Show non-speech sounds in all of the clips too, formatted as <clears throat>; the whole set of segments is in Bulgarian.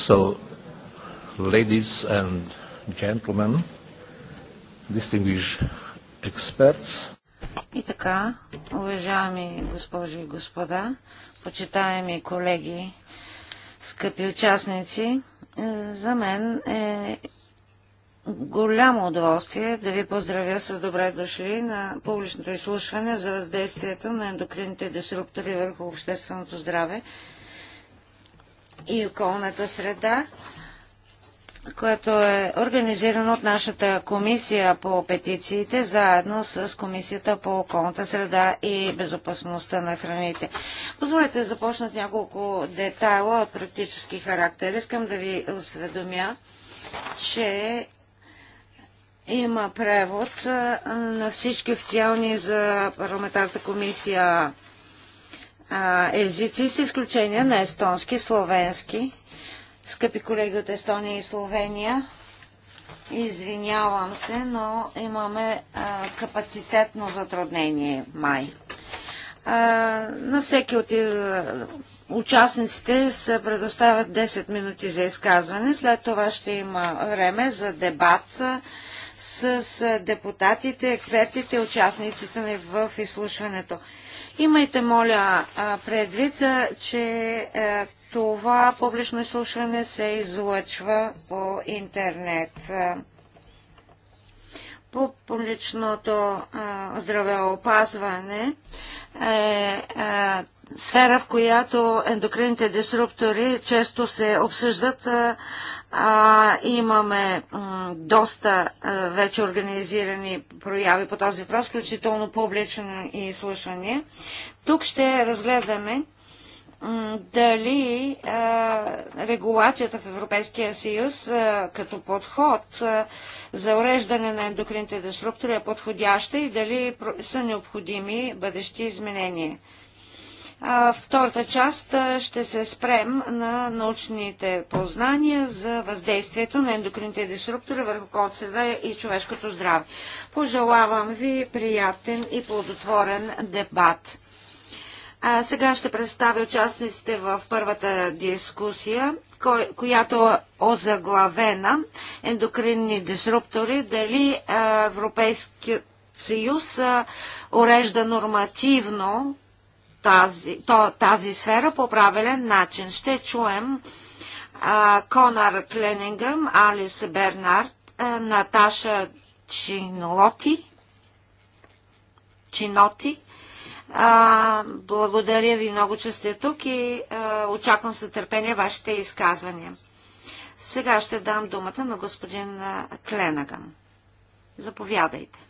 So, ladies and gentlemen, distinguished experts. И така, уважаеми госпожи и господа, почитаеми колеги, скъпи участници, е, за мен е голямо удоволствие да ви поздравя с добре дошли на публичното изслушване за въздействието на ендокрините дисруптори върху общественото здраве и околната среда, което е организирано от нашата комисия по петициите, заедно с комисията по околната среда и безопасността на храните. Позволете да започна с няколко детайла от практически характер. Искам да ви осведомя, че има превод на всички официални за парламентарната комисия а, езици, с изключение на естонски, словенски. Скъпи колеги от Естония и Словения, извинявам се, но имаме а, капацитетно затруднение май. А, на всеки от участниците се предоставят 10 минути за изказване. След това ще има време за дебат с депутатите, експертите, участниците в изслушването. Имайте, моля, предвид, че е, това публично изслушване се излъчва по интернет. По публичното здравеопазване е, е сфера, в която ендокринните дисруптори често се обсъждат а, имаме доста а, вече организирани прояви по този въпрос, включително публично и изслушвания. Тук ще разгледаме дали а, регулацията в Европейския съюз а, като подход а, за уреждане на ендокрините деструктури е подходяща и дали са необходими бъдещи изменения втората част ще се спрем на научните познания за въздействието на ендокрините дисруптори върху околната среда и човешкото здраве. Пожелавам ви приятен и плодотворен дебат. А, сега ще представя участниците в първата дискусия, кой, която е озаглавена ендокринни дисруптори, дали Европейският съюз урежда нормативно тази, то, тази сфера по правилен начин. Ще чуем а, Конар Кленингъм, Алис Бернард, а, Наташа Чиноти, Чиноти. А, благодаря ви много, че сте тук и а, очаквам с търпение вашите изказвания. Сега ще дам думата на господин Кленагъм. Заповядайте.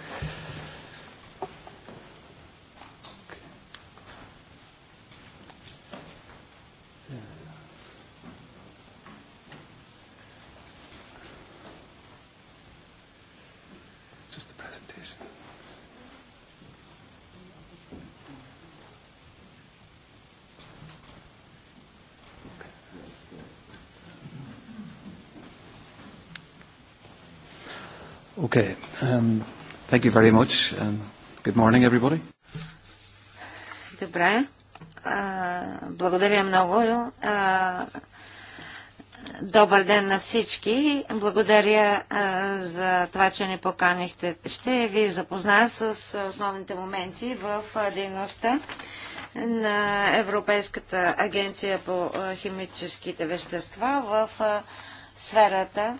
Okay. Um, thank you very much. Um, good morning, everybody. Добре. благодаря много. добър ден на всички. Благодаря за това, че ни поканихте. Ще ви запозная с основните моменти в дейността на Европейската агенция по химическите вещества в сферата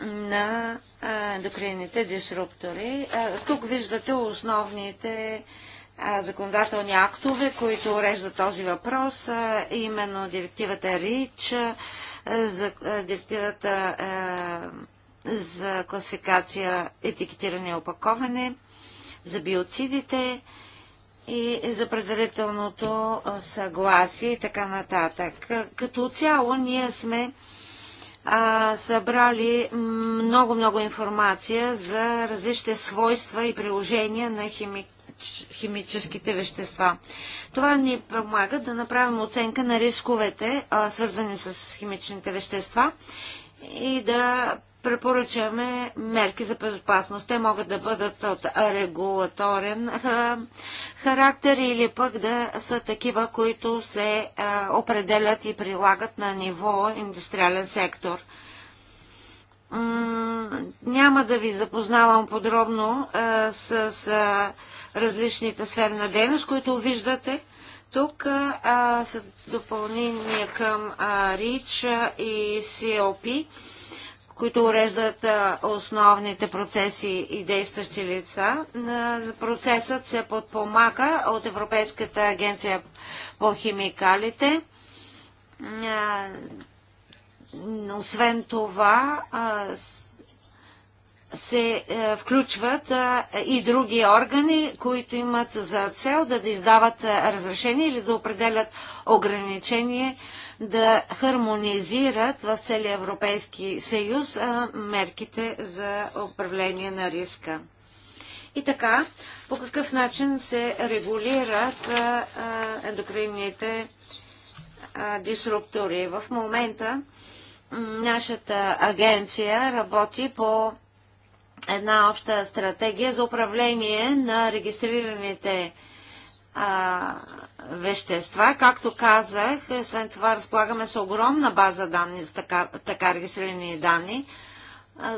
на ендокринните дисруптори. Тук виждате основните законодателни актове, които уреждат този въпрос, именно директивата РИЧ, директивата за класификация, етикетиране и опаковане, за биоцидите и за предварителното съгласие и така нататък. Като цяло ние сме а, събрали много-много информация за различните свойства и приложения на химик химическите вещества. Това ни помага да направим оценка на рисковете, а, свързани с химичните вещества и да препоръчаме мерки за безопасност. Те могат да бъдат от регулаторен характер или пък да са такива, които се определят и прилагат на ниво индустриален сектор. Няма да ви запознавам подробно с различните сфери на дейност, които виждате. Тук а, са допълнения към а, REACH и CLP които уреждат основните процеси и действащи лица. Процесът се подпомага от Европейската агенция по химикалите. Освен това, се включват и други органи, които имат за цел да, издават разрешение или да определят ограничение да хармонизират в целия Европейски съюз мерките за управление на риска. И така, по какъв начин се регулират ендокринните дисруптори. В момента нашата агенция работи по една обща стратегия за управление на регистрираните а, вещества. Както казах, освен това разполагаме с огромна база данни, за така, така регистрирани данни, а,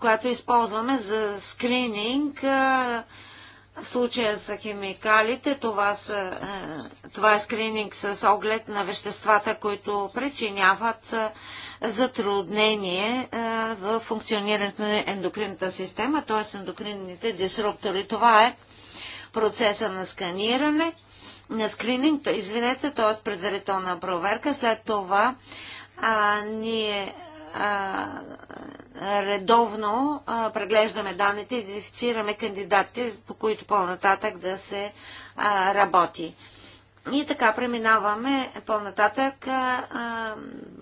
която използваме за скрининг. А, в случая са химикалите, това, са, това е скрининг с оглед на веществата, които причиняват затруднение в функционирането на ендокринната система, т.е. ендокринните дисруптори. Това е процеса на сканиране, на скрининг, извинете, т.е. предварителна проверка. След това а, ние а, редовно а, преглеждаме данните, и идентифицираме кандидатите, по които по-нататък да се а, работи. И така преминаваме по-нататък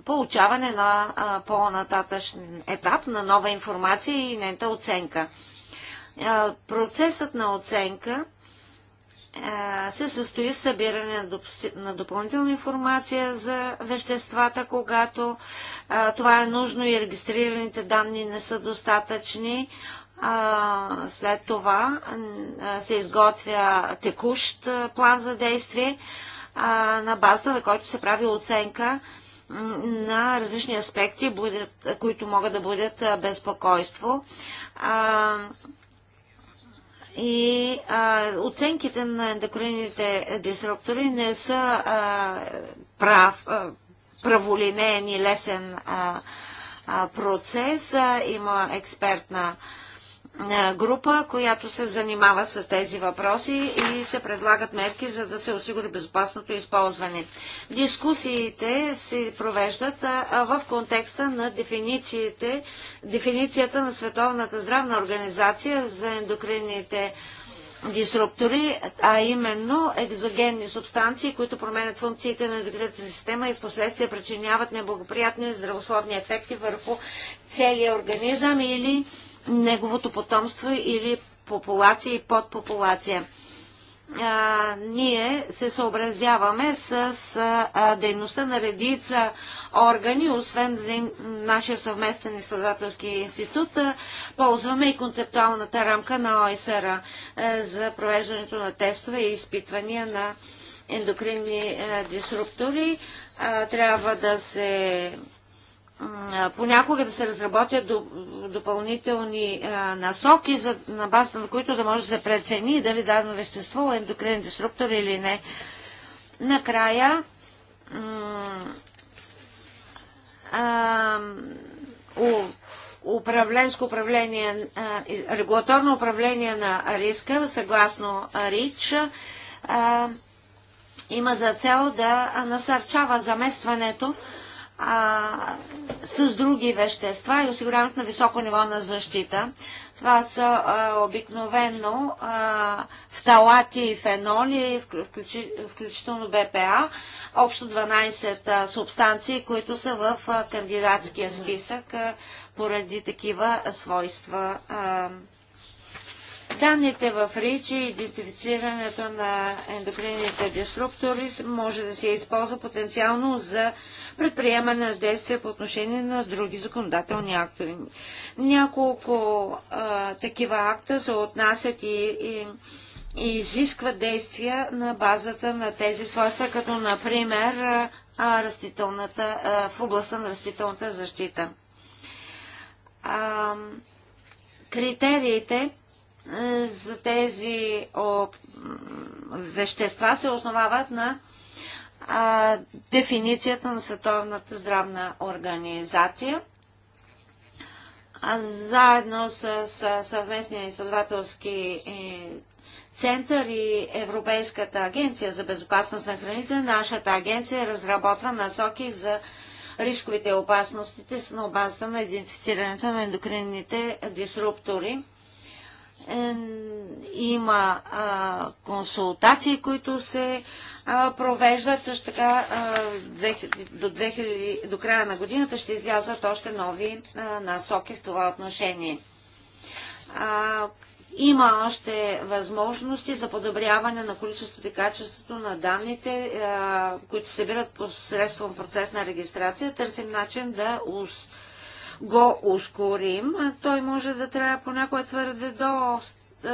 получаване на по-нататъчен етап на нова информация и нейната оценка. А, процесът на оценка е, се състои в събиране на допълнителна информация за веществата, когато е, това е нужно и регистрираните данни не са достатъчни. Е, след това се изготвя текущ план за действие, на базата на който се прави оценка на различни аспекти, които могат да бъдат безпокойство и а, оценките на ендокрините дисруптори не са а, прав, а, праволинейен и лесен а, а, процес. А, има експертна а, е, група, която се занимава с тези въпроси и се предлагат мерки, за да се осигури безопасното използване. Дискусиите се провеждат в контекста на дефинициите, дефиницията на Световната здравна организация за ендокринните дисруптори, а именно екзогенни субстанции, които променят функциите на ендокринната система и в последствие причиняват неблагоприятни здравословни ефекти върху целия организъм или неговото потомство или популация и подпопулация. А, ние се съобразяваме с а, дейността на редица органи, освен за нашия съвместен изследователски институт, а, ползваме и концептуалната рамка на ОСР за провеждането на тестове и изпитвания на ендокринни дисруптори. Трябва да се понякога да се разработят допълнителни насоки, на база на които да може да се прецени дали дадено вещество е ендокринен деструктор или не. Накрая, управленско управление, регулаторно управление на риска, съгласно РИЧ, има за цел да насърчава заместването а, с други вещества и осигуряването на високо ниво на защита. Това са а, обикновено а, фталати и феноли, включи, включително БПА, общо 12 а, субстанции, които са в а, кандидатския списък а, поради такива свойства. А, Данните в РИЧ и идентифицирането на ендокрините деструктори може да се използва потенциално за предприемане на действия по отношение на други законодателни актове. Няколко а, такива акта се отнасят и, и, и изискват действия на базата на тези свойства, като например а, растителната, а, в областта на растителната защита. А, критериите е, за тези вещества се основават на дефиницията на Световната здравна организация. заедно с, с съвместния изследователски е, център и Европейската агенция за безопасност на храните, нашата агенция разработва насоки за рисковите опасностите на базата на идентифицирането на ендокринните дисруптори има а, консултации, които се а, провеждат. Също така а, до, 2000, до края на годината ще излязат още нови насоки в това отношение. Има още възможности за подобряване на количеството и качеството на данните, които се събират посредством процес на регистрация. Търсим начин да ус го ускорим, той може да трябва понякога твърде до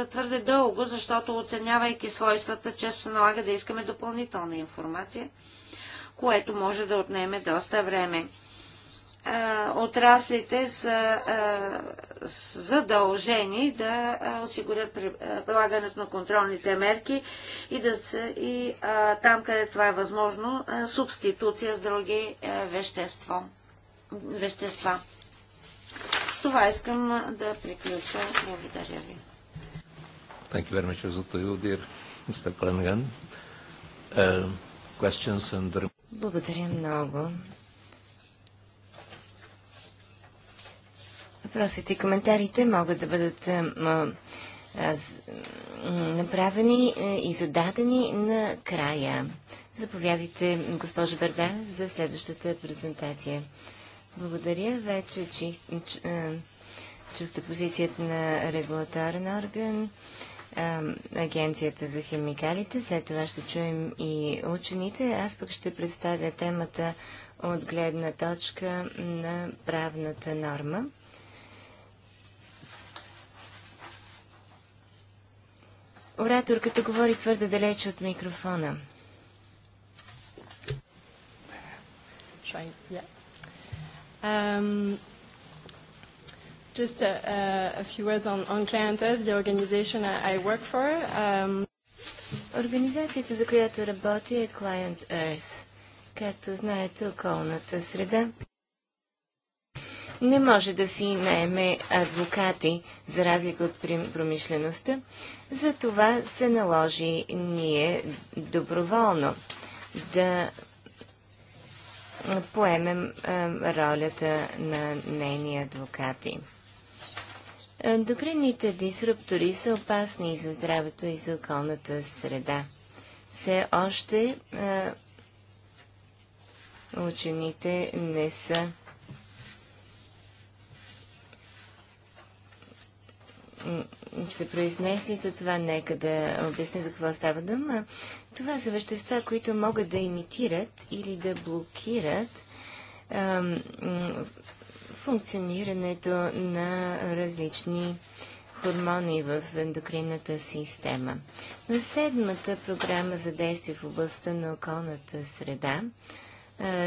твърде дълго, защото оценявайки свойствата, често налага да искаме допълнителна информация, което може да отнеме доста време. Отраслите са задължени да осигурят прилагането на контролните мерки и да са и там, къде това е възможно, субституция с други вещество, вещества. С това искам да приключа. Благодаря ви. Thank you very much, Zotto Mr. Flanagan. Uh, questions and... Благодаря много. Въпросите и коментарите могат да бъдат а, а, направени и зададени на края. Заповядайте, госпожо Берда, за следващата презентация. Благодаря. Вече чухте позицията на регулаторен орган, Агенцията за химикалите. След това ще чуем и учените. Аз пък ще представя темата от гледна точка на правната норма. Ораторката говори твърде далеч от микрофона. yeah. Um, just a, a, a few words on, on Clientes, the organization I, I work for. Um, Организацията, за която работя е Client Earth. Както знаете, околната среда не може да си найеме адвокати, за разлика от промишлеността. Затова се наложи ние доброволно да поемем е, ролята на нейни адвокати. Е, Докринните дисруптори са опасни и за здравето и за околната среда. Все още е, учените не са се произнесли, за това нека да обясня за какво става дума. Това са вещества, които могат да имитират или да блокират ам, функционирането на различни хормони в ендокринната система. В седмата програма за действие в областта на околната среда,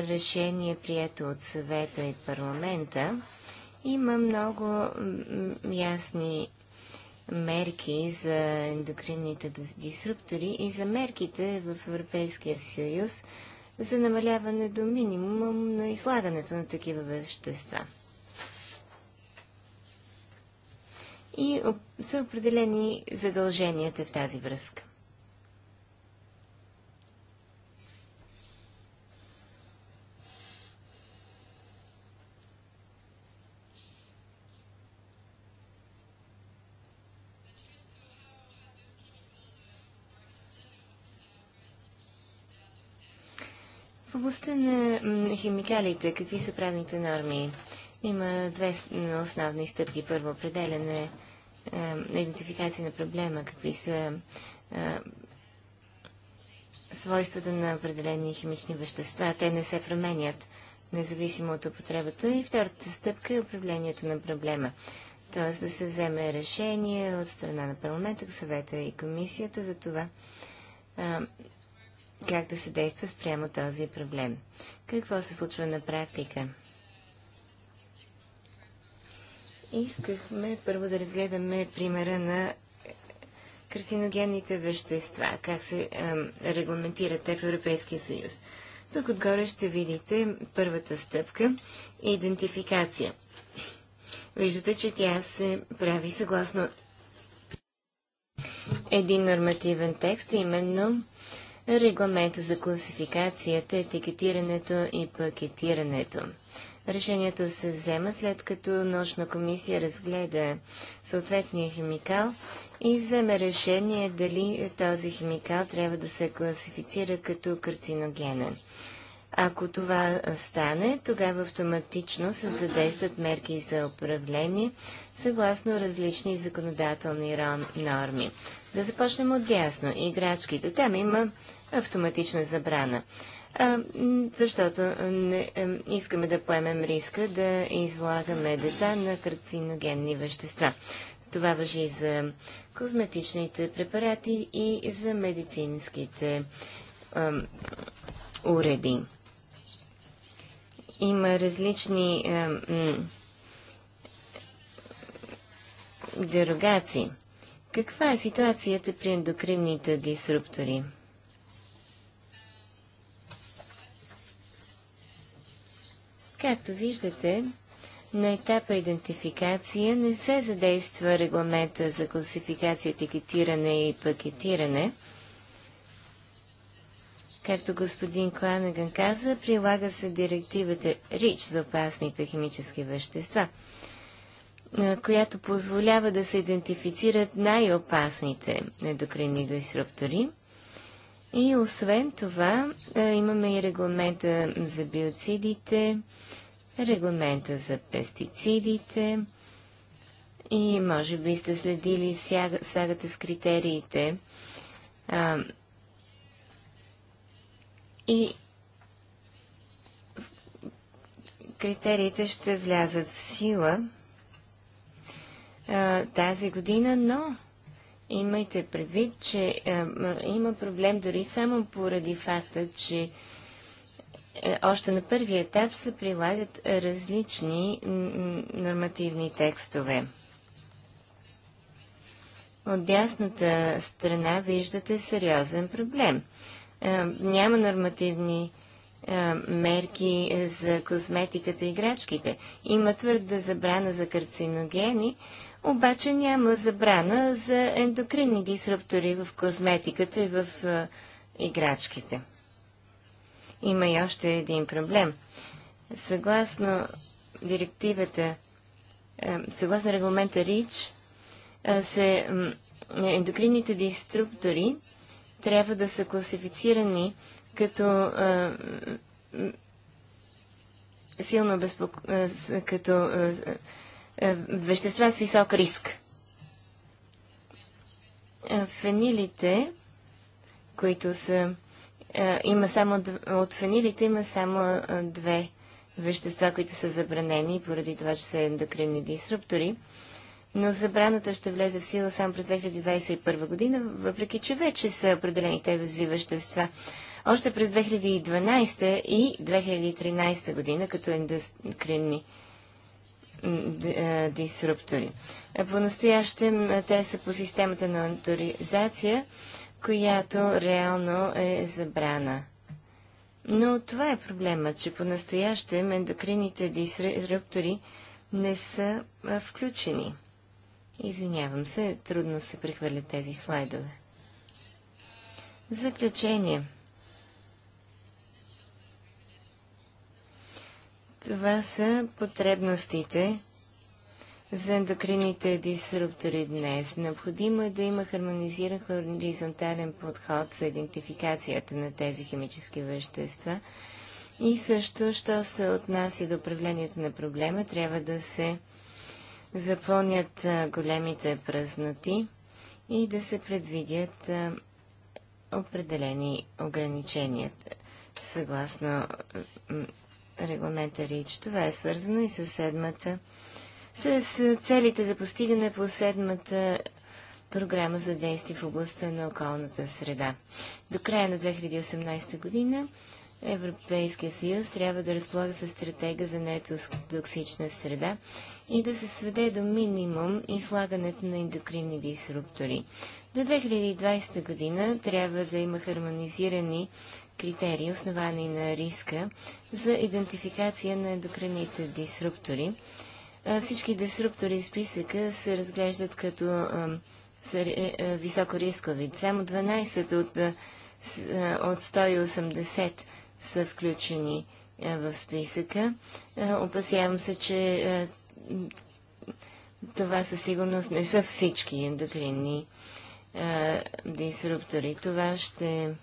решение прието от съвета и парламента, има много ясни мерки за ендокринните дисруптори и за мерките в Европейския съюз за намаляване до минимум на излагането на такива вещества. И са определени задълженията в тази връзка. областта на химикалите, какви са правните норми? Има две основни стъпки. Първо, определяне на идентификация на проблема, какви са свойствата на определени химични вещества. Те не се променят независимо от употребата. И втората стъпка е управлението на проблема. Т.е. да се вземе решение от страна на парламента, съвета и комисията за това как да се действа спрямо този проблем. Какво се случва на практика? Искахме първо да разгледаме примера на карциногенните вещества, как се е, регламентират те в Европейския съюз. Тук отгоре ще видите първата стъпка – идентификация. Виждате, че тя се прави съгласно един нормативен текст, именно регламента за класификацията, етикетирането и пакетирането. Решението се взема след като нощна комисия разгледа съответния химикал и вземе решение дали този химикал трябва да се класифицира като карциногенен. Ако това стане, тогава автоматично се задействат мерки за управление съгласно различни законодателни норми. Да започнем от ясно. Играчките. Там има автоматична забрана. А, защото не, искаме да поемем риска да излагаме деца на карциногенни вещества. Това въжи и за козметичните препарати и за медицинските а, уреди. Има различни дерогации. Каква е ситуацията при ендокринните дисруптори? Както виждате, на етапа идентификация не се задейства регламента за класификация, етикетиране и пакетиране. Както господин Кланаган каза, прилага се директивата РИЧ за опасните химически вещества, която позволява да се идентифицират най-опасните ендокринни дисруптори и освен това е, имаме и регламента за биоцидите, регламента за пестицидите и може би сте следили сагата с критериите. А, и критериите ще влязат в сила а, тази година, но Имайте предвид, че е, има проблем дори само поради факта, че е, още на първи етап се прилагат различни нормативни текстове. От дясната страна виждате сериозен проблем. Е, няма нормативни е, мерки е, за косметиката и играчките. Има твърда забрана за карциногени, обаче няма забрана за ендокринни дисруптори в козметиката и в а, играчките. Има и още един проблем. Съгласно директивата, а, съгласно регламента РИЧ, а, се, ендокринните диструптори трябва да са класифицирани като силно безпоко... като е, вещества с висок риск. Е, фенилите, които са... Е, има само, от фенилите има само две вещества, които са забранени, поради това, че са ендокринни дисруптори. Но забраната ще влезе в сила само през 2021 година, въпреки че вече са определени тези вещества. Още през 2012 и 2013 година, като ендокринни дисруптори дисруптори. По-настоящем те са по системата на авторизация, която реално е забрана. Но това е проблема, че по-настоящем ендокрините дисруптори не са включени. Извинявам се, трудно се прехвърлят тези слайдове. Заключение – Това са потребностите за ендокрините дисруптори днес. Необходимо е да има хармонизиран хоризонтален подход за идентификацията на тези химически вещества. И също, що се отнася до управлението на проблема, трябва да се запълнят големите празноти и да се предвидят определени ограничения съгласно регламента РИЧ. Това е свързано и с седмата, с целите за постигане по седмата програма за действие в областта на околната среда. До края на 2018 година Европейския съюз трябва да разполага с стратега за нетоксична среда и да се сведе до минимум излагането на ендокринни дисруптори. До 2020 година трябва да има хармонизирани критерии, основани на риска за идентификация на ендокрините дисруптори. Всички дисруптори в списъка се разглеждат като са, е, е, високо рискови. Само 12 от, от 180 са включени в списъка. Опасявам се, че това със сигурност не са всички ендокринни дисруптори. Това ще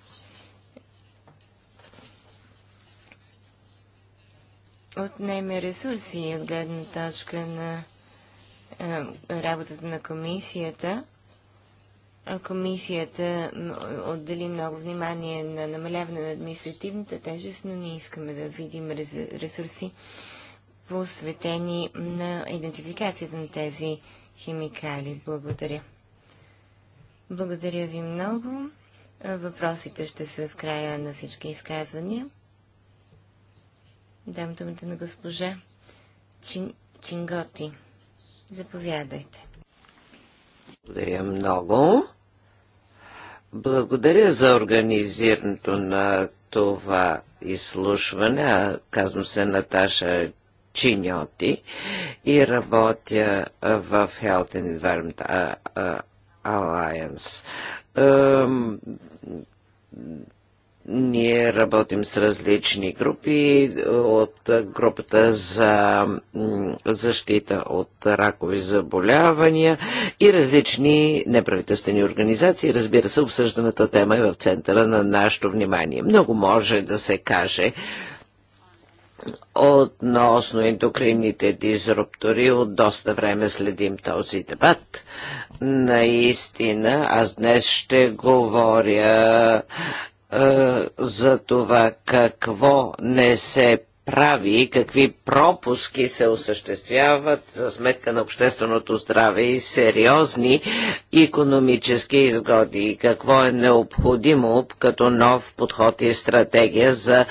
отнеме ресурси от гледна точка на е, работата на комисията. комисията отдели много внимание на намаляване на административната тежест, но ние искаме да видим ресурси посветени на идентификацията на тези химикали. Благодаря. Благодаря ви много. Въпросите ще са в края на всички изказвания. Дам думата на госпожа Чин... Чинготи. Заповядайте. Благодаря много. Благодаря за организирането на това изслушване. Казвам се Наташа Чиньоти и работя в Health and Environment Alliance ние работим с различни групи от групата за защита от ракови заболявания и различни неправителствени организации. Разбира се, обсъжданата тема е в центъра на нашето внимание. Много може да се каже относно ендокринните дизруптори. От доста време следим този дебат. Наистина, аз днес ще говоря е, за това какво не се прави и какви пропуски се осъществяват за сметка на общественото здраве и сериозни економически изгоди и какво е необходимо като нов подход и стратегия за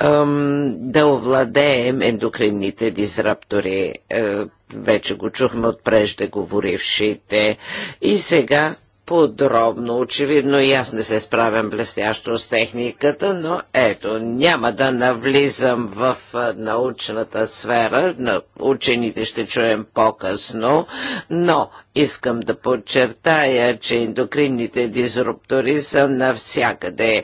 ем, да овладеем ендокринните дизраптори. Е, вече го чухме от преждеговорившите. И сега подробно. Очевидно и аз не се справям блестящо с техниката, но ето, няма да навлизам в научната сфера, на учените ще чуем по-късно, но Искам да подчертая, че ендокринните дизруптори са навсякъде.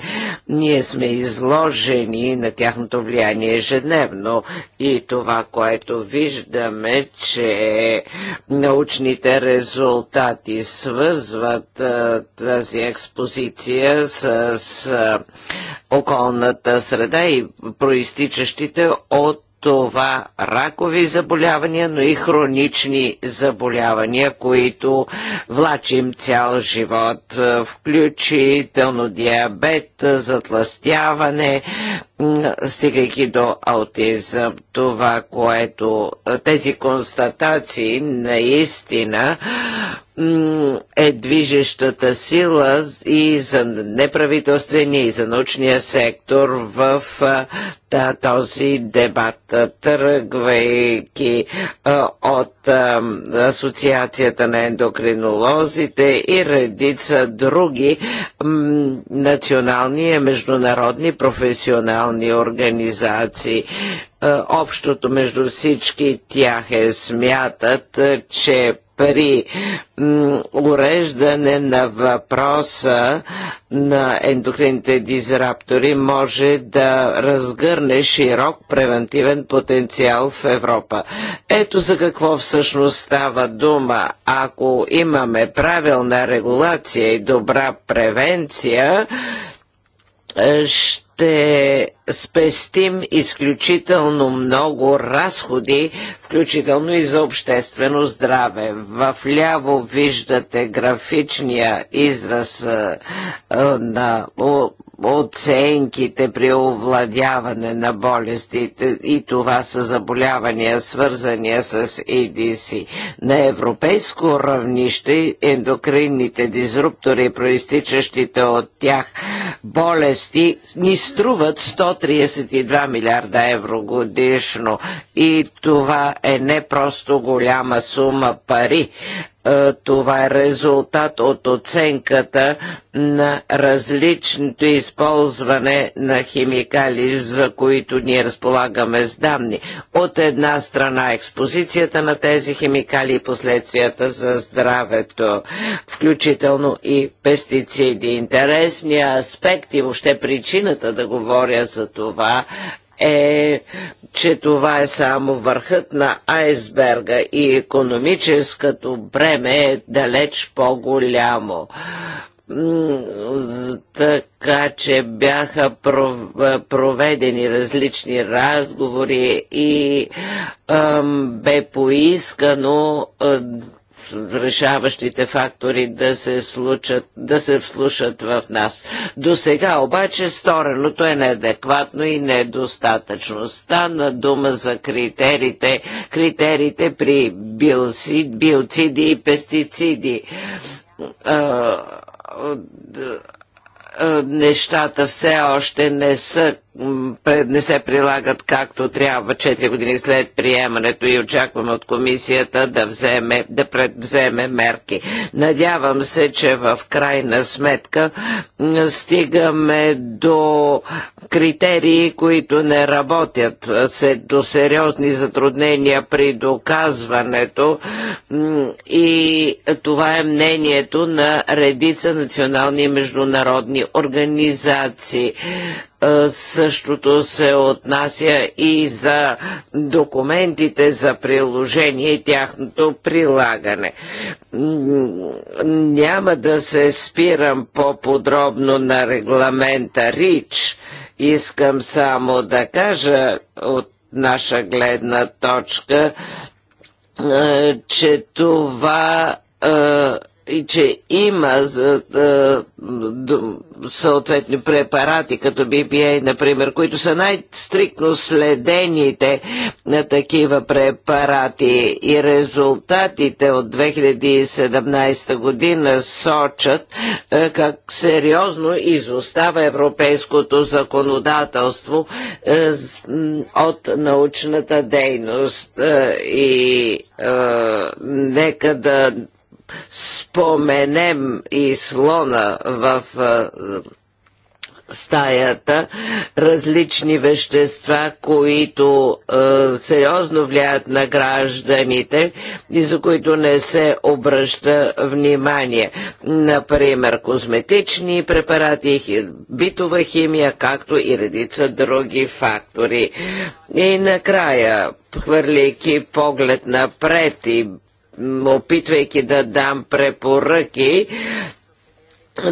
Ние сме изложени на тяхното влияние ежедневно и това, което виждаме, че научните резултати свързват тази експозиция с околната среда и проистичащите от това ракови заболявания, но и хронични заболявания, които влачим цял живот, е, включително диабет, е, затластяване, стигайки до аутизъм, това, което тези констатации наистина е движещата сила и за неправителствения и за научния сектор в да, този дебат, тръгвайки от Асоциацията на ендокринолозите и редица други национални и международни професионални национални организации. Е, общото между всички тях е смятат, е, че при уреждане на въпроса на ендокрините дизраптори може да разгърне широк превентивен потенциал в Европа. Ето за какво всъщност става дума. Ако имаме правилна регулация и добра превенция, е, ще спестим изключително много разходи, включително и за обществено здраве. В ляво виждате графичния израз е, е, на оценките при овладяване на болестите и това са заболявания, свързания с EDC. Е на европейско равнище ендокринните дизруптори, проистичащите от тях болести, ни струват 132 милиарда евро годишно. И това е не просто голяма сума пари, е, това е резултат от оценката на различното използване на химикали, за които ние разполагаме с данни. От една страна експозицията на тези химикали и последствията за здравето, включително и пестициди. Интересният аспект и въобще причината да говоря за това е, че това е само върхът на айсберга и економическото бреме е далеч по-голямо така че бяха е, проведени различни разговори и ам, бе поискано е, решаващите фактори да се, случат, да се вслушат в нас. До сега обаче стореното е неадекватно и недостатъчно. Стана дума за критерите, критерите при биоциди и пестициди. нещата все още не са не се прилагат както трябва 4 години след приемането и очакваме от комисията да, вземе, да предвземе мерки. Надявам се, че в крайна сметка стигаме до критерии, които не работят, се до сериозни затруднения при доказването и това е мнението на редица национални и международни организации. Е, същото се отнася и за документите за приложение и тяхното прилагане. Няма да се спирам по-подробно на регламента РИЧ. Искам само да кажа от наша гледна точка, е, че това е, и че има съответни препарати, като BPA, например, които са най-стриктно следените на такива препарати и резултатите от 2017 година сочат как сериозно изостава европейското законодателство от научната дейност и нека да споменем и слона в стаята различни вещества, които а, сериозно влияят на гражданите и за които не се обръща внимание. Например, козметични препарати, битова химия, както и редица други фактори. И накрая, хвърляйки поглед напред и опитвайки да дам препоръки,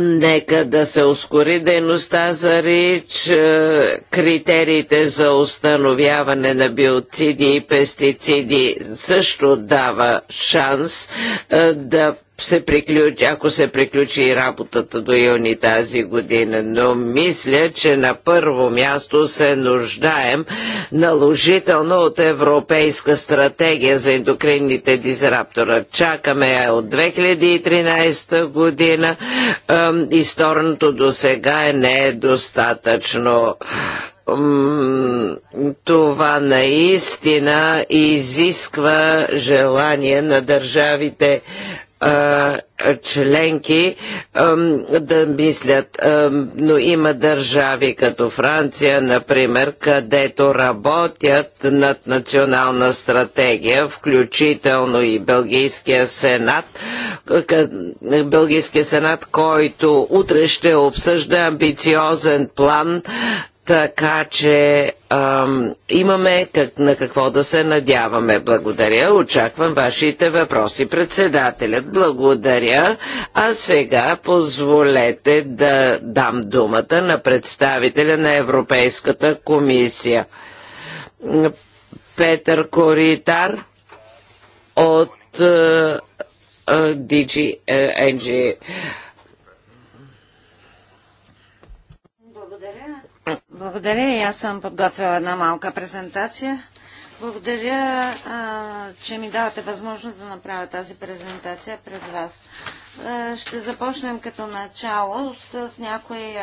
Нека да се ускори дейността за РИЧ, е, критериите за установяване на биоциди и пестициди също дава шанс е, да се приключи, ако се приключи работата до юни тази година. Но мисля, че на първо място се нуждаем наложително от Европейска стратегия за ендокринните дизраптора. Чакаме от 2013 година и сторното до сега не е достатъчно това наистина изисква желание на държавите членки да мислят, но има държави като Франция, например, където работят над национална стратегия, включително и Бългийския сенат, Бългийския сенат, който утре ще обсъжда амбициозен план така че ам, имаме как, на какво да се надяваме. Благодаря. Очаквам вашите въпроси. Председателят, благодаря. А сега позволете да дам думата на представителя на Европейската комисия. Петър Коритар от е, е, DG, е, NG. Благодаря и аз съм подготвила една малка презентация. Благодаря, че ми давате възможност да направя тази презентация пред вас. Ще започнем като начало с някои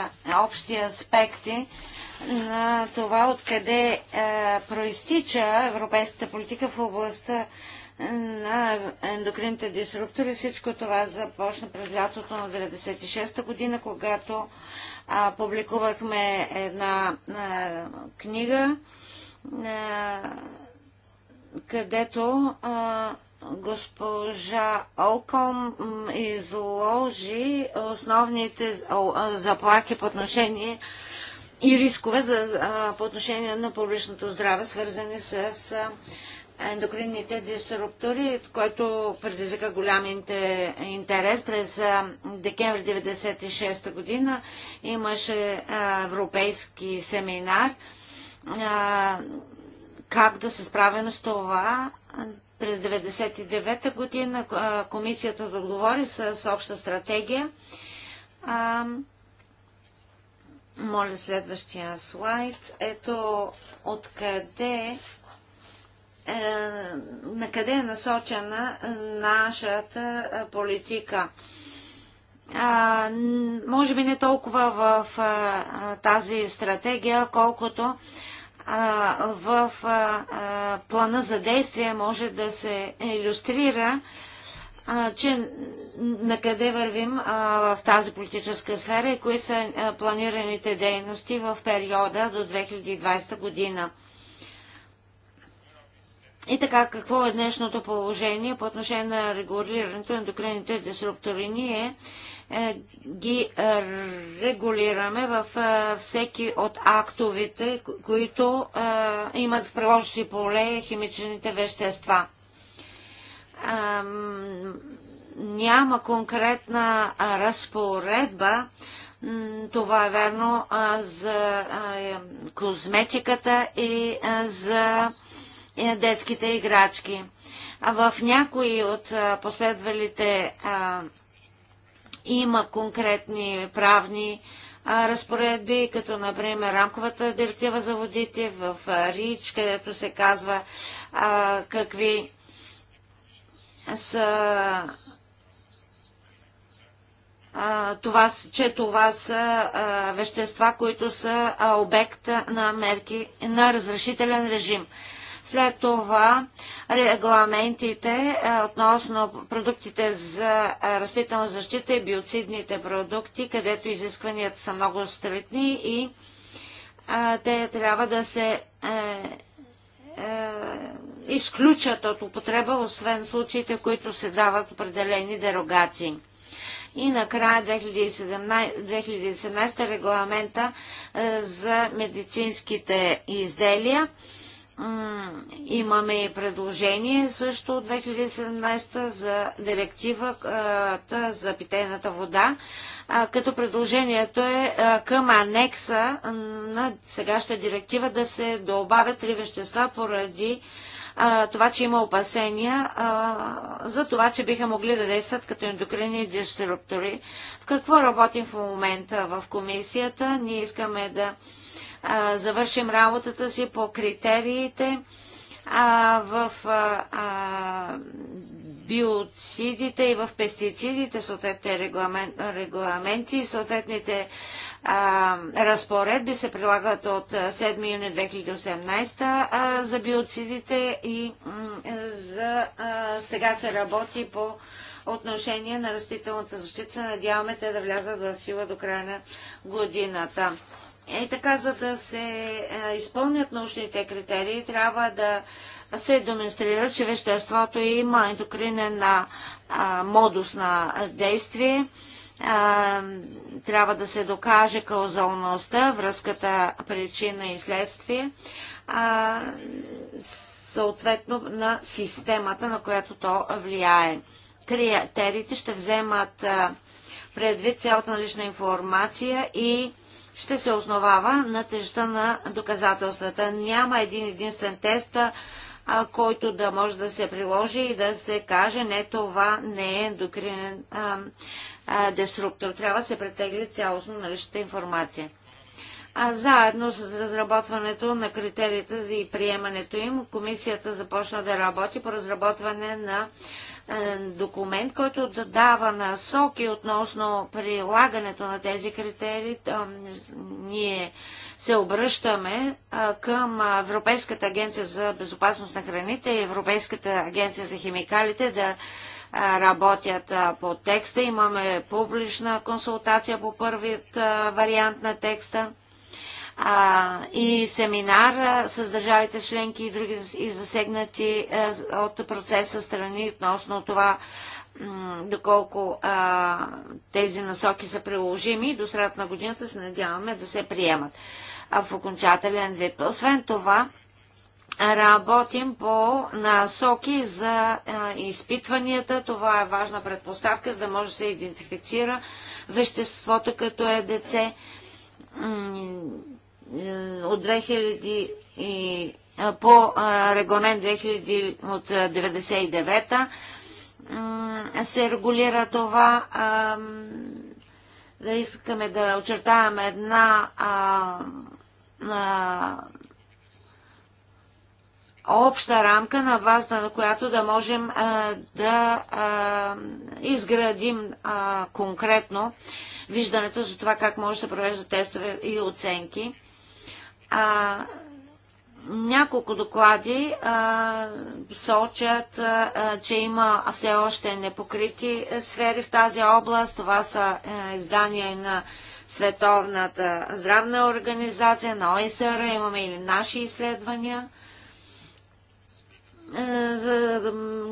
общи аспекти на това, откъде е, проистича европейската политика в областта на ендокрините дисруптори. Всичко това започна през лятото на 1996 година, когато а, публикувахме една а, книга, а, където а, госпожа Олком изложи основните заплахи по отношение и рискове за, а, по отношение на публичното здраве, свързани с а, ендокринните дисруптори, който предизвика голям интерес. През декември 1996 година имаше европейски семинар как да се справим с това. През 1999 година комисията отговори с обща стратегия. Моля следващия слайд. Ето откъде е, на къде е насочена нашата е, политика. А, може би не толкова в а, е, тази стратегия, колкото а, в а, плана за действие може да се иллюстрира, а, че къде вървим а, в тази политическа сфера и кои са а, планираните дейности в периода до 2020 година. И така, какво е днешното положение по отношение на регулирането на ендокрините дисруптори? Ние е, ги е, регулираме в е, всеки от актовите, които е, имат в приложното поле химичните вещества. Няма конкретна разпоредба, това е верно за е, козметиката и за е, детските играчки. А в някои от последвалите а, има конкретни правни а, разпоредби, като например рамковата директива за водите в РИЧ, където се казва а, какви са това, че това са а, вещества, които са а, обект на мерки на разрешителен режим. След това регламентите е, относно продуктите за е, растителна защита и биоцидните продукти, където изискванията са много стритни и е, те трябва да се изключат от употреба, освен случаите, в които се дават определени дерогации. И накрая 2017, 2017 регламента за медицинските изделия. Имаме и предложение също от 2017 за директивата за питейната вода, като предложението е към анекса на сегашната директива да се добавят три вещества поради това, че има опасения за това, че биха могли да действат като ендокринни диструптори. В какво работим в момента в комисията? Ние искаме да а, завършим работата си по критериите а, в а, а, биоцидите и в пестицидите, съответните регламент, регламенти и съответните а, разпоредби се прилагат от 7 юни 2018 а, за биоцидите и за а, сега се работи по отношение на растителната защита. Надяваме те да влязат в сила до края на годината. Е така, за да се е, изпълнят научните критерии, трябва да се демонстрира, че веществото има ендокринен на а, модус на действие. А, трябва да се докаже каузалността, връзката причина и следствие, а, съответно на системата, на която то влияе. Критериите ще вземат предвид цялата налична информация и ще се основава на тежестта на доказателствата. Няма един единствен тест, който да може да се приложи и да се каже, не, това не е ендокринен а, а, деструктор. Трябва да се претегли цялостно наличната информация. А заедно с разработването на критериите и приемането им, комисията започна да работи по разработване на е, документ, който да дава насоки относно прилагането на тези критерии. Ние се обръщаме към Европейската агенция за безопасност на храните и Европейската агенция за химикалите да работят по текста. Имаме публична консултация по първият вариант на текста а, и семинар а, с държавите членки и други и засегнати а, е, от процеса страни относно това доколко а, тези насоки са приложими и до средата на годината се надяваме да се приемат а, в окончателен вид. Освен това, работим по насоки за а, изпитванията. Това е важна предпоставка, за да може да се идентифицира веществото като е деце е, от 2000 и, по регламент 2000 от 99 се регулира това да искаме да очертаваме една обща рамка, на базата на която да можем да изградим конкретно виждането за това как може да се провеждат тестове и оценки. А, няколко доклади а, сочат, а, че има все още непокрити е, сфери в тази област. Това са а, е, издания на Световната здравна организация, на ОСР, имаме и наши изследвания. Е, за,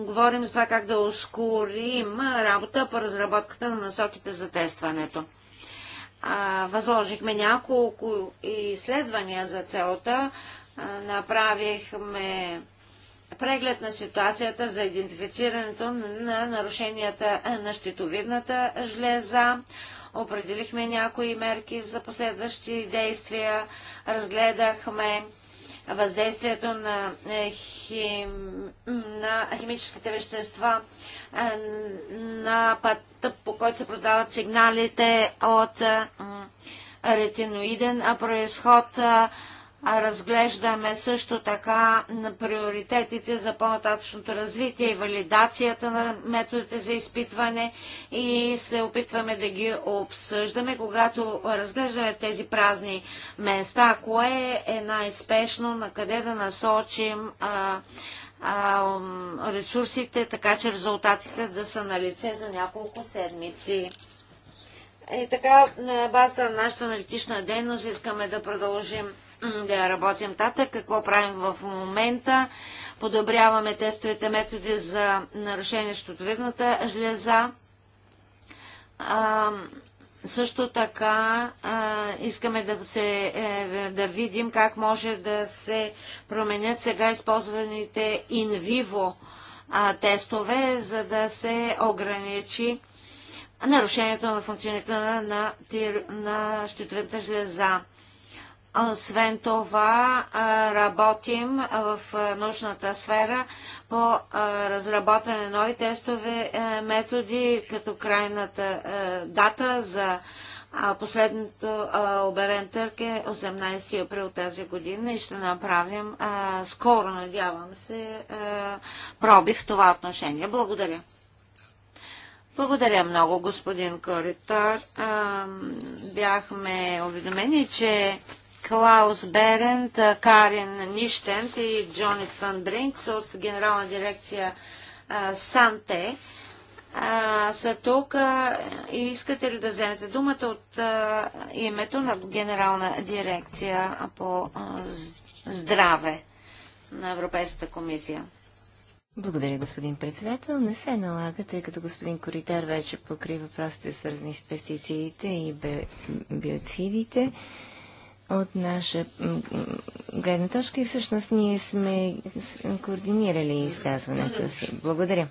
говорим за това как да ускорим работа по разработката на насоките за тестването а, възложихме няколко изследвания за целта, а, направихме преглед на ситуацията за идентифицирането на нарушенията на щитовидната жлеза, определихме някои мерки за последващи действия, разгледахме въздействието на, е, хим, на химическите вещества е, на път, по който се продават сигналите от ретиноиден происход е, разглеждаме също така на приоритетите за по-нататъчното развитие и валидацията на методите за изпитване и се опитваме да ги обсъждаме, когато разглеждаме тези празни места, кое е най-спешно, на къде да насочим а, а, ресурсите, така че резултатите да са на лице за няколко седмици. И е, така, на базата на нашата аналитична дейност искаме да продължим да работим тата, какво правим в момента. Подобряваме тестовете методи за нарушение щитовидната жлеза. А, също така а, искаме да, се, е, да видим как може да се променят сега използваните инвиво тестове, за да се ограничи нарушението на функционите на, на, на щитовидната жлеза. Освен това, работим в научната сфера по разработване на нови тестове е, методи, като крайната е, дата за последното обявен търк е 18 април тази година и ще направим скоро, надявам се, е, проби в това отношение. Благодаря. Благодаря много, господин Коритор. Бяхме уведомени, че Клаус Берент, Карен Ништент и Джонатан Бринкс от Генерална дирекция Санте са тук. и искате ли да вземете думата от името на Генерална дирекция по здраве на Европейската комисия? Благодаря, господин председател. Не се налага, тъй като господин Коритар вече покри въпросите, свързани с пестициите и биоцидите. Би от наша гледна точка и всъщност ние сме координирали изказването си. Благодаря.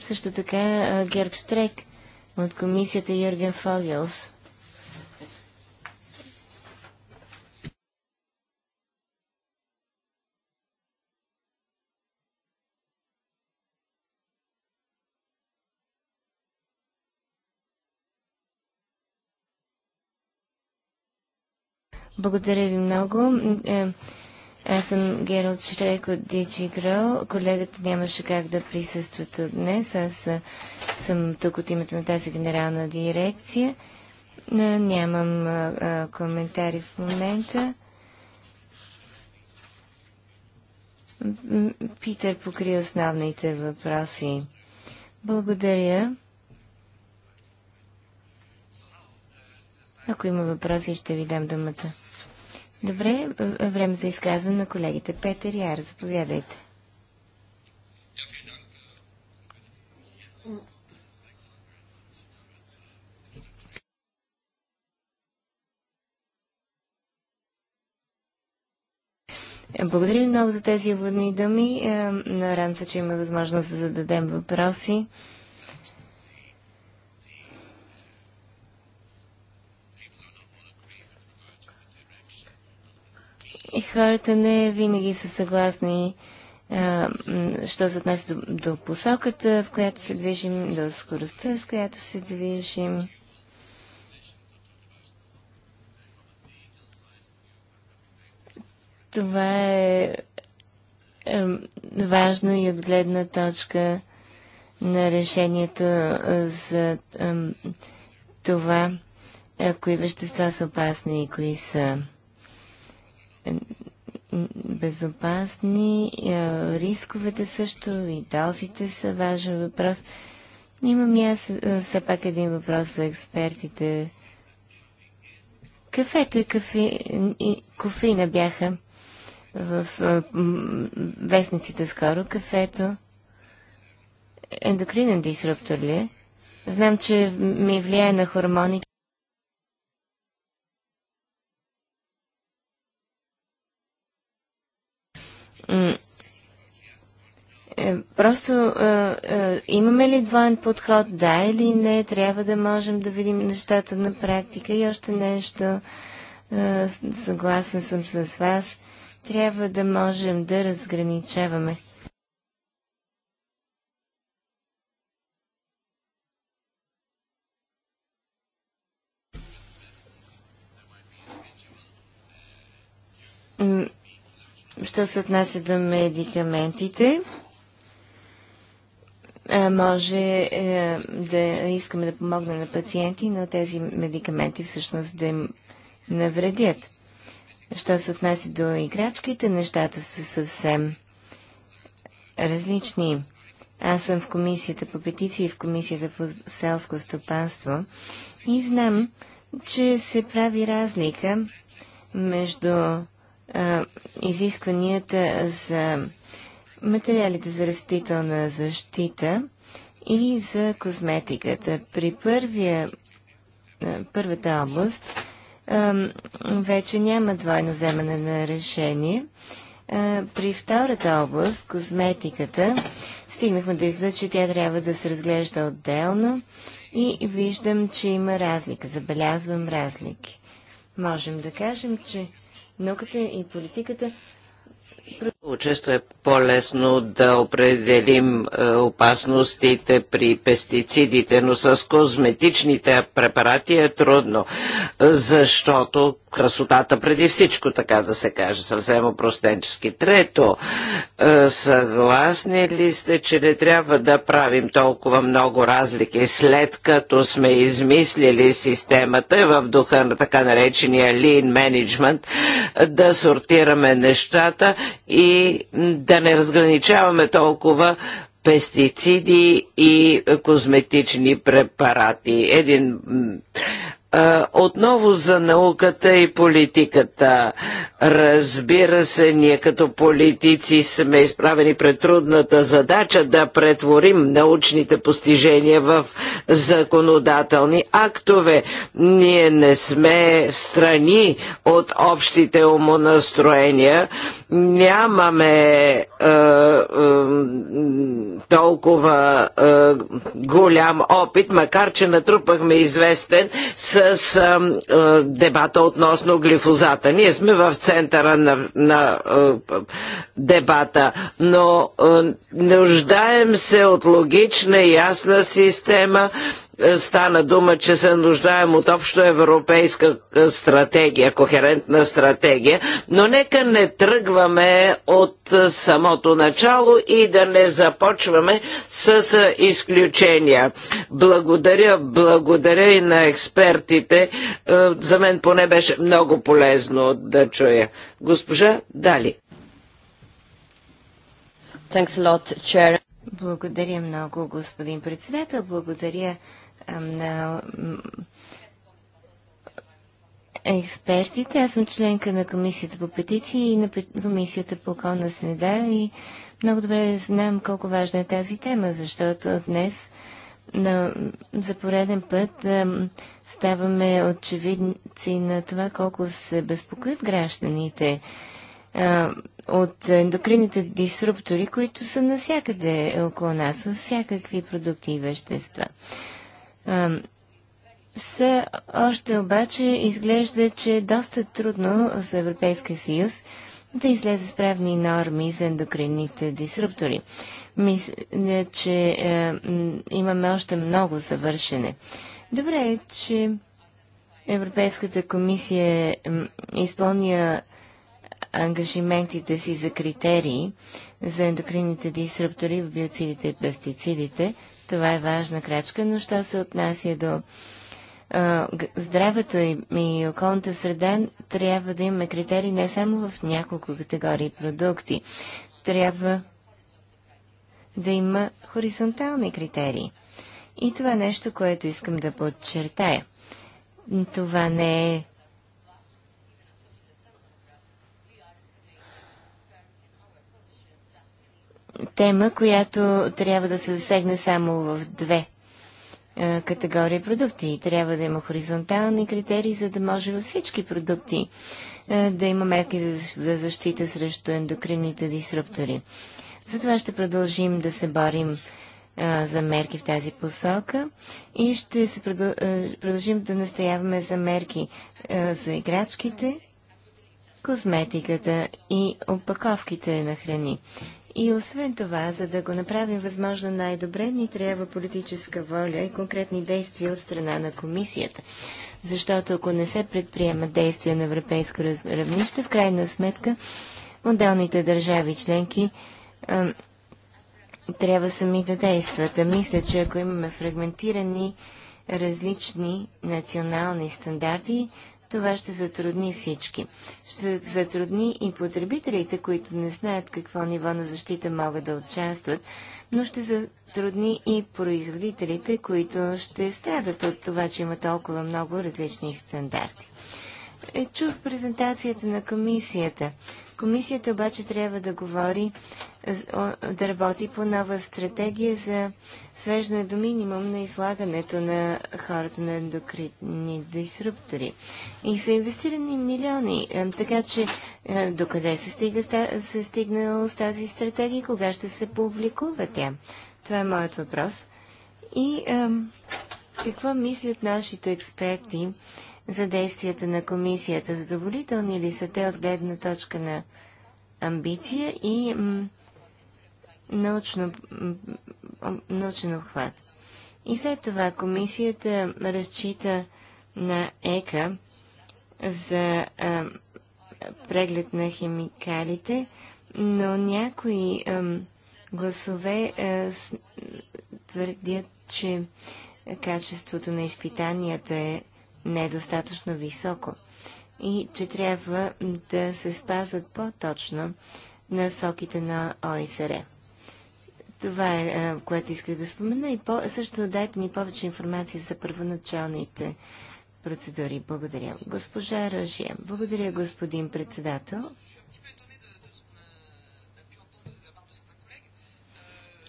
Също така Герб Стрек от комисията Юрген Фогелс. Благодаря ви много. Е, аз съм Гералд Шрек от Дичи Колегата нямаше как да присъства тук днес. Аз е, съм тук от името на тази генерална дирекция. Е, нямам коментари в момента. Питър покри основните въпроси. Благодаря. Ако има въпроси, ще ви дам думата. Добре, е, е, време за изказване на колегите. Петър Яр, заповядайте. Благодаря ви много за тези водни думи. Е, Радвам се, че има възможност да зададем въпроси. и хората не винаги са съгласни, а, що се отнася до, до посоката, в която се движим, до скоростта, с която се движим. Това е, е важно и от гледна точка на решението за е, това, кои вещества са опасни и кои са безопасни, е, рисковете също и дозите са важен въпрос. Имам и аз е, все пак един въпрос за експертите. Кафето и, кафе, и кофеина бяха в е, вестниците скоро. Кафето ендокринен дисруптор ли е? Знам, че ми влияе на хормоните. Е, просто а, е, а, е, имаме ли двоен подход, да или не, трябва да можем да видим нещата на практика и още нещо. А, съгласен съм с вас. Трябва да можем да разграничаваме. Що се отнася до медикаментите, е, може е, да искаме да помогнем на пациенти, но тези медикаменти всъщност да им навредят. Що се отнася до играчките, нещата са съвсем различни. Аз съм в комисията по петиции и в комисията по селско стопанство и знам, че се прави разлика между а, изискванията за материалите за растителна защита и за козметиката. При първия, първата област вече няма двойно вземане на решение. При втората област, козметиката, стигнахме до да извод, че тя трябва да се разглежда отделно и виждам, че има разлика. Забелязвам разлики. Можем да кажем, че науката и политиката често е по-лесно да определим е, опасностите при пестицидите, но с козметичните препарати е трудно, защото красотата преди всичко, така да се каже, съвсем опростенчески. Трето, е, съгласни ли сте, че не трябва да правим толкова много разлики, след като сме измислили системата в духа на така наречения lean management, да сортираме нещата и да не разграничаваме толкова пестициди и козметични препарати. Един отново за науката и политиката. Разбира се, ние като политици сме изправени пред трудната задача да претворим научните постижения в законодателни актове. Ние не сме в страни от общите умонастроения. Нямаме е, е, толкова е, голям опит, макар че натрупахме известен с с а, дебата относно глифозата. Ние сме в центъра на, на а, дебата, но а, нуждаем се от логична и ясна система, е, стана дума, че се нуждаем от общо европейска е, стратегия, кохерентна стратегия, но нека не тръгваме от е, самото начало и да не започваме с изключения. Благодаря, благодаря и на експертите. За мен поне беше много полезно да чуя. Госпожа Дали. Thanks a lot, Chair. Благодаря много, господин председател. Благодаря експертите. Аз съм членка на Комисията по петиции и на Комисията по околна среда и много добре знам колко важна е тази тема, защото днес на, за пореден път ставаме очевидци на това колко се безпокоят гражданите от ендокрините дисруптори, които са навсякъде около нас, във всякакви продукти и вещества. Все още обаче изглежда, че е доста трудно за Европейския съюз да излезе с правни норми за ендокринните дисруптори. Мисля, че е, имаме още много завършене. Добре е, че Европейската комисия изпълня ангажиментите си за критерии, за ендокринните дисруптори в биоцидите и пестицидите. Това е важна крачка, но що се отнася до здравето и, и околната среда, трябва да имаме критерии не само в няколко категории продукти. Трябва да има хоризонтални критерии. И това е нещо, което искам да подчертая. Това не е тема, която трябва да се засегне само в две е, категории продукти. Трябва да има хоризонтални критерии, за да може във всички продукти е, да има мерки за, защита срещу ендокринните дисруптори. Затова ще продължим да се борим е, за мерки в тази посока и ще се продължим да настояваме за мерки за играчките, козметиката и опаковките на храни. И освен това, за да го направим възможно най-добре, ни трябва политическа воля и конкретни действия от страна на комисията. Защото ако не се предприемат действия на европейско равнище, в крайна сметка отделните държави членки а, трябва сами да действат. А мисля, че ако имаме фрагментирани различни национални стандарти, това ще затрудни всички. Ще затрудни и потребителите, които не знаят какво ниво на защита могат да участват, но ще затрудни и производителите, които ще страдат от това, че има толкова много различни стандарти е, чух презентацията на комисията. Комисията обаче трябва да говори, да работи по нова стратегия за свеждане до минимум на излагането на хората на ендокритни дисруптори. И са инвестирани милиони. Така че е, докъде се, стига, се стигнал с тази стратегия и кога ще се публикува тя? Това е моят въпрос. И какво мислят нашите експерти за действията на комисията. Задоволителни ли са те от гледна точка на амбиция и научно, научен обхват? И след това комисията разчита на ЕКА за а, преглед на химикалите, но някои а, гласове а, с, твърдят, че качеството на изпитанията е недостатъчно високо и че трябва да се спазват по-точно насоките на ОИСР. Това е, което исках да спомена и по- също дайте ни повече информация за първоначалните процедури. Благодаря. Госпожа Ръжия. Благодаря, господин председател.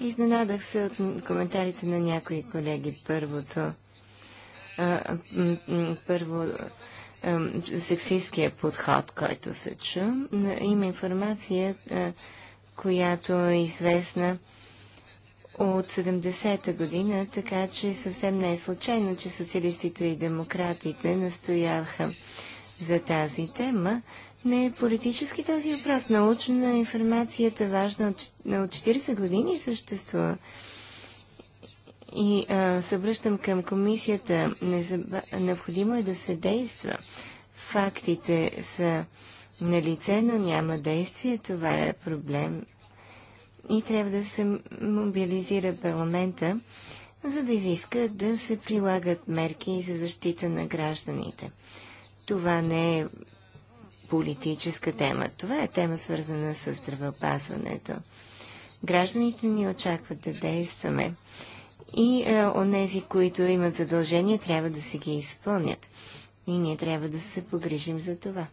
Изненадах се от коментарите на някои колеги. Първото първо сексистския подход, който се чу. Има информация, която е известна от 70-та година, така че съвсем не е случайно, че социалистите и демократите настояха за тази тема. Не е политически този въпрос. Научна информацията важна от 40 години съществува. И а, се обръщам към комисията. Незаба... Необходимо е да се действа. Фактите са на лице, но няма действие. Това е проблем. И трябва да се мобилизира парламента, за да изиска да се прилагат мерки за защита на гражданите. Това не е политическа тема. Това е тема свързана с здравеопазването. Гражданите ни очакват да действаме и е, онези, които имат задължения, трябва да се ги изпълнят. И ние трябва да се погрижим за това.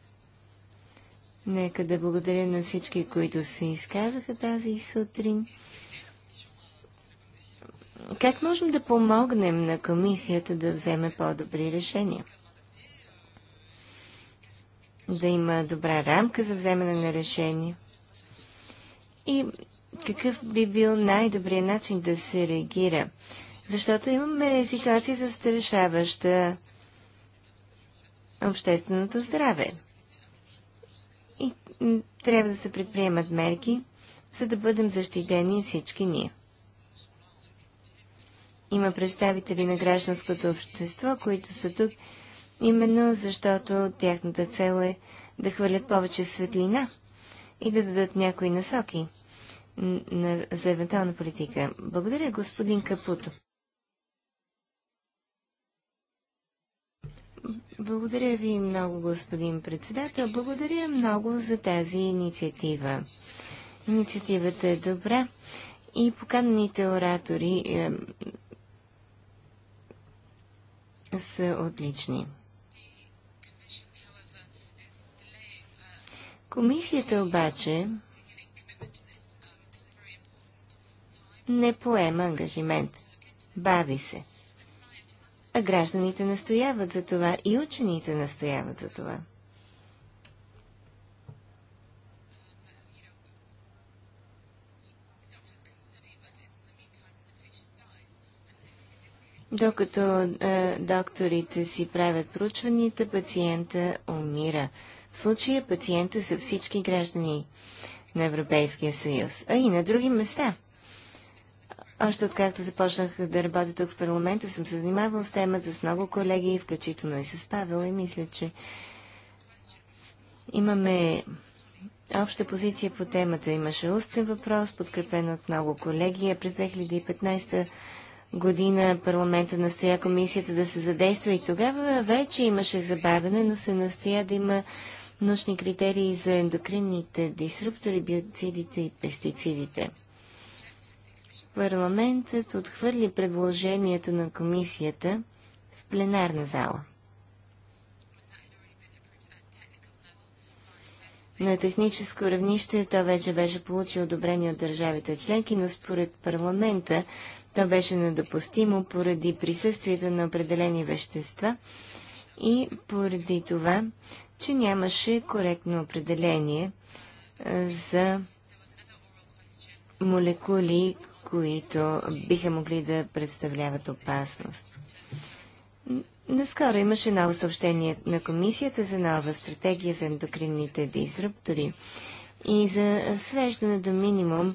Нека да благодаря на всички, които се изказаха тази сутрин. Как можем да помогнем на комисията да вземе по-добри решения? Да има добра рамка за вземане на решения. И какъв би бил най-добрият начин да се реагира. Защото имаме ситуация застрашаваща общественото здраве. И трябва да се предприемат мерки, за да бъдем защитени всички ние. Има представители на гражданското общество, които са тук именно защото тяхната цел е да хвърлят повече светлина и да дадат някои насоки – на, за евентуална политика. Благодаря, господин Капуто. Благодаря ви много, господин председател. Благодаря много за тази инициатива. Инициативата е добра и поканените оратори е, са отлични. Комисията обаче не поема ангажимент. Бави се. А гражданите настояват за това и учените настояват за това. Докато е, докторите си правят проучванията, пациента умира. В случая пациента са всички граждани на Европейския съюз, а и на други места – още откакто започнах да работя тук в парламента, съм се занимавал с темата с много колеги, включително и с Павел, и мисля, че имаме обща позиция по темата. Имаше устен въпрос, подкрепен от много колеги, а през 2015 година парламента настоя комисията да се задейства и тогава вече имаше забавене, но се настоя да има нужни критерии за ендокринните дисруптори, биоцидите и пестицидите парламентът отхвърли предложението на комисията в пленарна зала. На техническо равнище то вече беше получил одобрение от държавите членки, но според парламента то беше недопустимо поради присъствието на определени вещества и поради това, че нямаше коректно определение за молекули, които биха могли да представляват опасност. Наскоро имаше ново съобщение на Комисията за нова стратегия за ендокринните дизруптори и за свеждане до минимум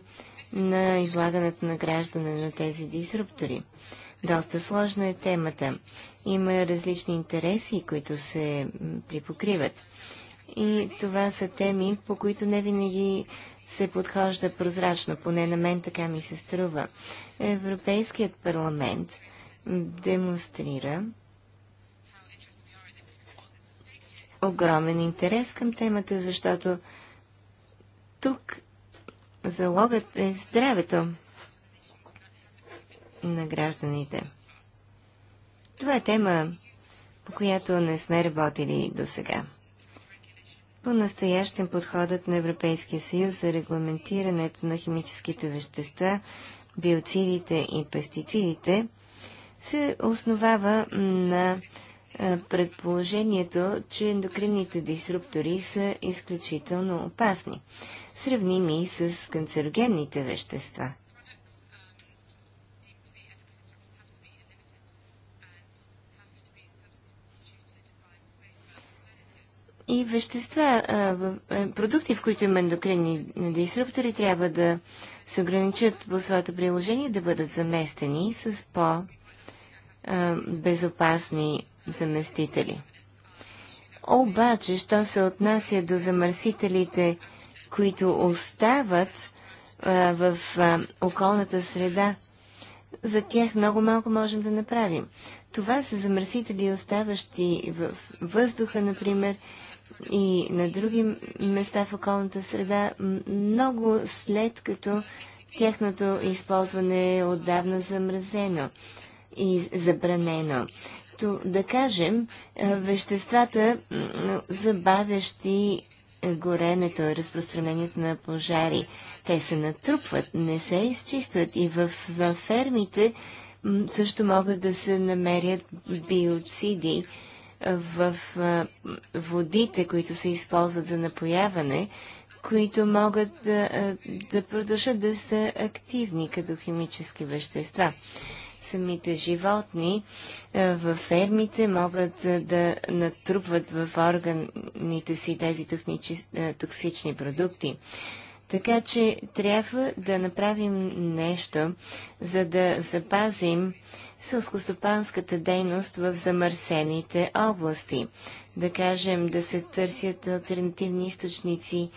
на излагането на граждане на тези дисруптори. Доста сложна е темата. Има различни интереси, които се припокриват. И това са теми, по които не винаги се подхожда прозрачно, поне на мен така ми се струва. Европейският парламент демонстрира огромен интерес към темата, защото тук залогът е здравето на гражданите. Това е тема, по която не сме работили до сега. По-настоящен подходът на Европейския съюз за регламентирането на химическите вещества, биоцидите и пестицидите се основава на предположението, че ендокринните дисруптори са изключително опасни, сравними с канцерогенните вещества. и вещества, е, продукти, в които има ендокринни дисруптори, трябва да се ограничат по своето приложение, да бъдат заместени с по-безопасни заместители. Обаче, що се отнася до замърсителите, които остават в околната среда, за тях много малко можем да направим. Това са замърсители, оставащи в въздуха, например, и на други места в околната среда много след като тяхното използване е отдавна замразено и забранено. То, да кажем, е, веществата, забавящи горенето, разпространението на пожари, те се натрупват, не се изчистват и в, в фермите също могат да се намерят биоциди, в водите, които се използват за напояване, които могат да, да продължат да са активни като химически вещества. Самите животни във фермите могат да натрупват в органите си тези токсични продукти. Така че трябва да направим нещо, за да запазим сълскостопанската дейност в замърсените области. Да кажем, да се търсят альтернативни източници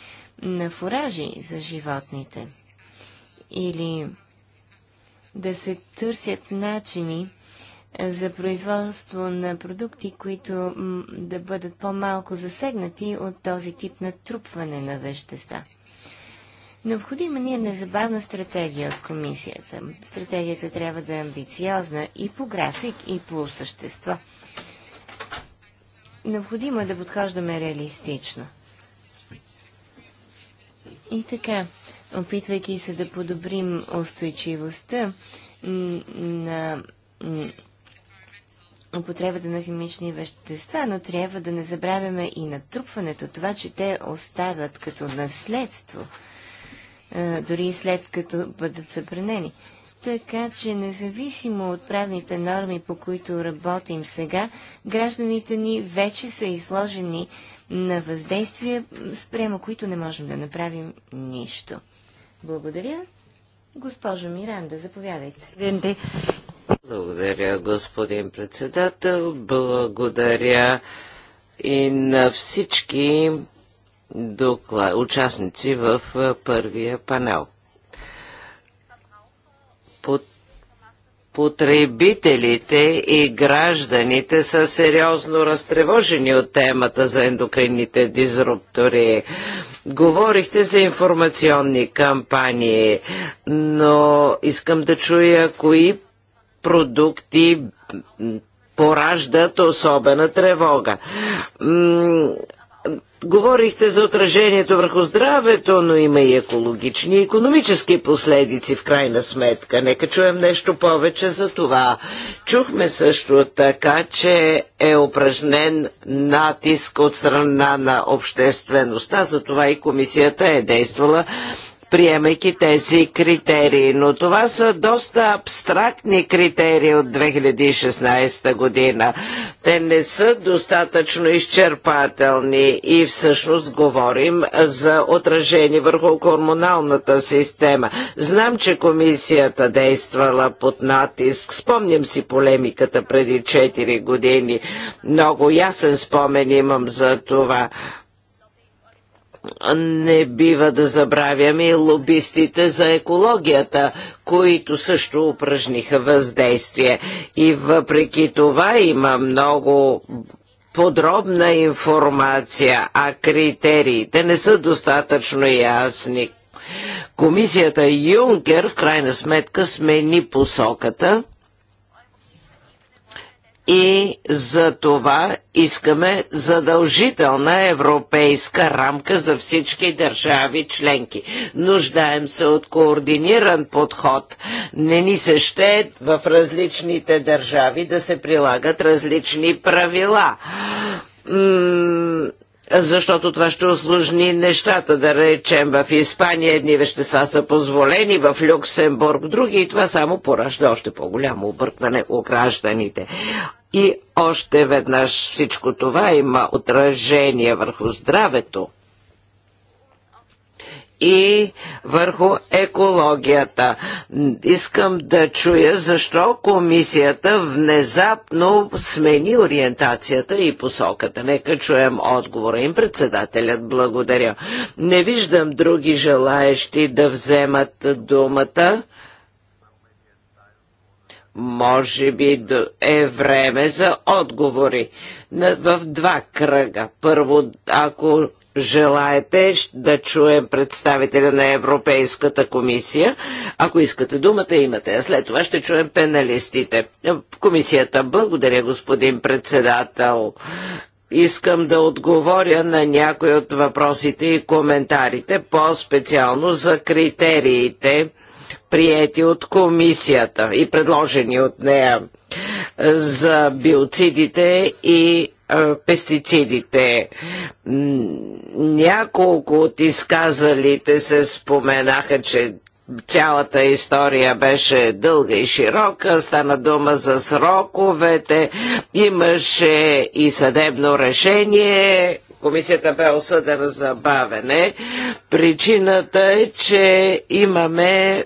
на фуражи за животните. Или да се търсят начини за производство на продукти, които да бъдат по-малко засегнати от този тип натрупване на вещества. Необходима ни е незабавна стратегия от комисията. Стратегията трябва да е амбициозна и по график, и по същество. Необходимо е да подхождаме реалистично. И така, опитвайки се да подобрим устойчивостта на употребата на химични вещества, но трябва да не забравяме и натрупването, това, че те остават като наследство – дори и след като бъдат събранени. Така че, независимо от правните норми, по които работим сега, гражданите ни вече са изложени на въздействия, спрямо които не можем да направим нищо. Благодаря. Госпожо Миранда, заповядайте. Благодаря, господин председател. Благодаря и на всички участници в първия панел. Под потребителите и гражданите са сериозно разтревожени от темата за ендокринните дизруптори. Говорихте за информационни кампании, но искам да чуя кои продукти пораждат особена тревога. Говорихте за отражението върху здравето, но има и екологични и економически последици в крайна сметка. Нека чуем нещо повече за това. Чухме също така, че е упражнен натиск от страна на обществеността, за това и комисията е действала приемайки тези критерии. Но това са доста абстрактни критерии от 2016 година. Те не са достатъчно изчерпателни и всъщност говорим за отражение върху хормоналната система. Знам, че комисията действала под натиск. Спомням си полемиката преди 4 години. Много ясен спомен имам за това не бива да забравяме и лобистите за екологията, които също упражниха въздействие. И въпреки това има много подробна информация, а критериите не са достатъчно ясни. Комисията Юнкер в крайна сметка смени посоката и за това искаме задължителна европейска рамка за всички държави членки. Нуждаем се от координиран подход. Не ни се ще в различните държави да се прилагат различни правила защото това ще осложни нещата. Да речем, в Испания едни вещества са позволени, в Люксембург други и това само поражда още по-голямо объркване у гражданите. И още веднъж всичко това има отражение върху здравето и върху екологията. Искам да чуя защо комисията внезапно смени ориентацията и посоката. Нека чуем отговора им. Председателят благодаря. Не виждам други желаещи да вземат думата може би е време за отговори в два кръга. Първо, ако желаете да чуем представителя на Европейската комисия. Ако искате думата, имате. А след това ще чуем пеналистите. Комисията, благодаря господин председател. Искам да отговоря на някои от въпросите и коментарите, по-специално за критериите приети от комисията и предложени от нея е, за биоцидите и е, пестицидите. Няколко от изказалите се споменаха, че цялата история беше дълга и широка, стана дума за сроковете, имаше и съдебно решение, комисията бе осъдена за бавене. Причината е, че имаме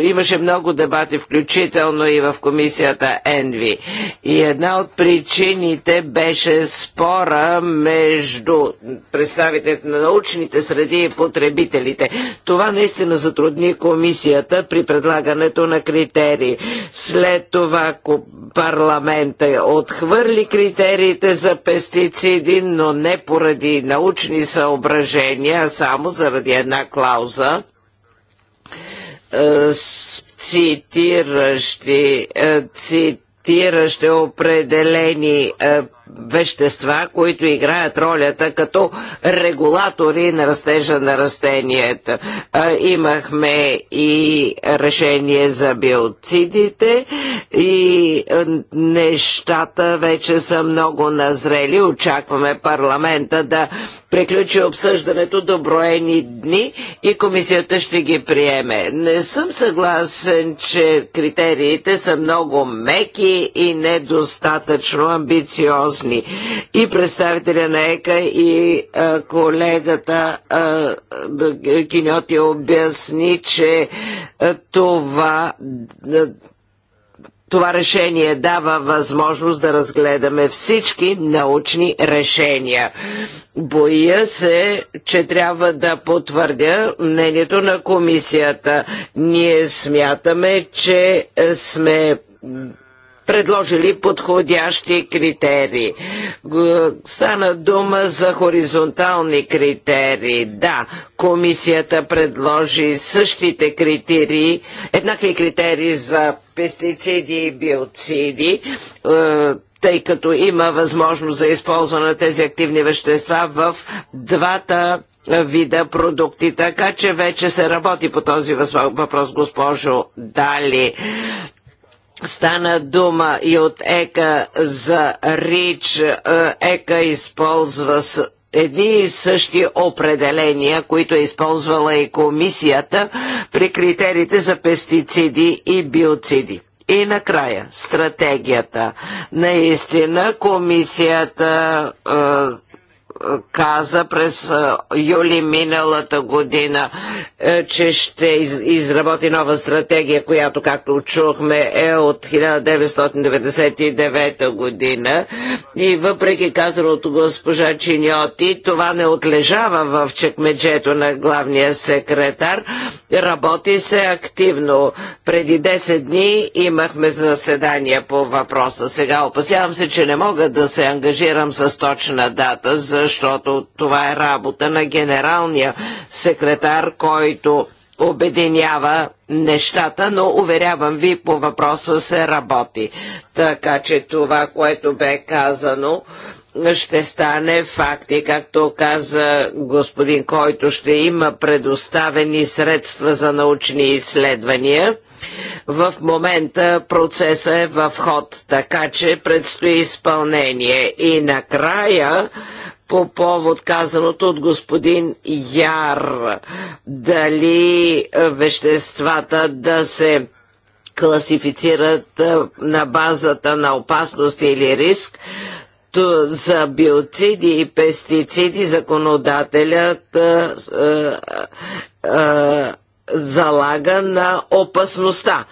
имаше много дебати, включително и в комисията Енви. И една от причините беше спора между представителите на научните среди и потребителите. Това наистина затрудни комисията при предлагането на критерии. След това парламента отхвърли критериите за пес пестициди, но не поради научни съображения, а само заради една клауза, е, цитиращи, е, цитиращи определени е, вещества, които играят ролята като регулатори на растежа на растенията. Имахме и решение за биоцидите и нещата вече са много назрели. Очакваме парламента да приключи обсъждането до броени дни и комисията ще ги приеме. Не съм съгласен, че критериите са много меки и недостатъчно амбициозни устни. И представителя на ЕКА и а, колегата а, Киньоти обясни, че а, това а, това решение дава възможност да разгледаме всички научни решения. Боя се, че трябва да потвърдя мнението на комисията. Ние смятаме, че сме предложили подходящи критерии. Стана дума за хоризонтални критерии. Да, комисията предложи същите критерии, еднакви критерии за пестициди и биоциди, е, тъй като има възможност за използване на тези активни вещества в двата вида продукти. Така че вече се работи по този въпрос, госпожо Дали. Стана дума и от ЕКА за РИЧ. Е, ЕКА използва с едни и същи определения, които е използвала и комисията при критериите за пестициди и биоциди. И накрая, стратегията. Наистина комисията е, каза през юли миналата година, е, че ще изработи нова стратегия, която, както чухме, е от 1999 година. И въпреки казаното госпожа Чиньоти, това не отлежава в чекмеджето на главния секретар. Работи се активно. Преди 10 дни имахме заседания по въпроса. Сега опасявам се, че не мога да се ангажирам с точна дата, защото защото това е работа на генералния секретар, който обединява нещата, но уверявам ви, по въпроса се работи. Така че това, което бе казано, ще стане факт и както каза господин, който ще има предоставени средства за научни изследвания. В момента процесът е в ход, така че предстои изпълнение. И накрая по повод казаното от господин Яр. Дали е, веществата да се класифицират е, на базата на опасност или риск, за биоциди и пестициди законодателят а, а, а, залага на опасността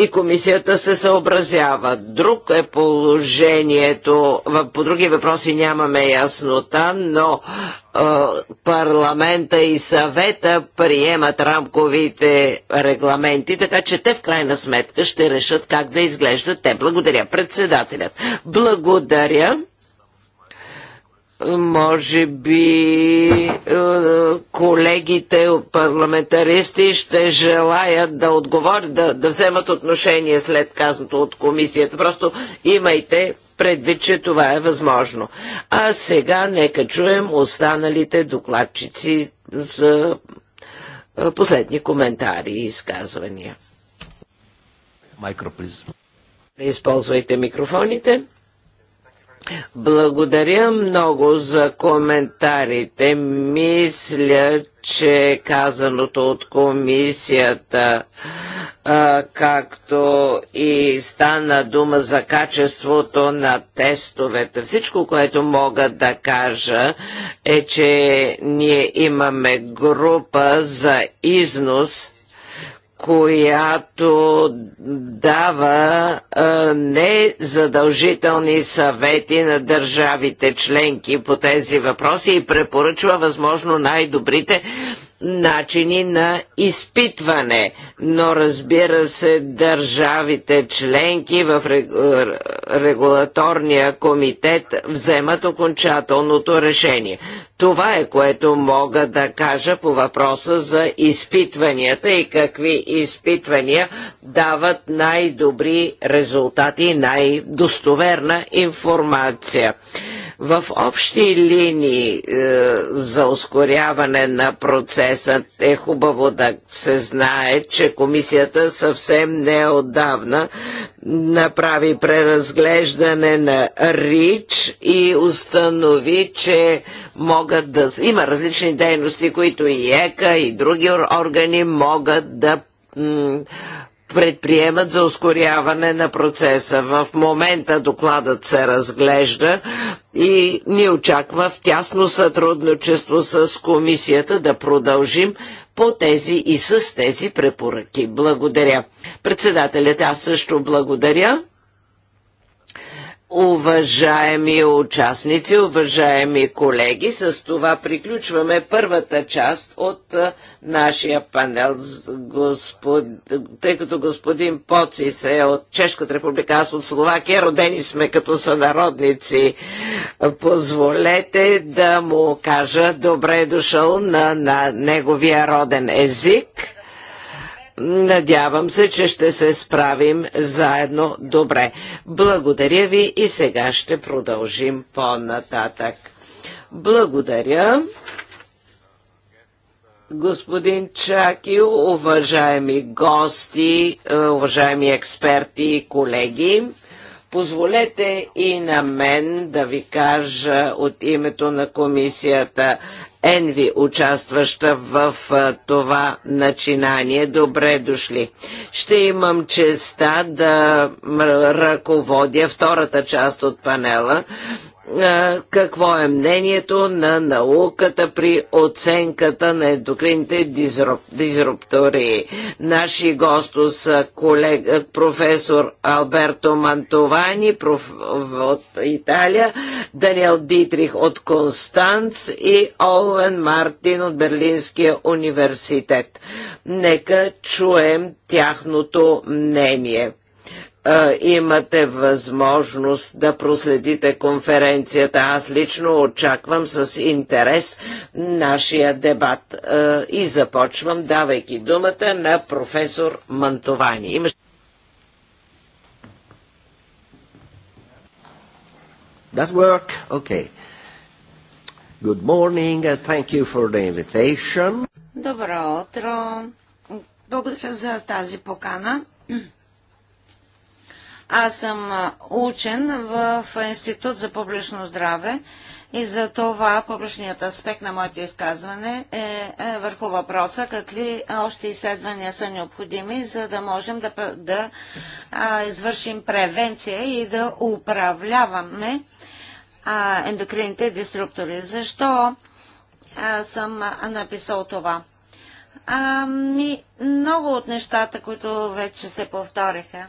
и комисията се съобразява. Друг е положението, по други въпроси нямаме яснота, но е, парламента и съвета приемат рамковите регламенти, така че те в крайна сметка ще решат как да изглеждат те. Благодаря председателят. Благодаря може би е, колегите парламентаристи ще желаят да отговорят, да, да вземат отношение след казаното от комисията. Просто имайте предвид, че това е възможно. А сега нека чуем останалите докладчици за е, последни коментари и изказвания. Майкро, Използвайте микрофоните. Благодаря много за коментарите. Мисля, че казаното от комисията, а, както и стана дума за качеството на тестовете. Всичко, което мога да кажа е, че ние имаме група за износ която дава а, незадължителни съвети на държавите членки по тези въпроси и препоръчва възможно най-добрите начини на изпитване, но разбира се, държавите членки в регулаторния комитет вземат окончателното решение. Това е което мога да кажа по въпроса за изпитванията и какви изпитвания дават най-добри резултати и най-достоверна информация. В общи линии е, за ускоряване на процеса е хубаво да се знае, че комисията съвсем отдавна направи преразглеждане на РИЧ и установи, че могат да... Има различни дейности, които и ЕКА и други органи могат да предприемат за ускоряване на процеса. В момента докладът се разглежда и ни очаква в тясно сътрудничество с комисията да продължим по тези и с тези препоръки. Благодаря. Председателят, аз също благодаря. Уважаеми участници, уважаеми колеги, с това приключваме първата част от нашия панел. Господ... Тъй като господин Поцис е от Чешката република, аз от Словакия, родени сме като сънародници. Позволете да му кажа добре е дошъл на, на неговия роден език Надявам се, че ще се справим заедно добре. Благодаря ви и сега ще продължим по-нататък. Благодаря. Господин Чаки, уважаеми гости, е, уважаеми експерти и колеги, Позволете и на мен да ви кажа от името на комисията Енви, участваща в това начинание. Добре дошли. Ще имам честа да ръководя втората част от панела какво е мнението на науката при оценката на ендокрините дизруп, дизруптори. Наши гости са колега, професор Алберто Мантовани проф, от Италия, Даниел Дитрих от Констанц и Олвен Мартин от Берлинския университет. Нека чуем тяхното мнение имате възможност да проследите конференцията. Аз лично очаквам с интерес нашия дебат и започвам давайки думата на професор Мантовани. Имаш... Does work? Okay. Good morning. Uh, thank you for the invitation. Добро утро. Благодаря за тази покана. Аз съм учен в Институт за публично здраве и за това публичният аспект на моето изказване е, е, върху въпроса какви още изследвания са необходими, за да можем да, да а, извършим превенция и да управляваме а, ендокрините деструктори. Защо а, съм написал това? Ами, много от нещата, които вече се повториха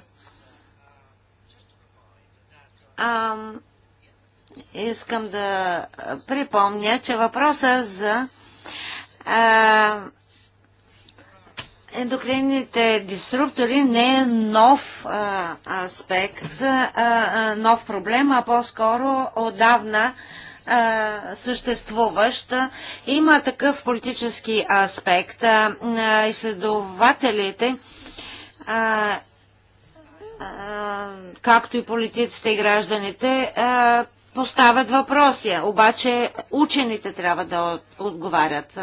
а, искам да припомня, че въпроса за а, ендокринните дисруптори не е нов а, аспект, а, нов проблем, а по-скоро отдавна съществуваща. Има такъв политически аспект. изследователите както и политиците и гражданите, поставят въпроси. Обаче учените трябва да отговарят.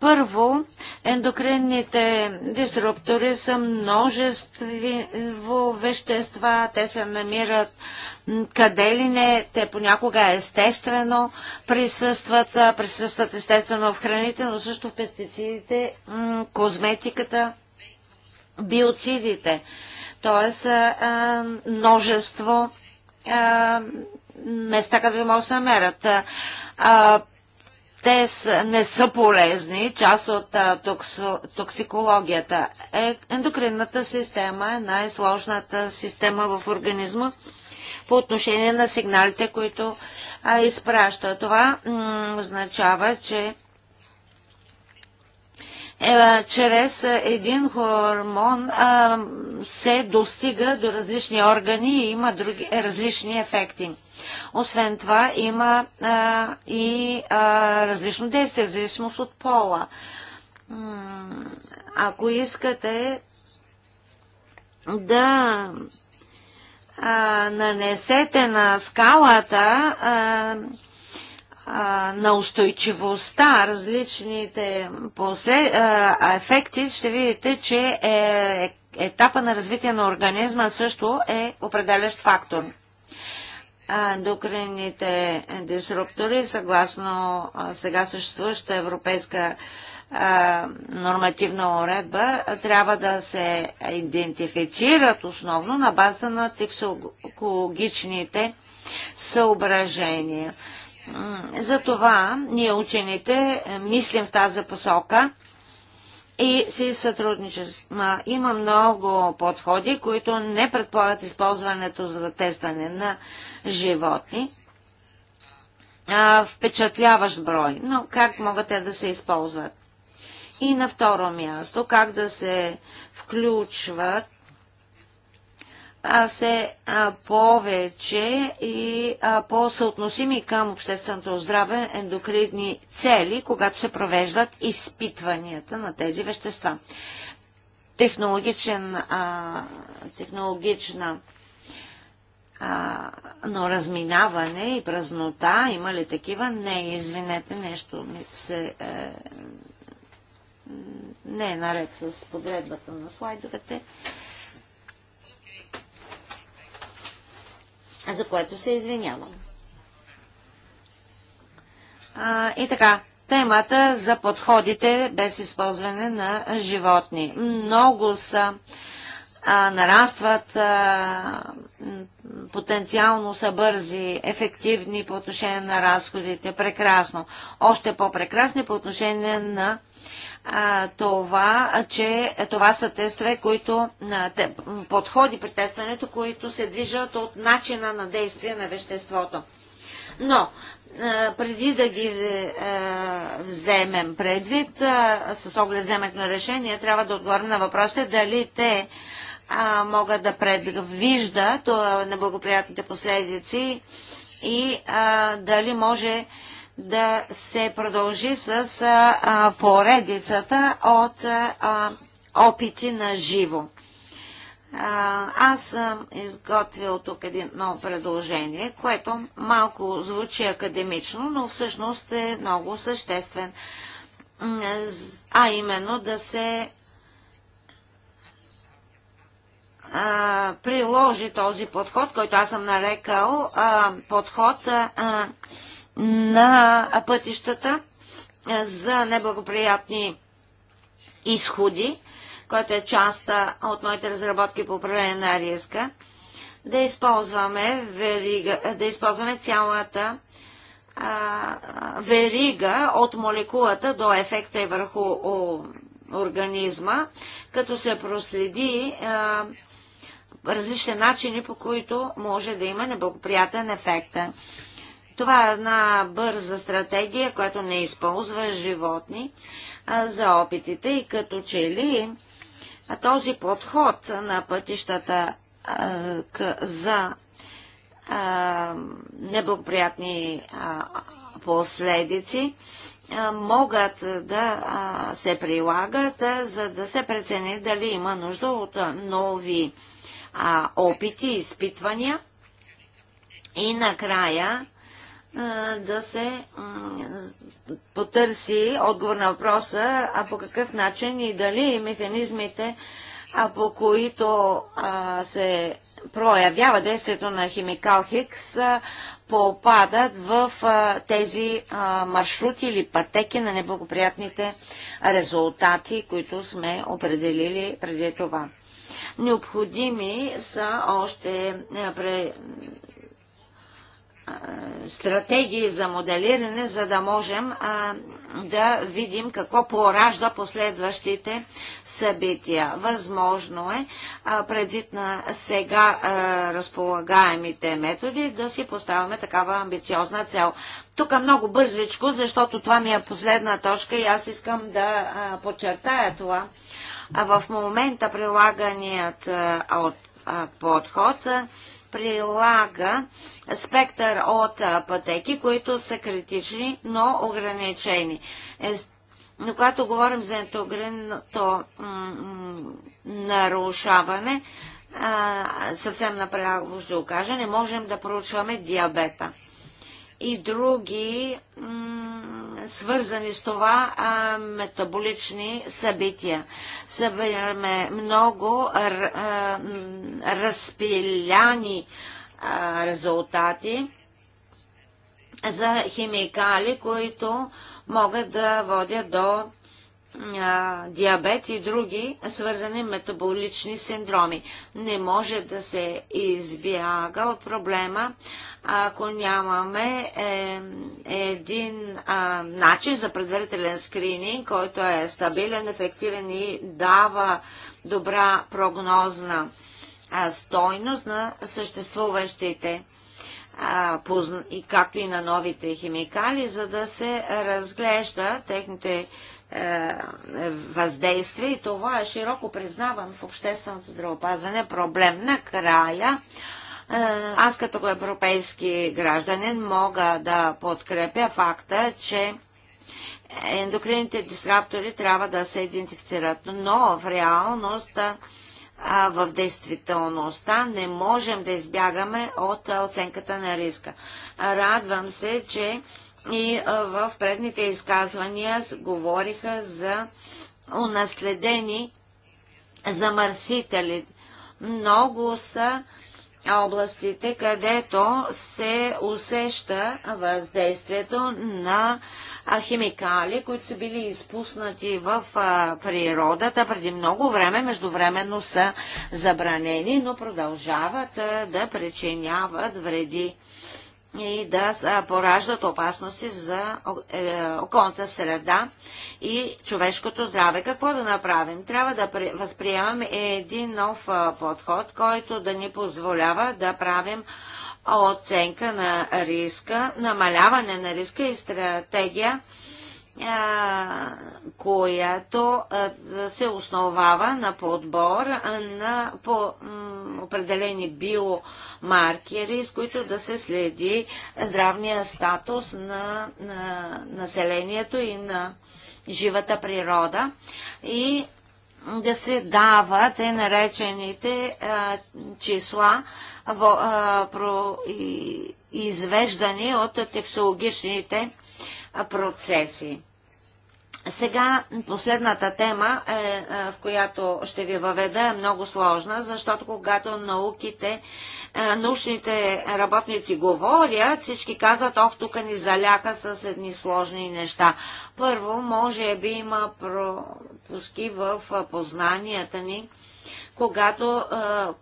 Първо, ендокринните дисруптори са множество вещества, те се намират къде ли не, те понякога естествено присъстват, присъстват естествено в храните, но също в пестицидите, козметиката, биоцидите. Тоест, а, множество а, места, където могат да се намерят. А, те не са полезни, част от токсикологията. Е, ендокринната система е най-сложната система в организма по отношение на сигналите, които а, изпраща. Това означава, че е, чрез един хормон се достига до различни органи и има други, е, различни ефекти. Освен това има и различно действие, в зависимост от пола. Ако искате да нанесете на скалата на устойчивостта, различните послед, а, ефекти, ще видите, че е, е, етапа на развитие на организма също е определящ фактор. Докрените дисруптори, съгласно сега съществуваща европейска нормативна уредба трябва да се идентифицират основно на базата на токсикологичните съображения. Затова ние учените мислим в тази посока и си сътрудничаме. Има много подходи, които не предполагат използването за тестване на животни. впечатляващ брой, но как могат те да се използват? И на второ място, как да се включват все повече и по-съотносими към общественото здраве ендокридни цели, когато се провеждат изпитванията на тези вещества. Технологичен, а, технологична а, но разминаване и празнота, има ли такива? Не, извинете, нещо ми се е, не е наред с подредбата на слайдовете. за което се извинявам. А, и така, темата за подходите без използване на животни. Много са а, нарастват а, потенциално са бързи, ефективни по отношение на разходите. Прекрасно. Още по-прекрасни по отношение на а, това, че това са тестове, които подходи при тестването, които се движат от начина на действие на веществото. Но преди да ги вземем предвид, с оглед вземек на решение, трябва да отговорим на въпросите дали те могат да предвиждат неблагоприятните последици и дали може да се продължи с а, поредицата от а, опити на живо. Аз съм изготвил тук едно предложение, което малко звучи академично, но всъщност е много съществен. А именно да се а, приложи този подход, който аз съм нарекал а, подход а, на пътищата е, за неблагоприятни изходи, който е част от моите разработки по управление на риска, да използваме, верига, е, да използваме цялата а, верига от молекулата до ефекта и върху о, организма, като се проследи а, е, различни начини, по които може да има неблагоприятен ефект. Това е една бърза стратегия, която не използва животни а, за опитите и като че ли а този подход на пътищата а, к, за неблагоприятни последици могат да се прилагат, за да се прецени дали има нужда от нови опити, изпитвания. И накрая да се потърси отговор на въпроса, а по какъв начин и дали механизмите, а по които се проявява действието на химикал Хикс, попадат в тези маршрути или пътеки на неблагоприятните резултати, които сме определили преди това. Необходими са още стратегии за моделиране, за да можем а, да видим какво поражда последващите събития. Възможно е, а, предвид на сега а, разполагаемите методи, да си поставяме такава амбициозна цел. Тук много бързичко, защото това ми е последна точка и аз искам да а, подчертая това. А в момента прилаганият а, от, а, подход а, прилага спектър от пътеки, които са критични, но ограничени. Е, но когато говорим за интегрираното нарушаване, съвсем направо ще го кажа, не можем да проучваме диабета и други свързани с това а, метаболични събития. Събираме много а, разпиляни а, резултати за химикали, които могат да водят до диабет и други свързани метаболични синдроми. Не може да се избяга от проблема, ако нямаме е, един начин за предварителен скрининг, който е стабилен, ефективен и дава добра прогнозна стойност на съществуващите и както и на новите химикали, за да се разглежда техните е, въздействие и това е широко признаван в общественото здравеопазване проблем. Накрая, е, аз като европейски гражданин мога да подкрепя факта, че ендокрините дисраптори трябва да се идентифицират, но в реалност е, в действителността не можем да избягаме от оценката на риска. Радвам се, че и в предните изказвания говориха за унаследени замърсители. Много са областите, където се усеща въздействието на химикали, които са били изпуснати в природата преди много време, междувременно са забранени, но продължават да причиняват вреди и да пораждат опасности за е, околната среда и човешкото здраве. Какво да направим? Трябва да възприемаме един нов подход, който да ни позволява да правим оценка на риска, намаляване на риска и стратегия която се основава на подбор на по определени биомаркери, с които да се следи здравния статус на, на населението и на живата природа и да се дават те наречените а, числа во, а, про, и, извеждани от текстологичните процеси. Сега последната тема, е, е, в която ще ви въведа, е много сложна, защото когато науките, е, научните работници говорят, всички казват, ох, тук ни заляка с едни сложни неща. Първо, може би има пропуски в е, познанията ни, когато,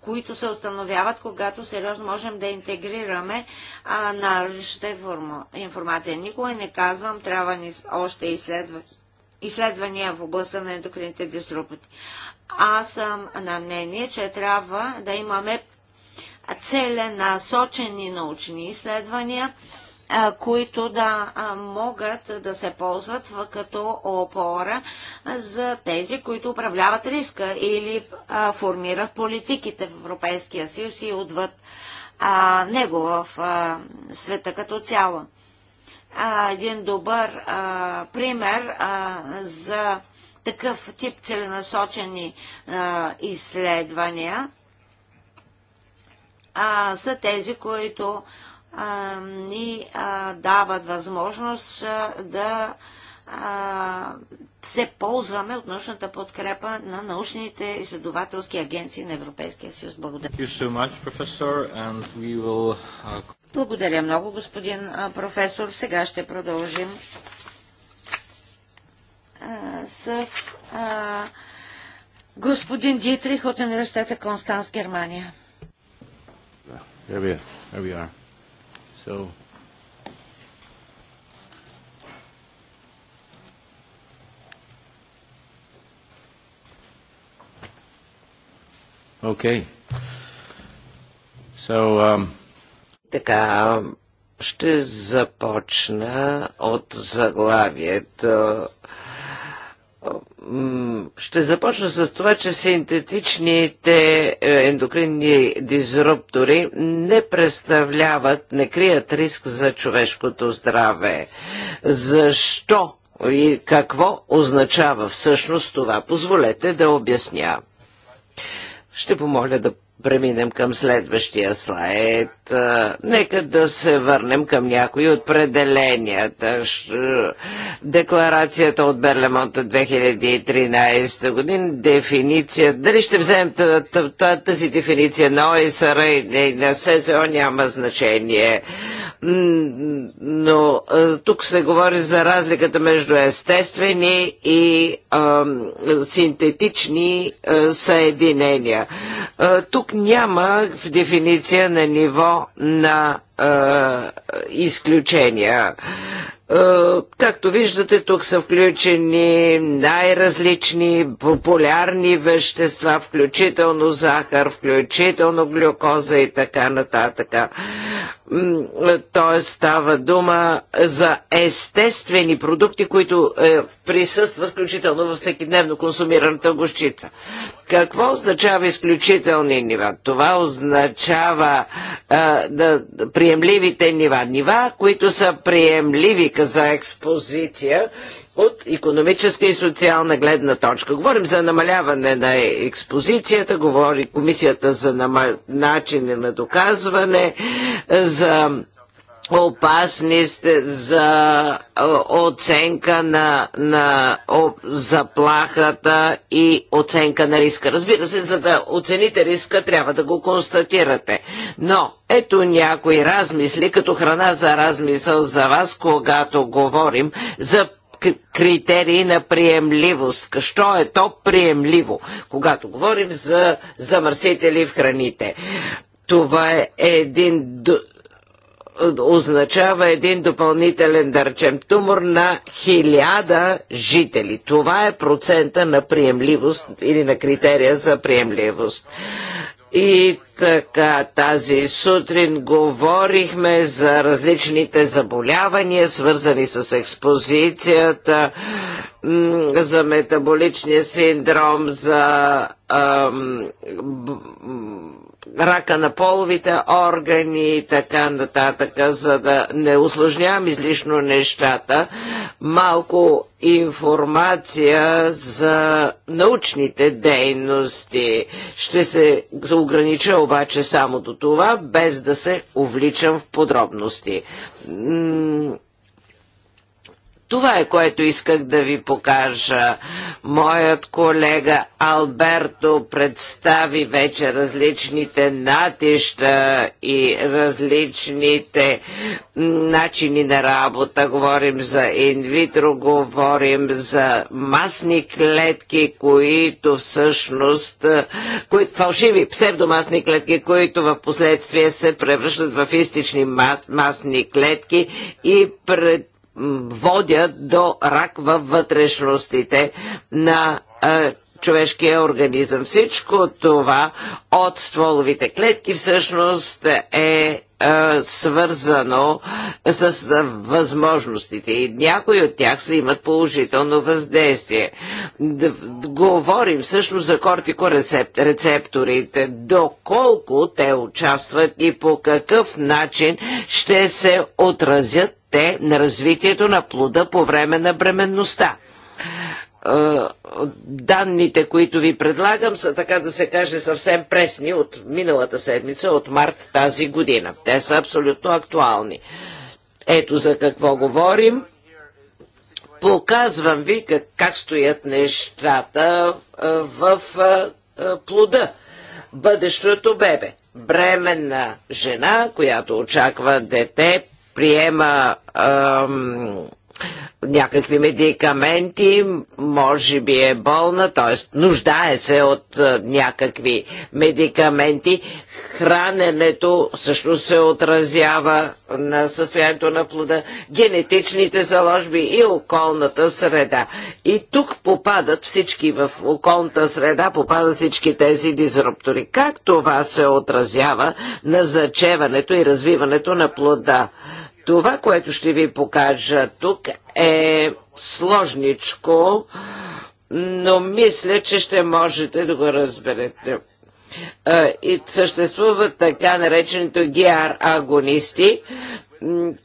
които се установяват, когато сериозно можем да интегрираме на информация. Никога не казвам, трябва ни още изследвания изследвания в областта на ендокрините дисрупти. Аз съм на мнение, че трябва да имаме целенасочени научни изследвания, които да могат да се ползват като опора за тези, които управляват риска или формират политиките в Европейския съюз и отвъд него в света като цяло а, един добър а, пример а, за такъв тип целенасочени а, изследвания а, са тези, които а, ни а, дават възможност а, да а, се ползваме от научната подкрепа на научните изследователски агенции на Европейския съюз. Благодаря. Благодаря много, господин професор. Сега ще продължим с господин Дитрих от университета Констанс, Германия. There we are. Okay. So um така, ще започна от заглавието. Ще започна с това, че синтетичните е, ендокринни дизруптори не представляват, не крият риск за човешкото здраве. Защо и какво означава всъщност това? Позволете да обясня. Ще помоля да преминем към следващия слайд. Нека да се върнем към някои от пределенията. Декларацията от Берлемонт от 2013 година, дефиниция, дали ще вземем тази дефиниция на ОСР и на СЗО няма значение. Но тук се говори за разликата между естествени и синтетични съединения. Тук няма в дефиниция на ниво на изключения. Както виждате, тук са включени най-различни популярни вещества, включително захар, включително глюкоза и така нататък. Тоест става дума за естествени продукти, които е, присъстват включително във дневно консумираната гощица. Какво означава изключителни нива? Това означава е, да, при приемливите нива. Нива, които са приемливи за експозиция от економическа и социална гледна точка. Говорим за намаляване на експозицията, говори комисията за нама... начин на доказване, за опасни сте за оценка на, на заплахата и оценка на риска. Разбира се, за да оцените риска, трябва да го констатирате. Но ето някои размисли, като храна за размисъл за вас, когато говорим за критерии на приемливост. Що е то приемливо, когато говорим за замърсители в храните? Това е един означава един допълнителен речем, тумор на хиляда жители. Това е процента на приемливост или на критерия за приемливост. И така, тази сутрин говорихме за различните заболявания, свързани с експозицията, за метаболичния синдром, за ам, рака на половите органи и така нататък, за да не усложнявам излишно нещата, малко информация за научните дейности. Ще се огранича обаче само до това, без да се увличам в подробности. Това е което исках да ви покажа. Моят колега Алберто представи вече различните натища и различните начини на работа. Говорим за инвитро, говорим за масни клетки, които всъщност, които, фалшиви псевдомасни клетки, които в последствие се превръщат в истични мас, масни клетки и пред водят до рак във вътрешностите на човешкия организъм. Всичко това от стволовите клетки всъщност е, е свързано с възможностите и някои от тях са имат положително въздействие. Говорим също за кортикорецепторите, доколко те участват и по какъв начин ще се отразят дете на развитието на плода по време на бременността е, данните, които ви предлагам, са така да се каже съвсем пресни от миналата седмица, от март тази година. Те са абсолютно актуални. Ето за какво говорим. Показвам ви как, как стоят нещата е, в, в е, плода. Бъдещото бебе. Бременна жена, която очаква дете приема ам, някакви медикаменти, може би е болна, т.е. нуждае се от а, някакви медикаменти. Храненето също се отразява на състоянието на плода, генетичните заложби и околната среда. И тук попадат всички, в околната среда попадат всички тези дизруптори. Как това се отразява на зачеването и развиването на плода? Това, което ще ви покажа тук е сложничко, но мисля, че ще можете да го разберете. И съществуват така наречените ГИАР агонисти,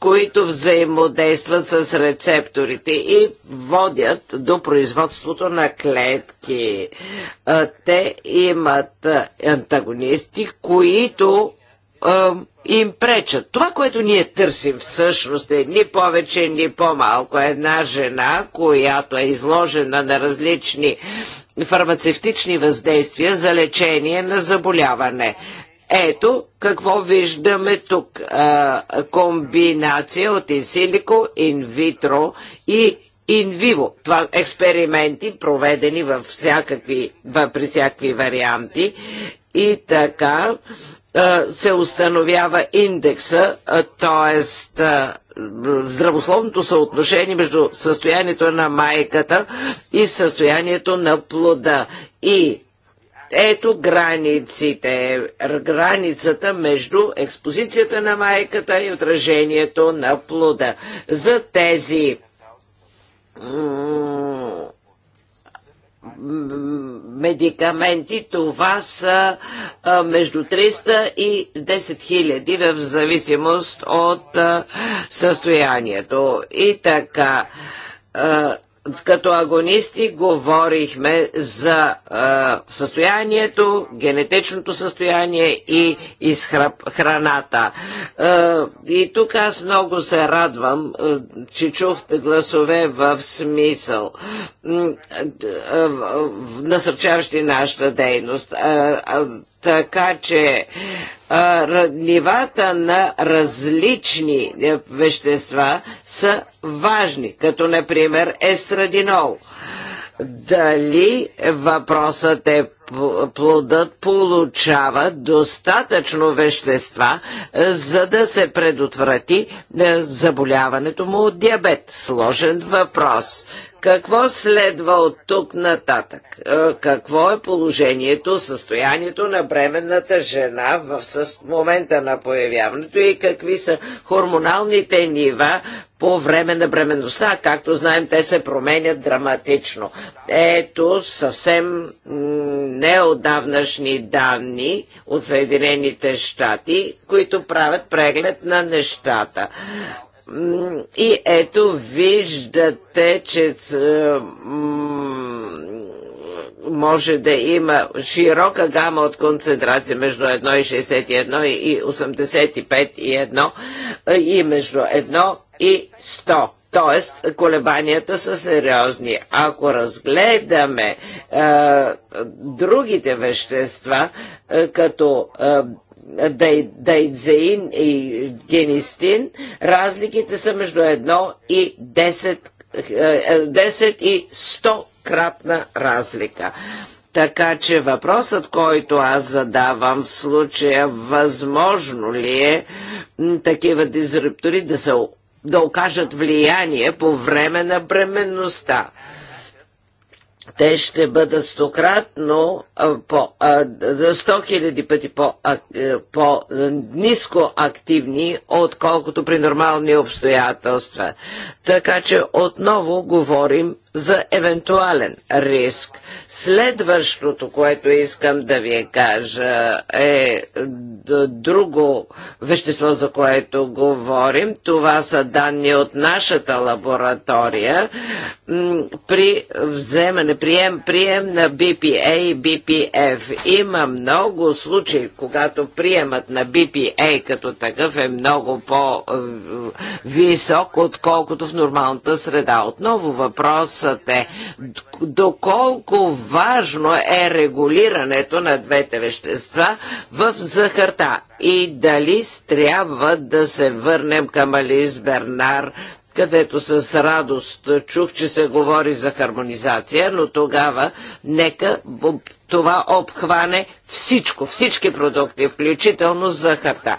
които взаимодействат с рецепторите и водят до производството на клетки. Те имат антагонисти, които им пречат. Това, което ние търсим всъщност е ни повече, ни по-малко. Една жена, която е изложена на различни фармацевтични въздействия за лечение на заболяване. Ето какво виждаме тук. А, комбинация от инсилико, инвитро и инвиво. Това експерименти, проведени във всякакви, във, при всякакви варианти. И така се установява индекса, т.е. здравословното съотношение между състоянието на майката и състоянието на плода. И ето границите, границата между експозицията на майката и отражението на плода. За тези медикаменти, това са между 300 и 10 хиляди в зависимост от състоянието. И така, като агонисти говорихме за а, състоянието, генетичното състояние и изхраната. храната. А, и тук аз много се радвам, а, че чухте гласове в смисъл, а, а, насърчаващи нашата дейност. А, а, така че а, нивата на различни е, вещества са важни, като например естрадинол. Дали въпросът е плодът получава достатъчно вещества, е, за да се предотврати е, заболяването му от диабет. Сложен въпрос. Какво следва от тук нататък? Е, какво е положението, състоянието на бременната жена в момента на появяването и какви са хормоналните нива по време на бременността? Както знаем, те се променят драматично. Ето съвсем неодавнашни данни от Съединените щати, които правят преглед на нещата. И ето виждате, че е, може да има широка гама от концентрация между 1,61 и 85 и 1 е, и между 1 и 100. Тоест, колебанията са сериозни. Ако разгледаме е, другите вещества, е, като е, дайдзеин и генистин, разликите са между 1 и 10, е, 10 е, и 100 кратна разлика. Така че въпросът, който аз задавам в случая, възможно ли е такива дизруптори да се да окажат влияние по време на бременността. Те ще бъдат стократно за 100 хиляди пъти е, по-низко по, активни, отколкото при нормални обстоятелства. Така че отново говорим за евентуален риск. Следващото, което искам да ви кажа е друго вещество, за което говорим. Това са данни от нашата лаборатория при вземане, прием, прием на BPA и BPF. Има много случаи, когато приемат на BPA като такъв е много по-висок, отколкото в нормалната среда. Отново въпрос въпросът е доколко важно е регулирането на двете вещества в захарта и дали трябва да се върнем към Алис Бернар където с радост чух, че се говори за хармонизация, но тогава нека това обхване всичко, всички продукти, включително захарта.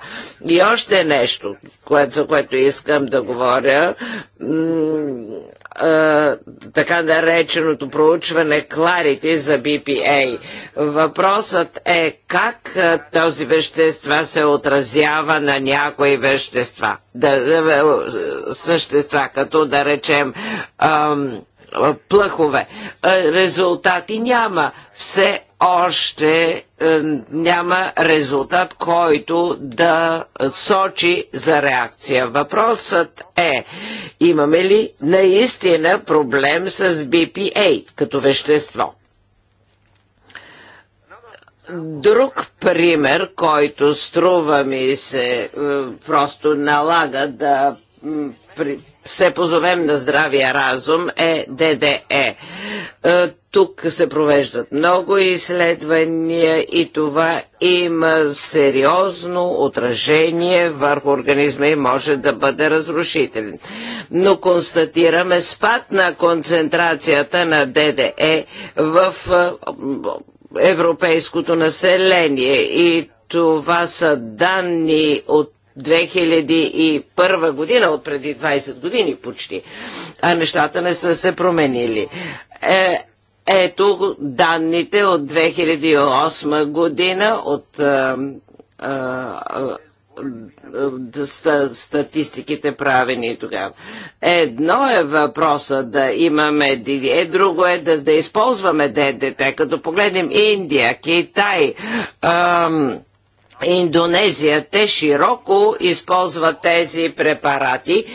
И още нещо, което, за което искам да говоря, а, така нареченото проучване Кларите за BPA. Въпросът е как този вещества се отразява на някои вещества. Да, да, същества, като да речем е, плъхове. Е, резултати няма. Все още е, няма резултат, който да сочи за реакция. Въпросът е, имаме ли наистина проблем с BPA като вещество? Друг пример, който струва ми се просто налага да се позовем на здравия разум е ДДЕ. Е, тук се провеждат много изследвания и това има сериозно отражение върху организма и може да бъде разрушителен. Но констатираме спад на концентрацията на ДДЕ в е, европейското население и това са данни от 2001 година, от преди 20 години почти, а нещата не са се променили. Е, ето данните от 2008 година от е, е, е, е статистиките правени тогава. Едно е въпроса да имаме е друго е да, да използваме ДДТ. Като погледнем Индия, Китай, А, Индонезия. Те широко използват тези препарати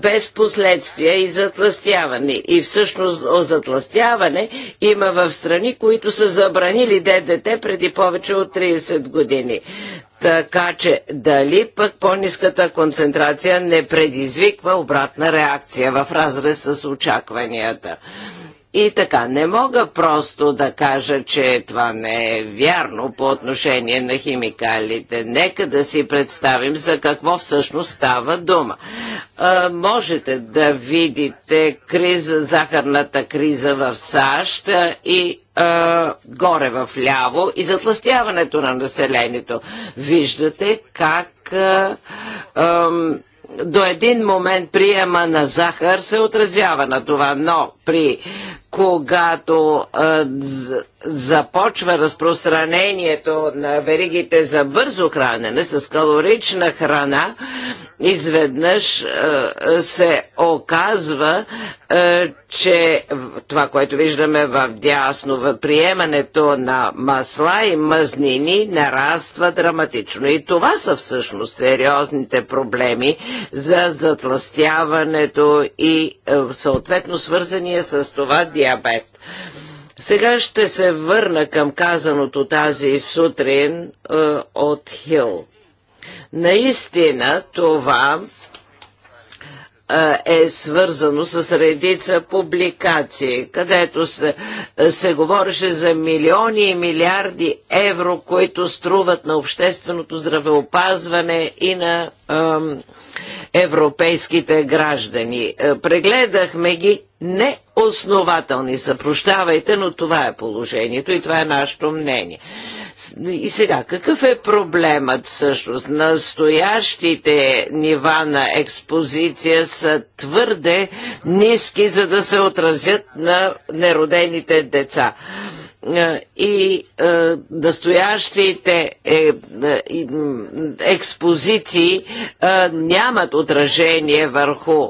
без последствия и затластяване. И всъщност затластяване има в страни, които са забранили ДДТ преди повече от 30 години. Така че дали пък по-низката концентрация не предизвиква обратна реакция в разрез с очакванията. И така, не мога просто да кажа, че това не е вярно по отношение на химикалите. Нека да си представим за какво всъщност става дума. А, можете да видите криза, захарната криза в САЩ и а, горе в ляво и затластяването на населението. Виждате как а, а, до един момент приема на захар се отразява на това, но при когато а, започва разпространението на веригите за бързо хранене с калорична храна, изведнъж а, се оказва, а, че това, което виждаме в дясно, в приемането на масла и мъзнини нараства драматично. И това са всъщност сериозните проблеми за затластяването и съответно свързания с това диабет диабет. Сега ще се върна към казаното тази сутрин е, от Хил. Наистина това е свързано с редица публикации, където се, се говореше за милиони и милиарди евро, които струват на общественото здравеопазване и на ем, европейските граждани. Прегледахме ги неоснователни съпрощавайте, но това е положението и това е нашето мнение. И сега, какъв е проблемът всъщност? Настоящите нива на експозиция са твърде ниски, за да се отразят на неродените деца. Е, и е, настоящите е, експозиции нямат отражение върху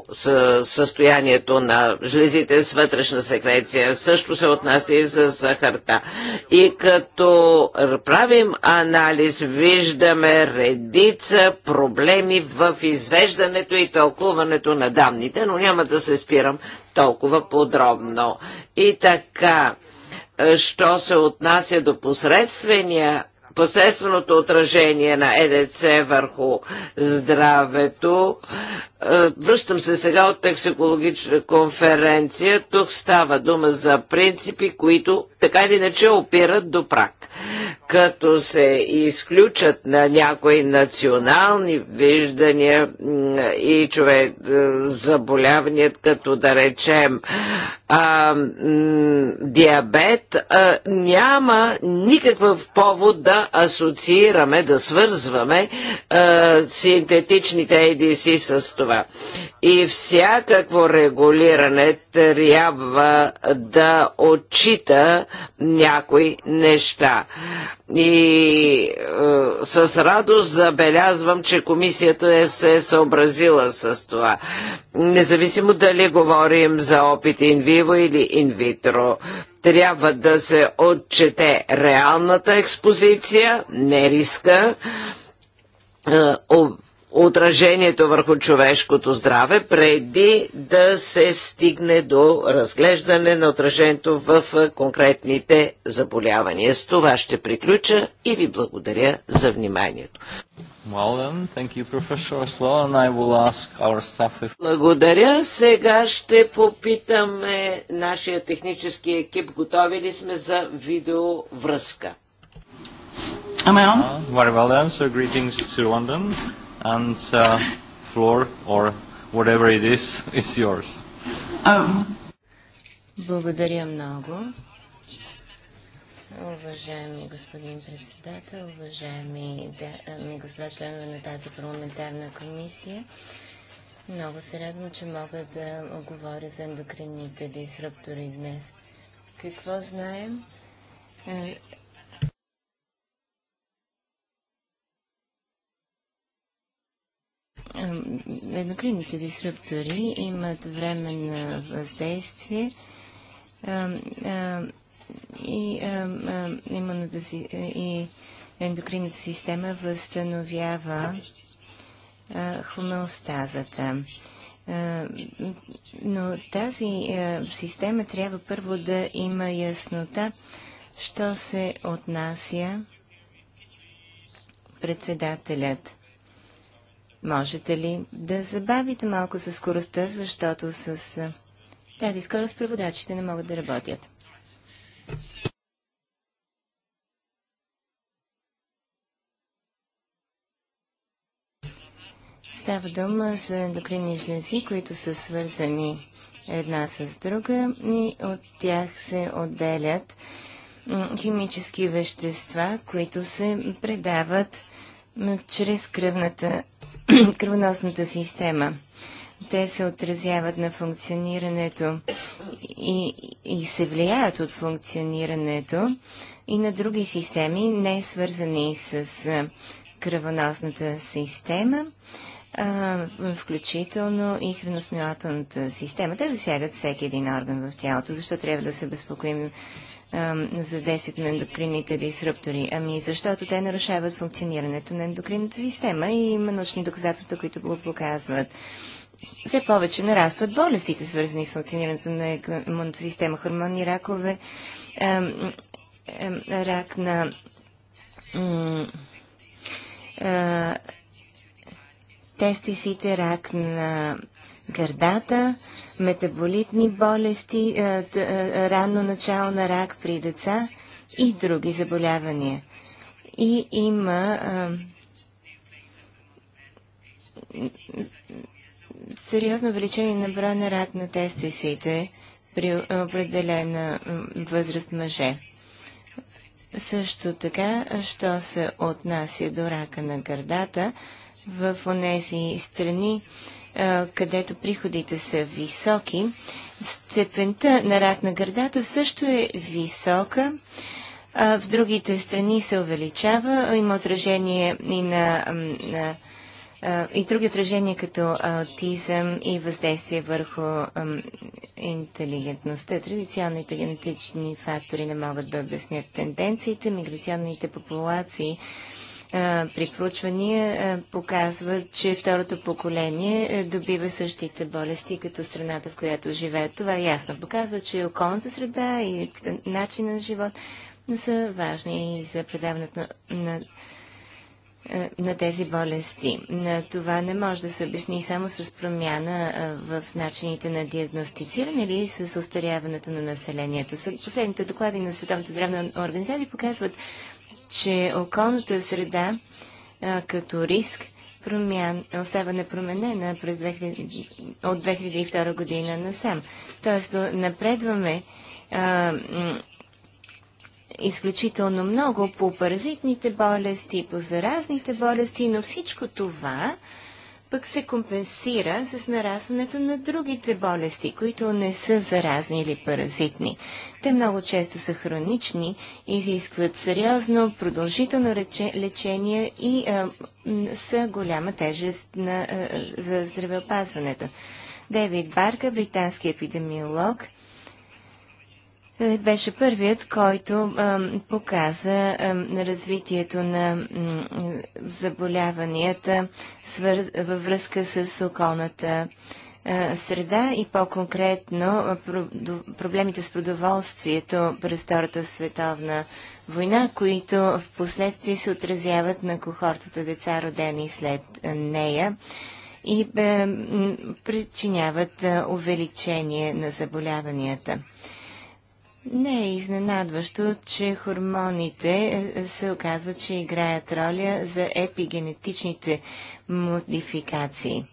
състоянието на жлезите с вътрешна секреция. Също се отнася и за захарта. И като правим анализ, виждаме редица проблеми в извеждането и тълкуването на данните, но няма да се спирам толкова подробно. И така, е, що се отнася до посредствения посредственото отражение на ЕДЦ върху здравето. Е, връщам се сега от тексикологична конференция. Тук става дума за принципи, които така или иначе опират до практика като се изключат на някои национални виждания и човек е, заболяваният, като да речем а, диабет, а, няма никакъв повод да асоциираме, да свързваме а, синтетичните ADC с това. И всякакво регулиране трябва да отчита някои неща. И е, с радост забелязвам, че комисията е се е съобразила с това. Независимо дали говорим за опит инвиво или инвитро, трябва да се отчете реалната експозиция, не риска, е, отражението върху човешкото здраве, преди да се стигне до разглеждане на отражението в конкретните заболявания. С това ще приключа и ви благодаря за вниманието. Благодаря. Сега ще попитаме нашия технически екип, готови ли сме за видеовръзка. Am I on? Uh, very well then, so greetings to London and uh, floor or whatever it is <laughs> is yours. Um. Благодаря много. Уважаеми господин председател, уважаеми ми господа членове на тази парламентарна комисия, много се радвам, че мога да говоря за ендокринните дисруптори днес. Какво знаем? Е, Ендокринните дисруптори имат време на въздействие и, а, именно да си, и ендокринната система възстановява хомеостазата. Но тази система трябва първо да има яснота, що се отнася председателят Можете ли да забавите малко със скоростта, защото с тази скорост преводачите не могат да работят? Става дума за ендокринни жлези, които са свързани една с друга и от тях се отделят химически вещества, които се предават чрез кръвната <clears throat> кръвоносната система. Те се отразяват на функционирането и, и се влияят от функционирането и на други системи, не свързани с кръвоносната система, а, включително и храносмилателната система. Те засягат всеки един орган в тялото. Защо трябва да се безпокоим за действието на ендокрините дисруптори? Ами защото те нарушават функционирането на ендокринната система и има научни доказателства, които го показват. Все повече нарастват болестите, свързани с функционирането на имунната система, хормонни ракове, ам, ам, рак на ам, а, тестисите, рак на гърдата, метаболитни болести, е, е, ранно начало на рак при деца и други заболявания. И има е, сериозно увеличение на броя на рак на тестисите при определена възраст мъже. Също така, що се отнася до рака на гърдата, в тези страни, е, където приходите са високи, степента на рак на гърдата също е висока. В другите страни се увеличава. Има отражение и на, на и други отражения като аутизъм и въздействие върху интелигентността. Традиционните генетични фактори не могат да обяснят тенденциите. Миграционните популации при проучвания показват, че второто поколение е, добива същите болести като страната, в която живеят. Това ясно показва, че околната среда и начин на живот са важни и за предаването на, на е, тези болести. Това не може да се обясни само с промяна е, в начините на диагностициране или с устаряването на населението. Последните доклади на Световната здравна организация показват, че околната среда а, като риск промян, остава непроменена през 2000, от 2002 година насам. Тоест, напредваме а, изключително много по паразитните болести, по заразните болести, но всичко това пък се компенсира с нарастването на другите болести, които не са заразни или паразитни. Те много често са хронични, изискват сериозно, продължително лечение и а, са голяма тежест на, а, за здравеопазването. Дейвид Барка, британски епидемиолог, е, беше първият, който а, показа а, развитието на заболяванията свър... във връзка с околната а, среда и по-конкретно про... проблемите с продоволствието през Втората световна война, които в последствие се отразяват на кохортата деца, родени след нея и бе, причиняват увеличение на заболяванията. Не е изненадващо, че хормоните е, е, се оказват, че играят роля за епигенетичните модификации.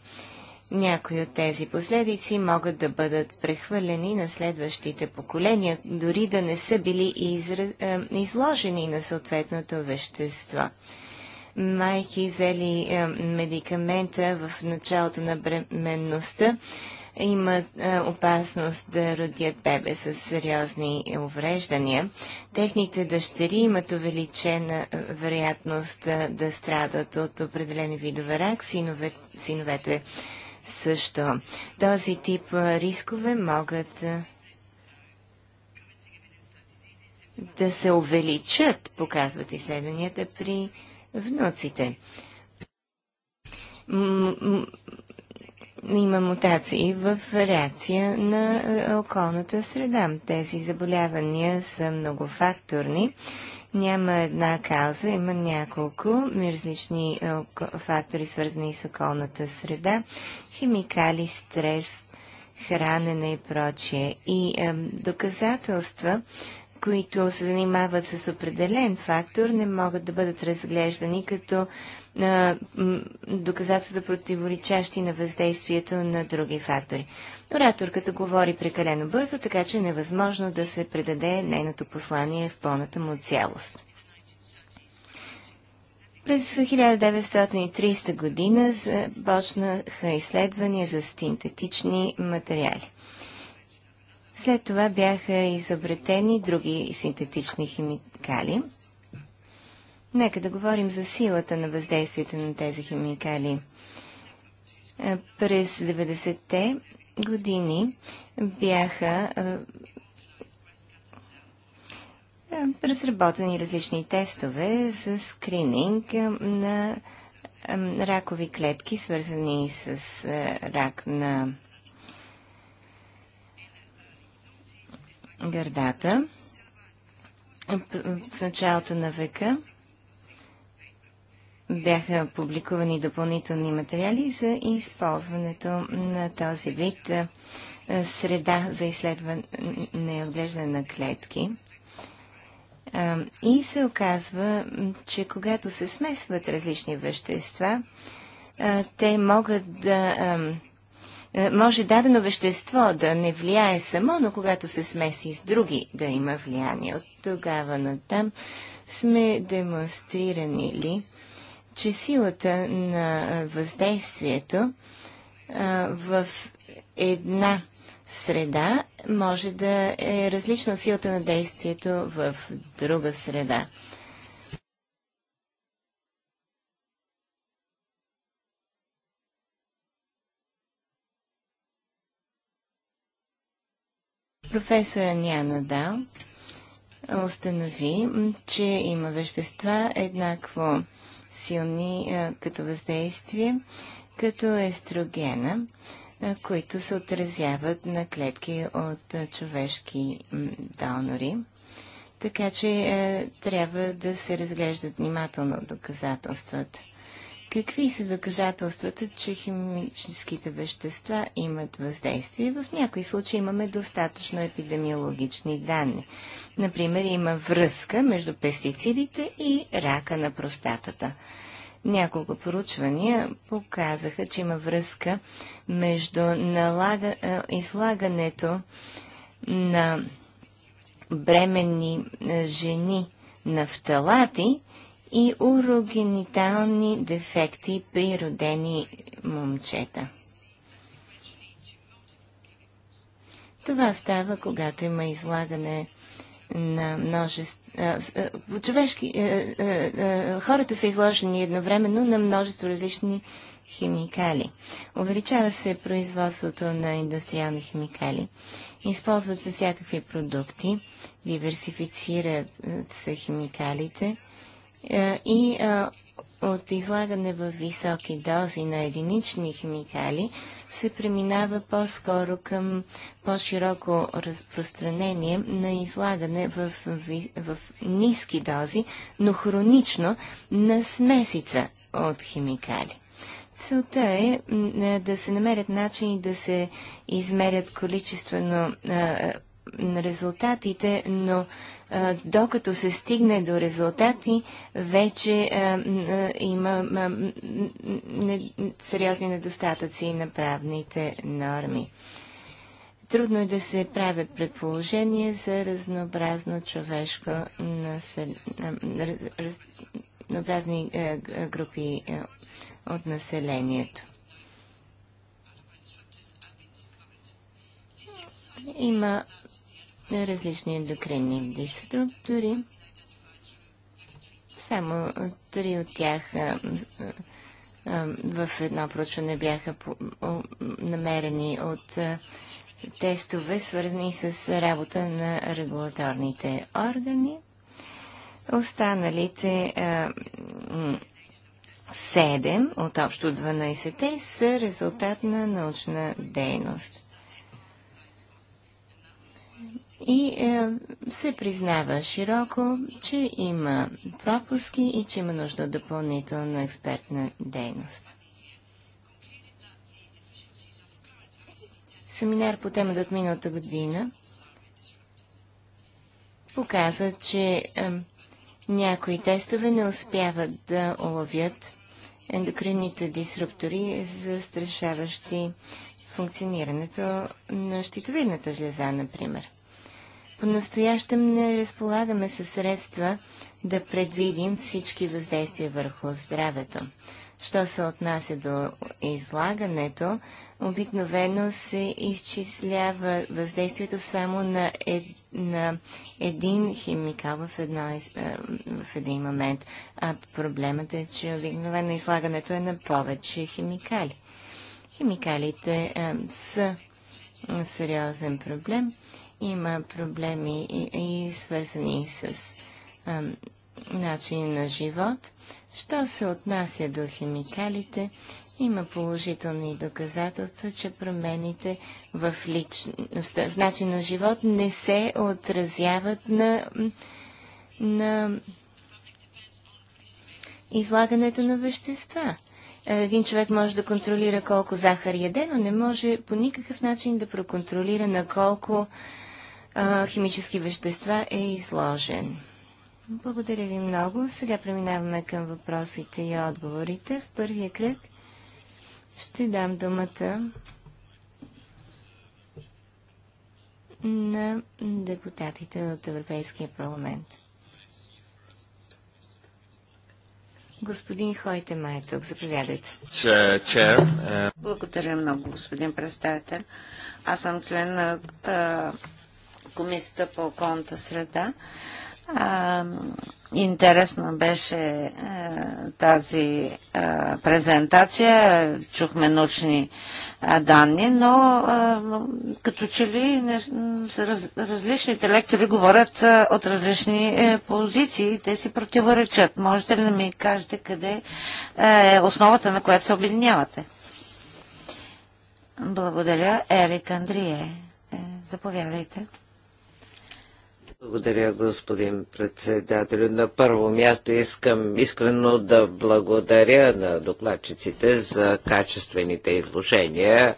Някои от тези последици могат да бъдат прехвърлени на следващите поколения, дори да не са били изра... Е, изложени на съответното вещество. Майки взели медикамента в началото на бременността, имат е, опасност да родят бебе с сериозни увреждания. Техните дъщери имат увеличена е, вероятност е, да страдат от определени видове рак, синове, синовете също. Този тип рискове могат да се увеличат, показват изследванията при внуците има мутации в реакция на е, околната среда. Тези заболявания са многофакторни. Няма една кауза, има няколко различни е, фактори, свързани с околната среда, химикали, стрес, хранене и прочие. И е, доказателства, които се занимават с определен фактор, не могат да бъдат разглеждани като а, доказателства противоречащи на въздействието на други фактори. Ораторката говори прекалено бързо, така че е невъзможно да се предаде нейното послание в пълната му цялост. През 1930 година започнаха изследвания за синтетични материали. След това бяха изобретени други синтетични химикали – Нека да говорим за силата на въздействието на тези химикали. Е, през 90-те години бяха е, е, разработени различни тестове за скрининг на ракови клетки, свързани с рак на гърдата в началото на века бяха публикувани допълнителни материали за използването на този вид среда за изследване и отглеждане на клетки. И се оказва, че когато се смесват различни вещества, те могат да... Може дадено вещество да не влияе само, но когато се смеси с други да има влияние. От тогава натам сме демонстрирани ли че силата на въздействието в една среда може да е различна от силата на действието в друга среда. Професор Няна Дал установи, че има вещества еднакво силни е, като въздействие, като естрогена, е, които се отразяват на клетки от е, човешки донори. Така че трябва да се разглеждат внимателно доказателствата. Какви са доказателствата, че химическите вещества имат въздействие? В някои случаи имаме достатъчно епидемиологични данни. Например, има връзка между пестицидите и рака на простатата. Няколко поручвания показаха, че има връзка между налага, е, излагането на бременни е, жени на фталати и урогенитални дефекти при родени момчета. Това става, когато има излагане на множество... Човешки... Хората са изложени едновременно на множество различни химикали. Увеличава се производството на индустриални химикали. Използват се всякакви продукти, диверсифицират се химикалите – е, и е, от излагане в високи дози на единични химикали се преминава по-скоро към по-широко разпространение на излагане в, в, в ниски дози, но хронично на смесица от химикали. Целта е, е да се намерят начини да се измерят количествено а, резултатите, но а, докато се стигне до резултати, вече а, а, има не, сериозни недостатъци на правните норми. Трудно е да се правят предположения за разнообразно човешко разнообразни групи от населението. Има на различни ендокринни структури, Само три от тях а, а, в едно проучване бяха по, о, намерени от а, тестове, свързани с работа на регулаторните органи. Останалите седем от общо 12 са резултат на научна дейност и е, се признава широко, че има пропуски и че има нужда от допълнителна експертна дейност. Семинар по темата от миналата година показа, че е, някои тестове не успяват да уловят ендокринните дисруптори, застрашаващи функционирането на щитовидната жлеза, например. По-настоящем не разполагаме със средства да предвидим всички въздействия върху здравето. Що се отнася до излагането, обикновено се изчислява въздействието само на, е, на един химикал в, едно, в един момент, а проблемът е, че обикновено излагането е на повече химикали. Химикалите е, са сериозен проблем има проблеми и, и свързани с а, начин на живот. Що се отнася до химикалите, има положителни доказателства, че промените в, лич... в начин на живот не се отразяват на, на излагането на вещества. Един човек може да контролира колко захар яде, но не може по никакъв начин да проконтролира на колко химически вещества е изложен. Благодаря ви много. Сега преминаваме към въпросите и отговорите. В първия кръг ще дам думата на депутатите от Европейския парламент. Господин Хойте е тук. Заповядайте. Е. Благодаря много, господин представител. Аз съм член на Комисията по околната среда. А, интересна беше а, е, тази а, е, презентация. Чухме научни а, е, данни, но като че ли не, раз, различните лектори говорят от различни позиции. Те си противоречат. Можете ли да ми кажете къде е основата, на която се объединявате? Благодаря. Ерик Андрие. Заповядайте. Благодаря, господин председател. На първо място искам искрено да благодаря на докладчиците за качествените изложения.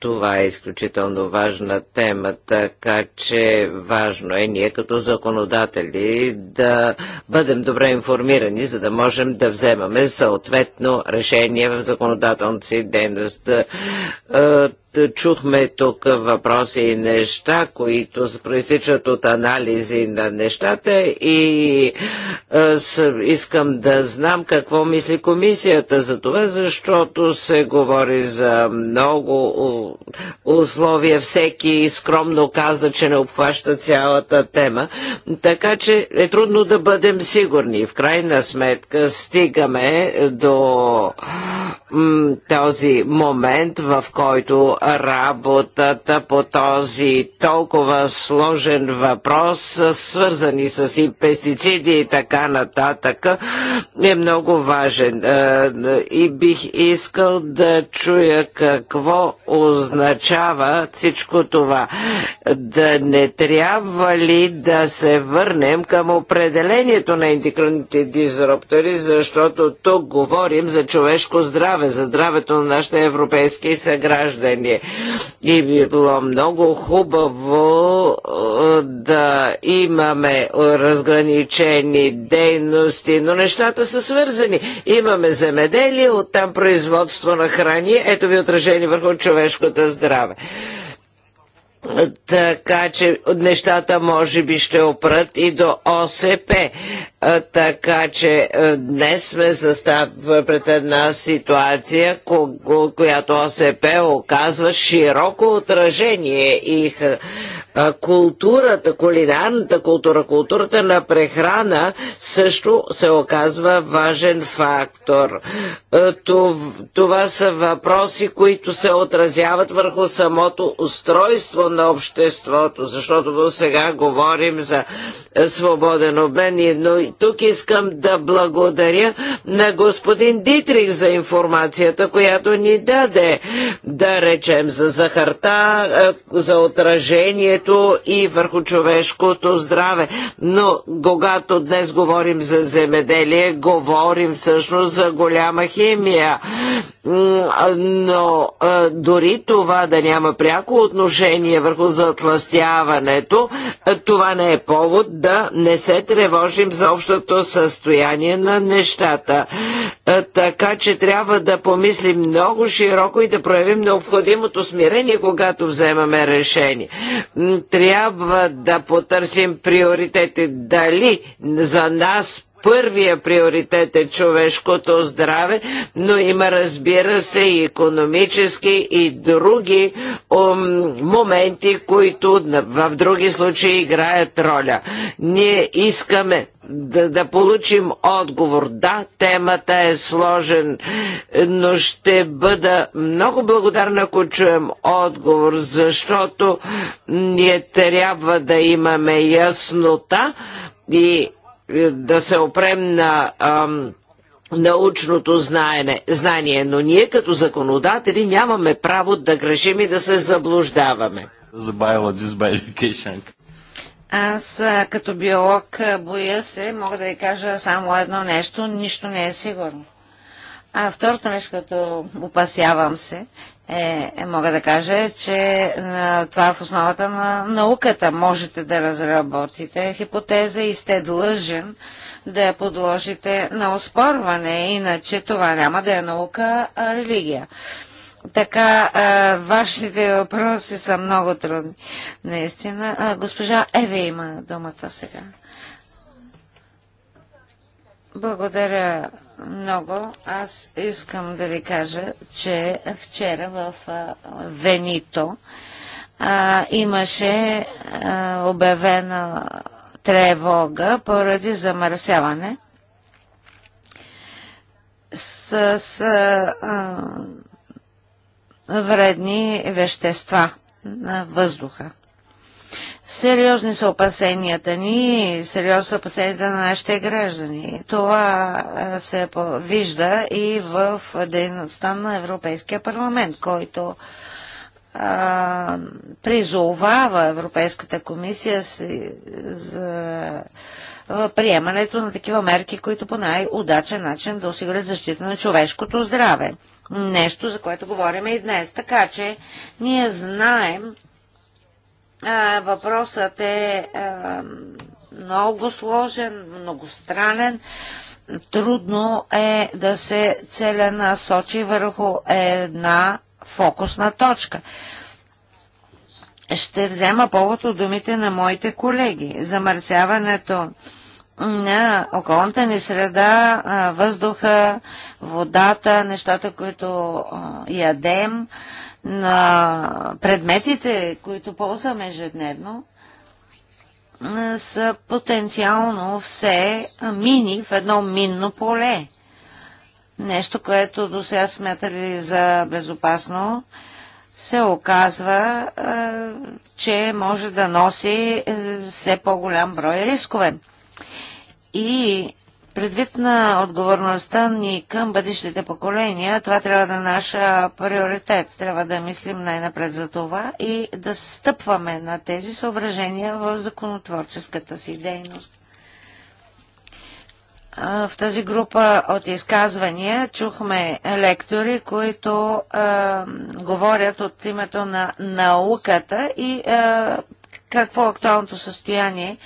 Това е изключително важна тема, така че важно е ние като законодатели да бъдем добре информирани, за да можем да вземаме съответно решение в законодателната си дейност. Е, чухме тук въпроси и неща, които проистичат от анализи на нещата и искам да знам какво мисли комисията за това, защото се говори за много условия. Всеки скромно каза, че не обхваща цялата тема, така че е трудно да бъдем сигурни. В крайна сметка стигаме до този момент, в който работата по този толкова сложен въпрос, свързани с и пестициди и така нататък, е много важен. Е, и бих искал да чуя какво означава всичко това. Да не трябва ли да се върнем към определението на индикроните дизруптори, защото тук говорим за човешко здраве здраве, за здравето на нашите европейски съграждани. И би било много хубаво е, да имаме разграничени дейности, но нещата са свързани. Имаме земеделие, оттам производство на храни, ето ви отражение върху човешкото здраве. Така че нещата може би ще опрат и до ОСП. Така че днес сме пред една ситуация, която ОСП оказва широко отражение и културата, кулинарната култура, културата на прехрана също се оказва важен фактор. Това са въпроси, които се отразяват върху самото устройство на обществото, защото до сега говорим за свободен обмен, но тук искам да благодаря на господин Дитрих за информацията, която ни даде, да речем за захарта, е, за отражението и върху човешкото здраве. Но когато днес говорим за земеделие, говорим всъщност за голяма химия. Но е, дори това да няма пряко отношение върху затластяването, е, това не е повод да не се тревожим за общ общото състояние на нещата. Е, така че трябва да помислим много широко и да проявим необходимото смирение, когато вземаме решение. Трябва да потърсим приоритети дали за нас първия приоритет е човешкото здраве, но има разбира се и економически и други ом, моменти, които в други случаи играят роля. Ние искаме да, да получим отговор. Да, темата е сложен, но ще бъда много благодарна, ако чуем отговор, защото ние трябва да имаме яснота и да се опрем на ам, научното знание, знание, но ние като законодатели нямаме право да грешим и да се заблуждаваме. Аз като биолог боя се, мога да ви кажа само едно нещо, нищо не е сигурно. А второто нещо, като опасявам се, е, мога да кажа, че е, това е в основата на науката. Можете да разработите хипотеза и сте длъжен да я подложите на оспорване, иначе това няма да е наука, а религия. Така, е, вашите въпроси са много трудни. Наистина, а, е, госпожа Еве има думата сега. Благодаря, много. Аз искам да ви кажа, че вчера в Венито а, имаше а, обявена тревога поради замърсяване с, с а, вредни вещества на въздуха. Сериозни са опасенията ни, сериозни са опасенията на нашите граждани. Това се вижда и в дейността на Европейския парламент, който а, призовава Европейската комисия си, за приемането на такива мерки, които по най-удачен начин да осигурят защита на човешкото здраве. Нещо, за което говорим и днес. Така че ние знаем, а, въпросът е а, много сложен, многостранен. Трудно е да се целенасочи върху една фокусна точка. Ще взема повод от думите на моите колеги. Замърсяването на околната ни среда, въздуха, водата, нещата, които ядем, на предметите, които ползваме ежедневно, са потенциално все мини в едно минно поле. Нещо, което до сега смятали за безопасно, се оказва, че може да носи е, все по-голям брой рискове. И Предвид на отговорността ни към бъдещите поколения, това трябва да е наша приоритет. Трябва да мислим най-напред за това и да стъпваме на тези съображения в законотворческата си дейност. В тази група от изказвания чухме лектори, които е, говорят от името на науката и е, какво е актуалното състояние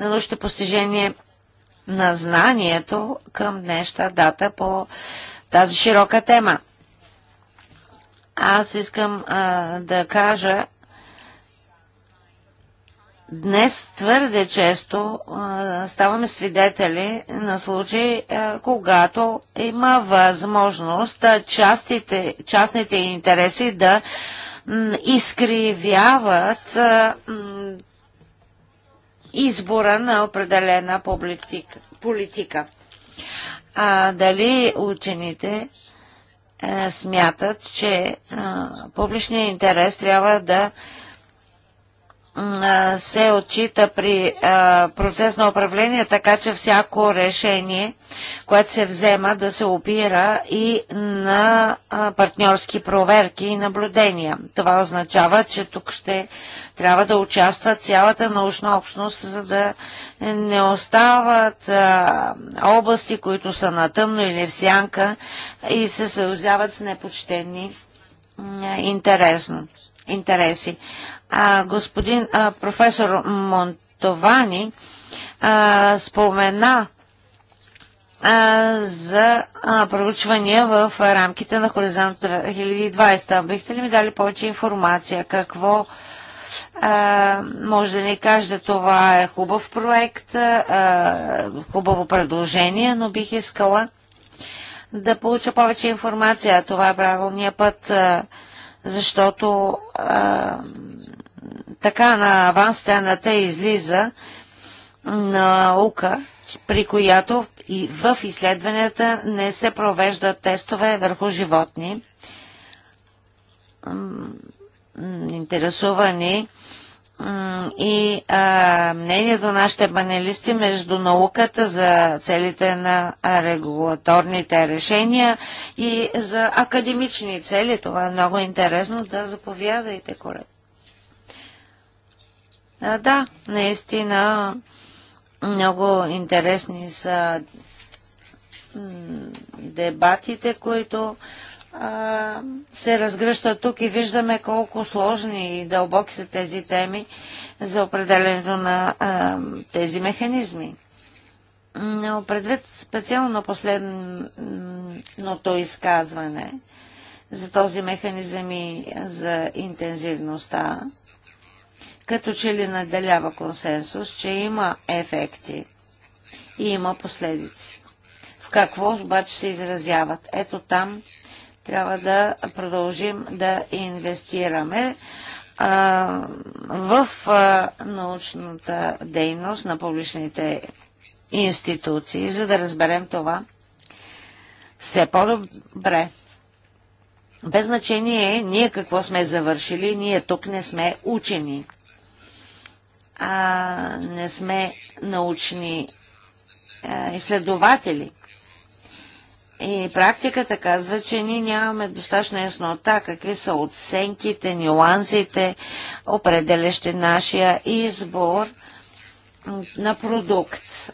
на научното постижение на знанието към днешна дата по тази широка тема. Аз искам а, да кажа, днес твърде често а, ставаме свидетели на случаи, а, когато има възможност а, частите, частните интереси да изкривяват избора на определена политика. А, дали учените е, смятат, че публичният интерес трябва да се отчита при процес на управление, така че всяко решение, което се взема да се опира и на партньорски проверки и наблюдения. Това означава, че тук ще трябва да участва цялата научна общност, за да не остават области, които са на тъмно или в сянка и се съюзяват с непочтени интересно, интереси а, господин а, професор Монтовани а, спомена а, за а, проучвания в рамките на Хоризонт 2020. Бихте ли ми дали повече информация? Какво а, може да ни кажете, това е хубав проект, а, хубаво предложение, но бих искала да получа повече информация. Това е правилният път, а, защото а, така на Аванстената излиза наука, при която и в изследванията не се провеждат тестове върху животни. Интересувани и а, мнението на нашите панелисти между науката за целите на регулаторните решения и за академични цели. Това е много интересно. Да заповядайте, колега. Да, наистина много интересни са дебатите, които а, се разгръщат тук и виждаме колко сложни и дълбоки са тези теми за определенето на а, тези механизми. Но предвид специално на последното изказване за този механизъм и за интензивността, като че ли наделява консенсус, че има ефекти и има последици. В какво обаче се изразяват? Ето там трябва да продължим да инвестираме а, в а, научната дейност на публичните институции, за да разберем това все по-добре. Без значение е ние какво сме завършили, ние тук не сме учени а, не сме научни а, изследователи. И практиката казва, че ние нямаме достатъчна яснота какви са оценките, нюансите, определящи нашия избор на продукт.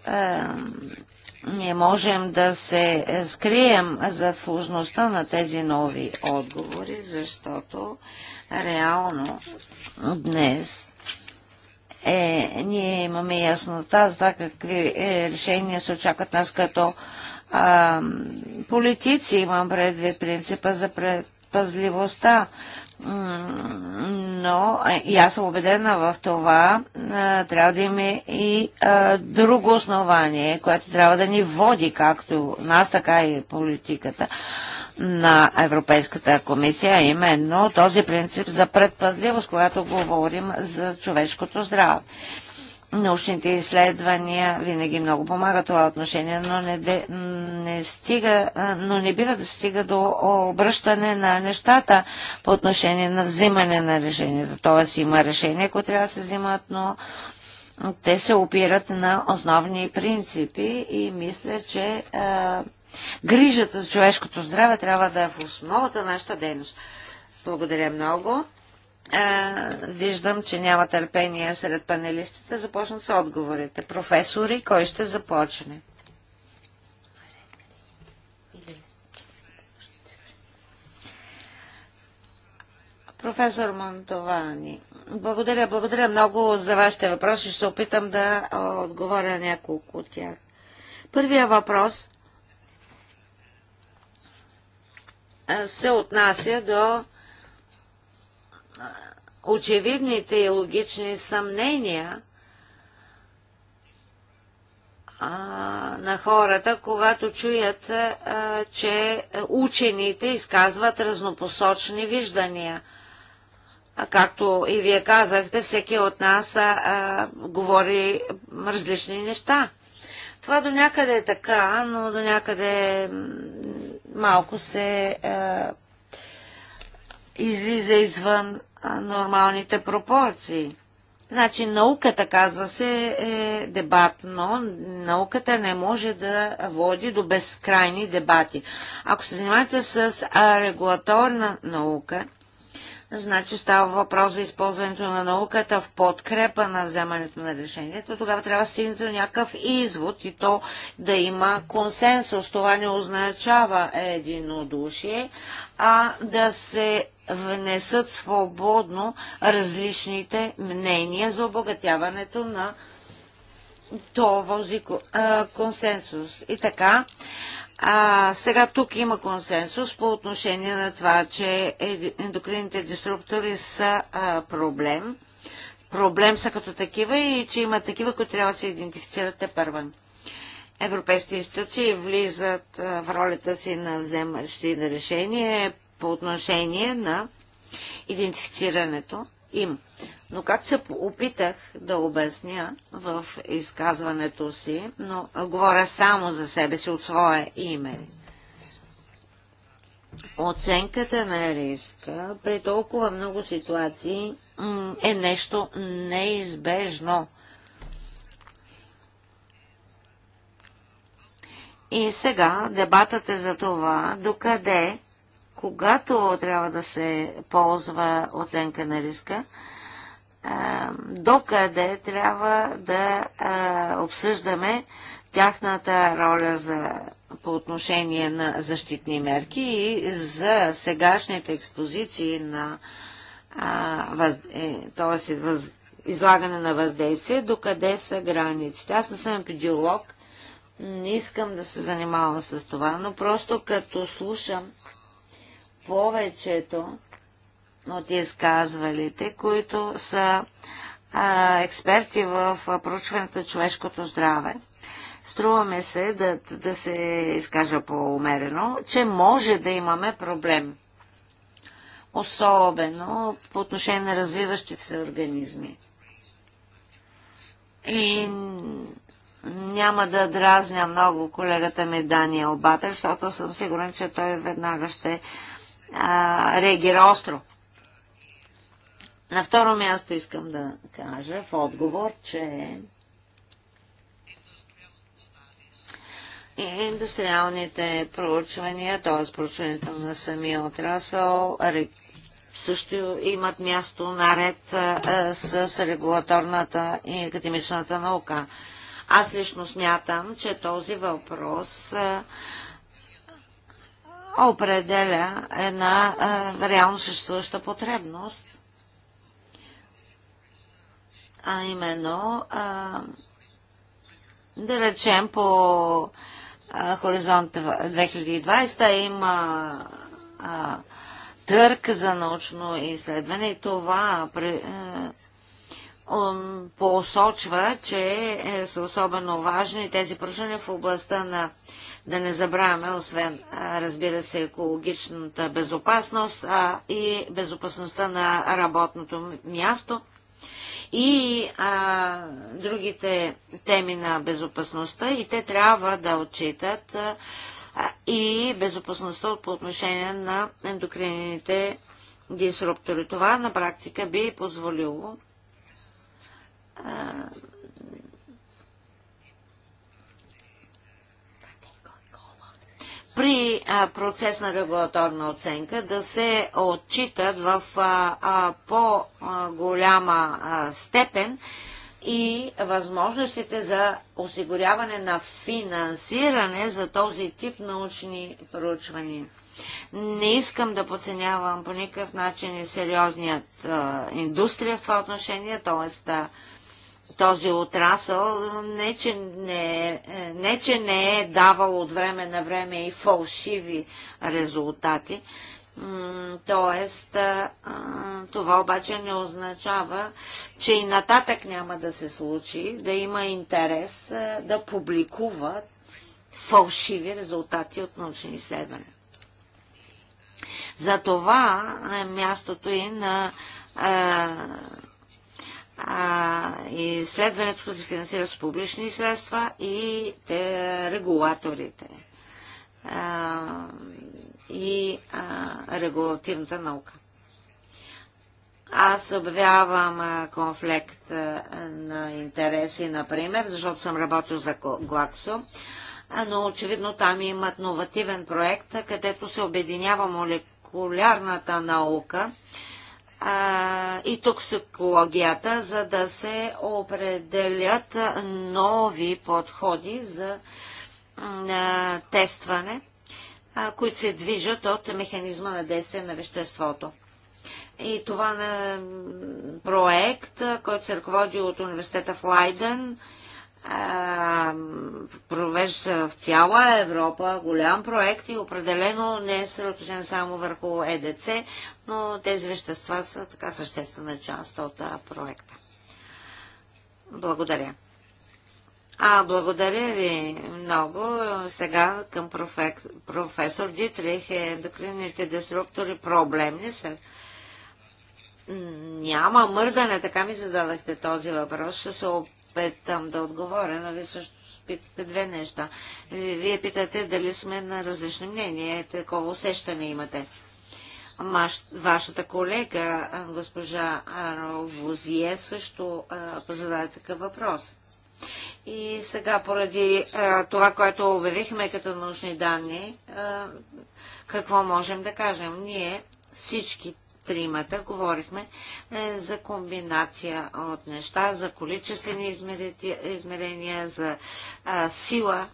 Не можем да се скрием за сложността на тези нови отговори, защото реално днес е, ние имаме яснота за какви е, решения се очакват нас като а, политици, имам предвид принципа за предпазливостта. Но е, и аз съм убедена в това, е, трябва да има и а, е, друго основание, което трябва да ни води както нас, така и политиката. А, на Европейската комисия, именно този принцип за предпазливост, когато говорим за човешкото здраве. Научните изследвания винаги много помагат това отношение, но не, де, не стига, но не бива да стига до обръщане на нещата по отношение на взимане на решението. Тоест има решения, които трябва да се взимат, но те се опират на основни принципи и мисля, че Грижата за човешкото здраве трябва да е в основата на нашата дейност. Благодаря много. А, виждам, че няма търпение сред панелистите. Започнат с отговорите. Професори, кой ще започне? Професор Монтовани, благодаря, благодаря много за вашите въпроси. Ще се опитам да отговоря няколко от тях. Първия въпрос се отнася до очевидните и логични съмнения на хората, когато чуят, че учените изказват разнопосочни виждания. А както и вие казахте, всеки от нас а, говори различни неща. Това до някъде е така, но до някъде малко се е, излиза извън нормалните пропорции. Значи науката, казва се, е дебат, но науката не може да води до безкрайни дебати. Ако се занимавате с регулаторна наука, Значи става въпрос за използването на науката в подкрепа на вземането на решението. Тогава трябва да стигнете до някакъв извод и то да има консенсус. Това не означава единодушие, а да се внесат свободно различните мнения за обогатяването на този консенсус. И така, а, сега тук има консенсус по отношение на това, че е, ендокрините диструптори са а, проблем. Проблем са като такива и че има такива, които трябва да се идентифицират те първа. Европейските институции влизат в ролята си на вземащи на решение по отношение на идентифицирането им. Но както се опитах да обясня в изказването си, но говоря само за себе си от своя име. Оценката на риска при толкова много ситуации е нещо неизбежно. И сега дебатът е за това, докъде, когато трябва да се ползва оценка на риска, докъде трябва да обсъждаме тяхната роля за, по отношение на защитни мерки и за сегашните експозиции на въз, е, въз, излагане на въздействие, докъде са границите. Аз не съм педиолог, не искам да се занимавам с това, но просто като слушам повечето от изказвалите, които са а, експерти в проучването на човешкото здраве. струваме се да, да се изкажа по-умерено, че може да имаме проблем. Особено по отношение на развиващите се организми. И няма да дразня много колегата ми Дания Обатър, защото съм сигурен, че той веднага ще а, реагира остро на второ място искам да кажа в отговор, че индустриалните проучвания, т.е. проучването на самия отрасъл, също имат място наред а, с регулаторната и академичната наука. Аз лично смятам, че този въпрос а, определя една а, реално съществуваща потребност а именно а, да речем по а, Хоризонт 2020 има а, търк за научно изследване и това при, е, посочва, че е, са особено важни тези проучвания в областта на, да не забравяме, освен, разбира се, екологичната безопасност а и безопасността на работното място – и а, другите теми на безопасността и те трябва да отчитат а, и безопасността по отношение на ендокринените дисруптори. Това на практика би позволило а, при процес на регулаторна оценка да се отчитат в по-голяма степен и възможностите за осигуряване на финансиране за този тип научни проучвания. Не искам да подценявам по никакъв начин и сериозният индустрия в това отношение, т.е този отрасъл, не че не, не, че не е давал от време на време и фалшиви резултати. Тоест, това обаче не означава, че и нататък няма да се случи, да има интерес да публикува фалшиви резултати от научни изследвания. За това е мястото и на а, изследването се финансира с публични средства и те, регулаторите а, и а, регулативната наука. Аз обявявам конфликт на интереси, например, защото съм работил за Глаксо, но очевидно там имат новативен проект, където се обединява молекулярната наука, а, и токсикологията, за да се определят нови подходи за а, тестване, а, които се движат от механизма на действие на веществото. И това на проект, който се ръководи от университета в Лайден, провежда в цяла Европа голям проект и определено не е съсредоточен само върху ЕДЦ, но тези вещества са така съществена част от проекта. Благодаря. А, благодаря ви много. Сега към профек... професор Дитрих е ендокринните деструктори проблемни са. Няма мърдане, така ми зададахте този въпрос. Ще се опитам там да отговоря, но ви нали, също питате две неща. Е, вие питате дали сме на различни мнения, е, такова усещане имате. Маш, вашата колега, госпожа Аровозие, също а, зададе такъв въпрос. И сега, поради а, това, което обявихме като научни данни, а, какво можем да кажем? Ние всички тримата говорихме е, за комбинация от неща, за количествени измерения, за сила.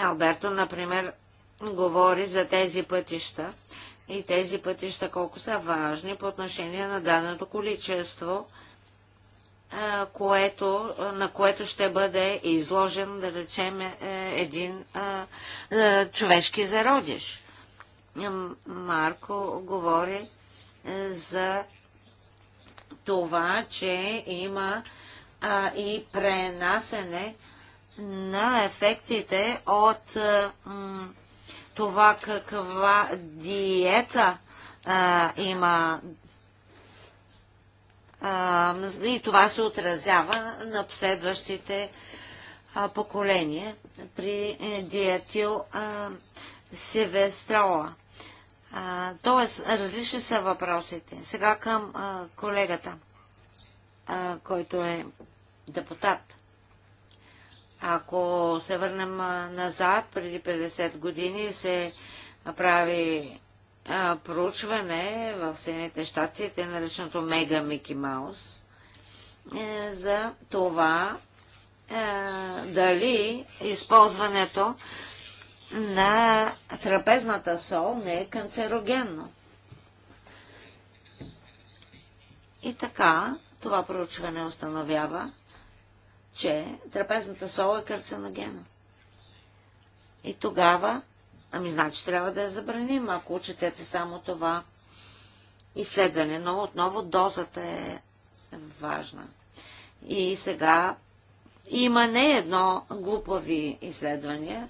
Алберто, например, говори за тези пътища и тези пътища колко са важни по отношение на даденото количество, което, на което ще бъде изложен, да речем, е, един а, е, човешки зародиш. Марко говори за това, че има а, и пренасене на ефектите от а, м, това каква диета а, има. А, и това се отразява на последващите а, поколения при диетил а, севестрола. А, тоест, различни са въпросите. Сега към а, колегата, а, който е депутат. Ако се върнем назад, преди 50 години се прави а, проучване в Съединените щати, те нареченото Мега Мики Маус, е, за това е, дали използването на трапезната сол не е канцерогенно. И така, това проучване установява, че трапезната сол е карциногена. И тогава, ами значи трябва да я забраним, ако четете само това изследване, но отново дозата е важна. И сега има не едно глупави изследвания,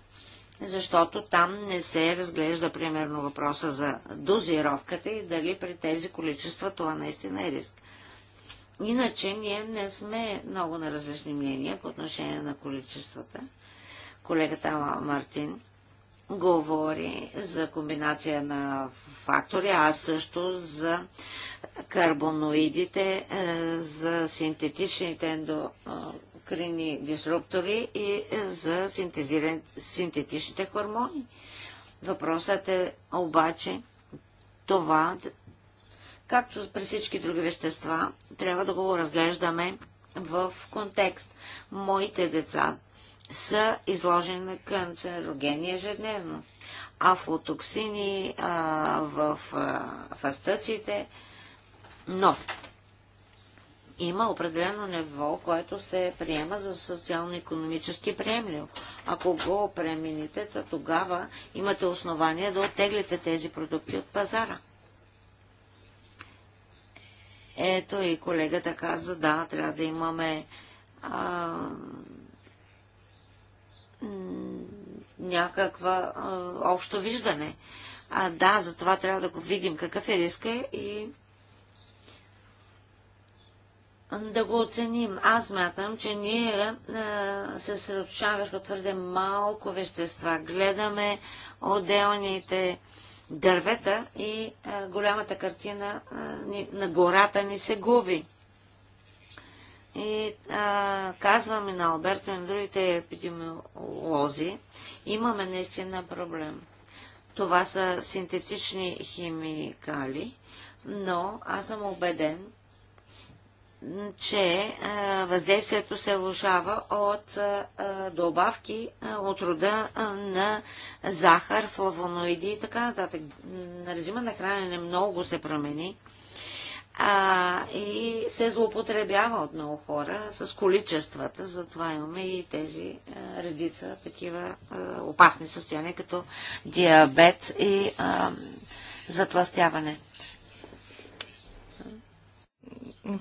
защото там не се разглежда примерно въпроса за дозировката и дали при тези количества това наистина е риск. Иначе ние не сме много на различни мнения по отношение на количествата. Колегата Мартин говори за комбинация на фактори, а също за карбоноидите, е, за синтетичните ендо ендокрини дисруптори и е, за синтетичните хормони. Въпросът е обаче това, както при всички други вещества, трябва да го разглеждаме в контекст. Моите деца са изложени на канцерогени ежедневно. Афлотоксини а, в а, фастъците, но има определено ниво, което се приема за социално-економически приемлив. Ако го премините, то тогава имате основание да оттеглите тези продукти от пазара. Ето и колегата каза, да, трябва да имаме а, някаква а, общо виждане. А, да, за това трябва да го видим какъв е риска и да го оценим. Аз мятам, че ние а, се съсредоточаваме върху твърде малко вещества. Гледаме отделните дървета и а, голямата картина а, ни, на гората ни се губи. И а, казваме на Алберто и на другите епидемиолози, имаме наистина проблем. Това са синтетични химикали, но аз съм убеден, че въздействието се лужава от добавки от рода на захар, флавоноиди и така нататък. Режима на хранене много се промени и се злоупотребява от много хора с количествата, затова имаме и тези редица такива опасни състояния, като диабет и затластяване.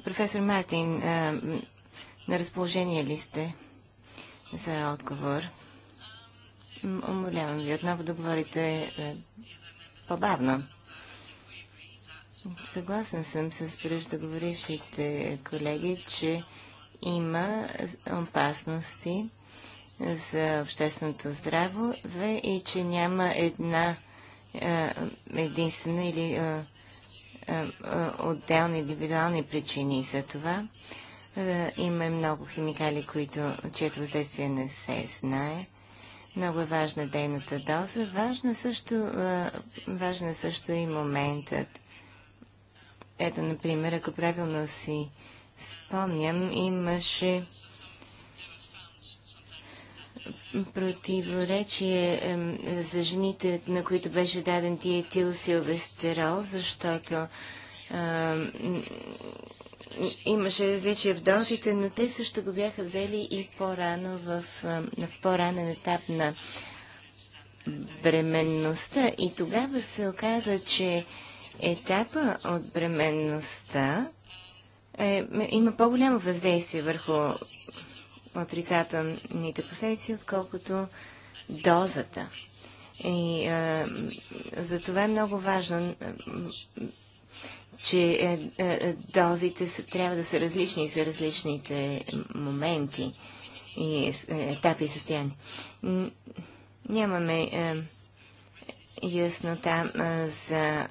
Професор Мартин, е, на разположение ли сте за отговор? Умолявам ви отново да говорите е, по-бавно. Съгласен съм с преждоговорившите е, колеги, че има опасности за общественото здраве и че няма една единствена или е, е, отделни индивидуални причини за това. Е, има много химикали, които, чието въздействие не се знае. Много е важна дейната доза. Важна също, важна също и моментът. Ето, например, ако правилно си спомням, имаше противоречие е, за жените, на които беше даден диетил силвестерол, защото е, имаше различия в дозите, но те също го бяха взели и по-рано в, в по-ранен етап на бременността. И тогава се оказа, че етапа от бременността е, има по-голямо въздействие върху отрицателните последици, отколкото дозата. И а, е, за това е много важно, че а, е, е, дозите са, трябва да са различни за различните моменти и етапи и състояния. Нямаме а, яснота а, за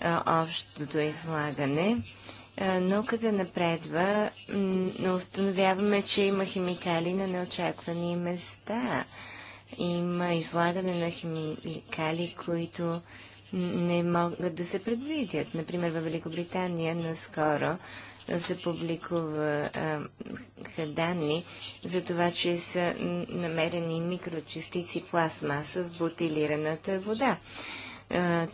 а, общото излагане. А, е, науката напредва, установяваме, че има химикали на неочаквани места. Има излагане на химикали, които не могат да се предвидят. Например, в Великобритания наскоро се публикуваха данни за това, че са намерени микрочастици пластмаса в бутилираната вода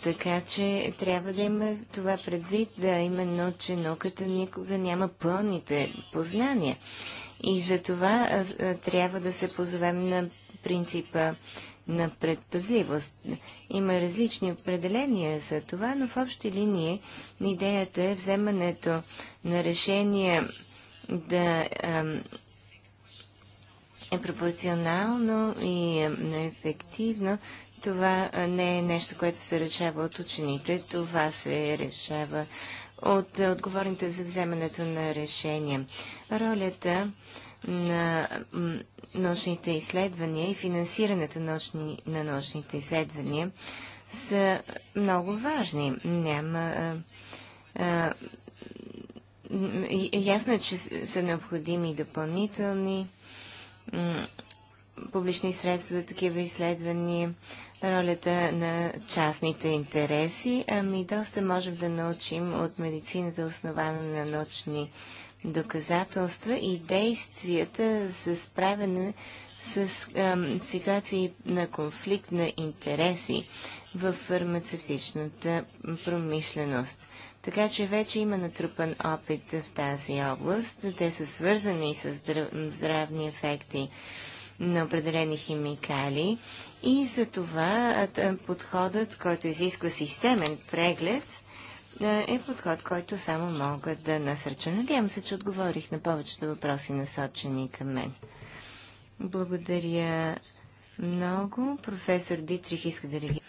така че трябва да има това предвид, да именно, че науката никога няма пълните познания. И за това трябва да се позовем на принципа на предпазливост. Има различни определения за това, но в общи линии идеята е вземането на решение да е пропорционално и ефективно това не е нещо, което се решава от учените, това се решава от отговорните за вземането на решения. Ролята на научните изследвания и финансирането научни, на научните изследвания са много важни. Няма. А, а, ясно е, че са необходими допълнителни публични средства за такива изследвания, ролята на частните интереси. Ами доста можем да научим от медицината, основана на научни доказателства и действията за справяне с ам, ситуации на конфликт на интереси в фармацевтичната промишленост. Така че вече има натрупан опит в тази област. Те са свързани с здрав... здравни ефекти на определени химикали и за това подходът, който изисква системен преглед, е подход, който само мога да насърча. Надявам се, че отговорих на повечето въпроси, насочени към мен. Благодаря много. Професор Дитрих иска да реагира.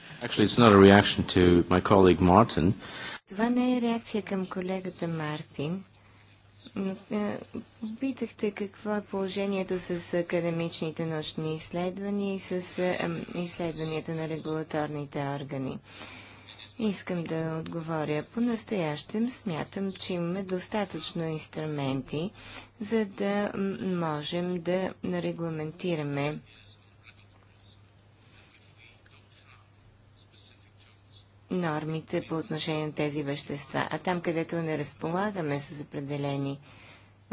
Това не е реакция към колегата Мартин. Е, питахте какво е положението с академичните научни изследвания и с изследванията на регулаторните органи. Искам да отговоря. По-настоящем смятам, че имаме достатъчно инструменти, за да можем да регламентираме нормите по отношение на тези вещества. А там, където не разполагаме с определени,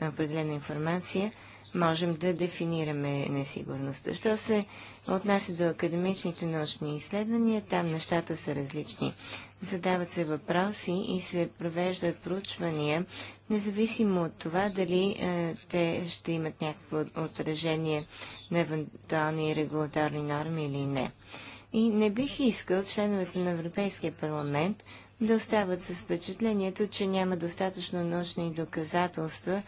определена информация, можем да дефинираме несигурността. Що се отнася до академичните научни изследвания, там нещата са различни. Задават се въпроси и се провеждат проучвания, независимо от това дали е, те ще имат някакво отражение на евентуални регулаторни норми или не. И не бих искал членовете на Европейския парламент да остават с впечатлението, че няма достатъчно научни доказателства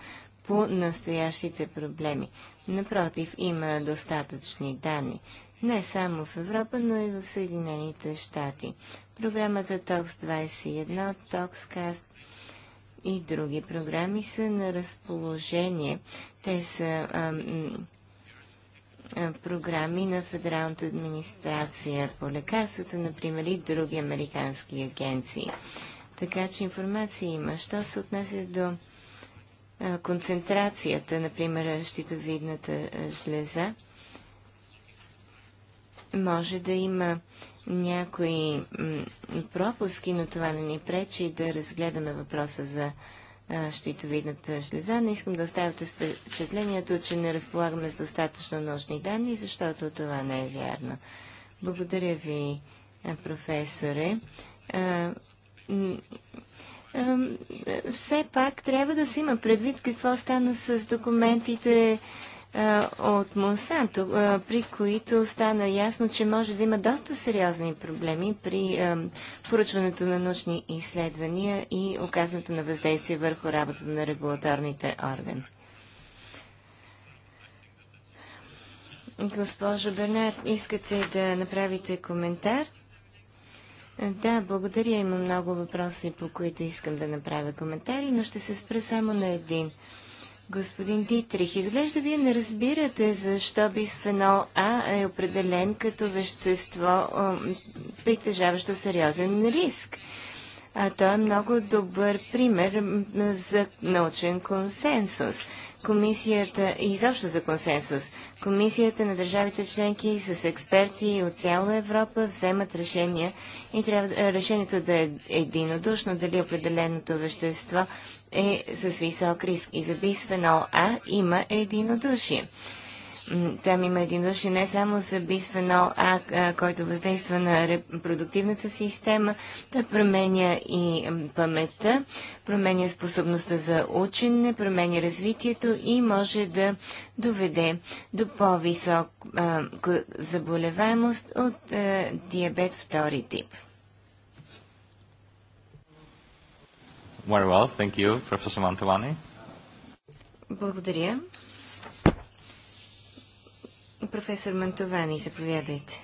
по настоящите проблеми. Напротив, има достатъчни данни. Не само в Европа, но и в Съединените щати. Програмата TOX21, TOXCAST и други програми са на разположение. Те са ам, е, програми на Федералната администрация по лекарствата, например, и други американски агенции. Така че информация има. Що се отнася до е, концентрацията, например, щитовидната е, жлеза, може да има някои пропуски, но това не ни пречи да разгледаме въпроса за щитовидната жлеза. Не искам да оставяте впечатлението, че не разполагаме с достатъчно нужни данни, защото това не е вярно. Благодаря ви, професоре. все пак трябва да се има предвид какво стана с документите е, от Монсанто, е, при които стана ясно, че може да има доста сериозни проблеми при е, поръчването на научни изследвания и оказването на въздействие върху работата на регулаторните органи. Госпожо Бернар, искате да направите коментар? Да, благодаря. Има много въпроси, по които искам да направя коментари, но ще се спра само на един. Господин Дитрих, изглежда вие не разбирате защо бисфенол А е определен като вещество, притежаващо сериозен риск. А той е много добър пример за научен консенсус. Комисията, и изобщо за консенсус, комисията на държавите членки с експерти от цяла Европа вземат решения и трябва е, решението да е единодушно дали определеното вещество е с висок риск. И за бисфенол А има единодушие. Там има един единодушие не само за бисфенол А, който въздейства на репродуктивната система, той променя и паметта, променя способността за учене, променя развитието и може да доведе до по-висок заболеваемост от диабет втори тип. Very well, thank you, Professor Mantovani. Благодаря. Професор Мантовани, заповядайте.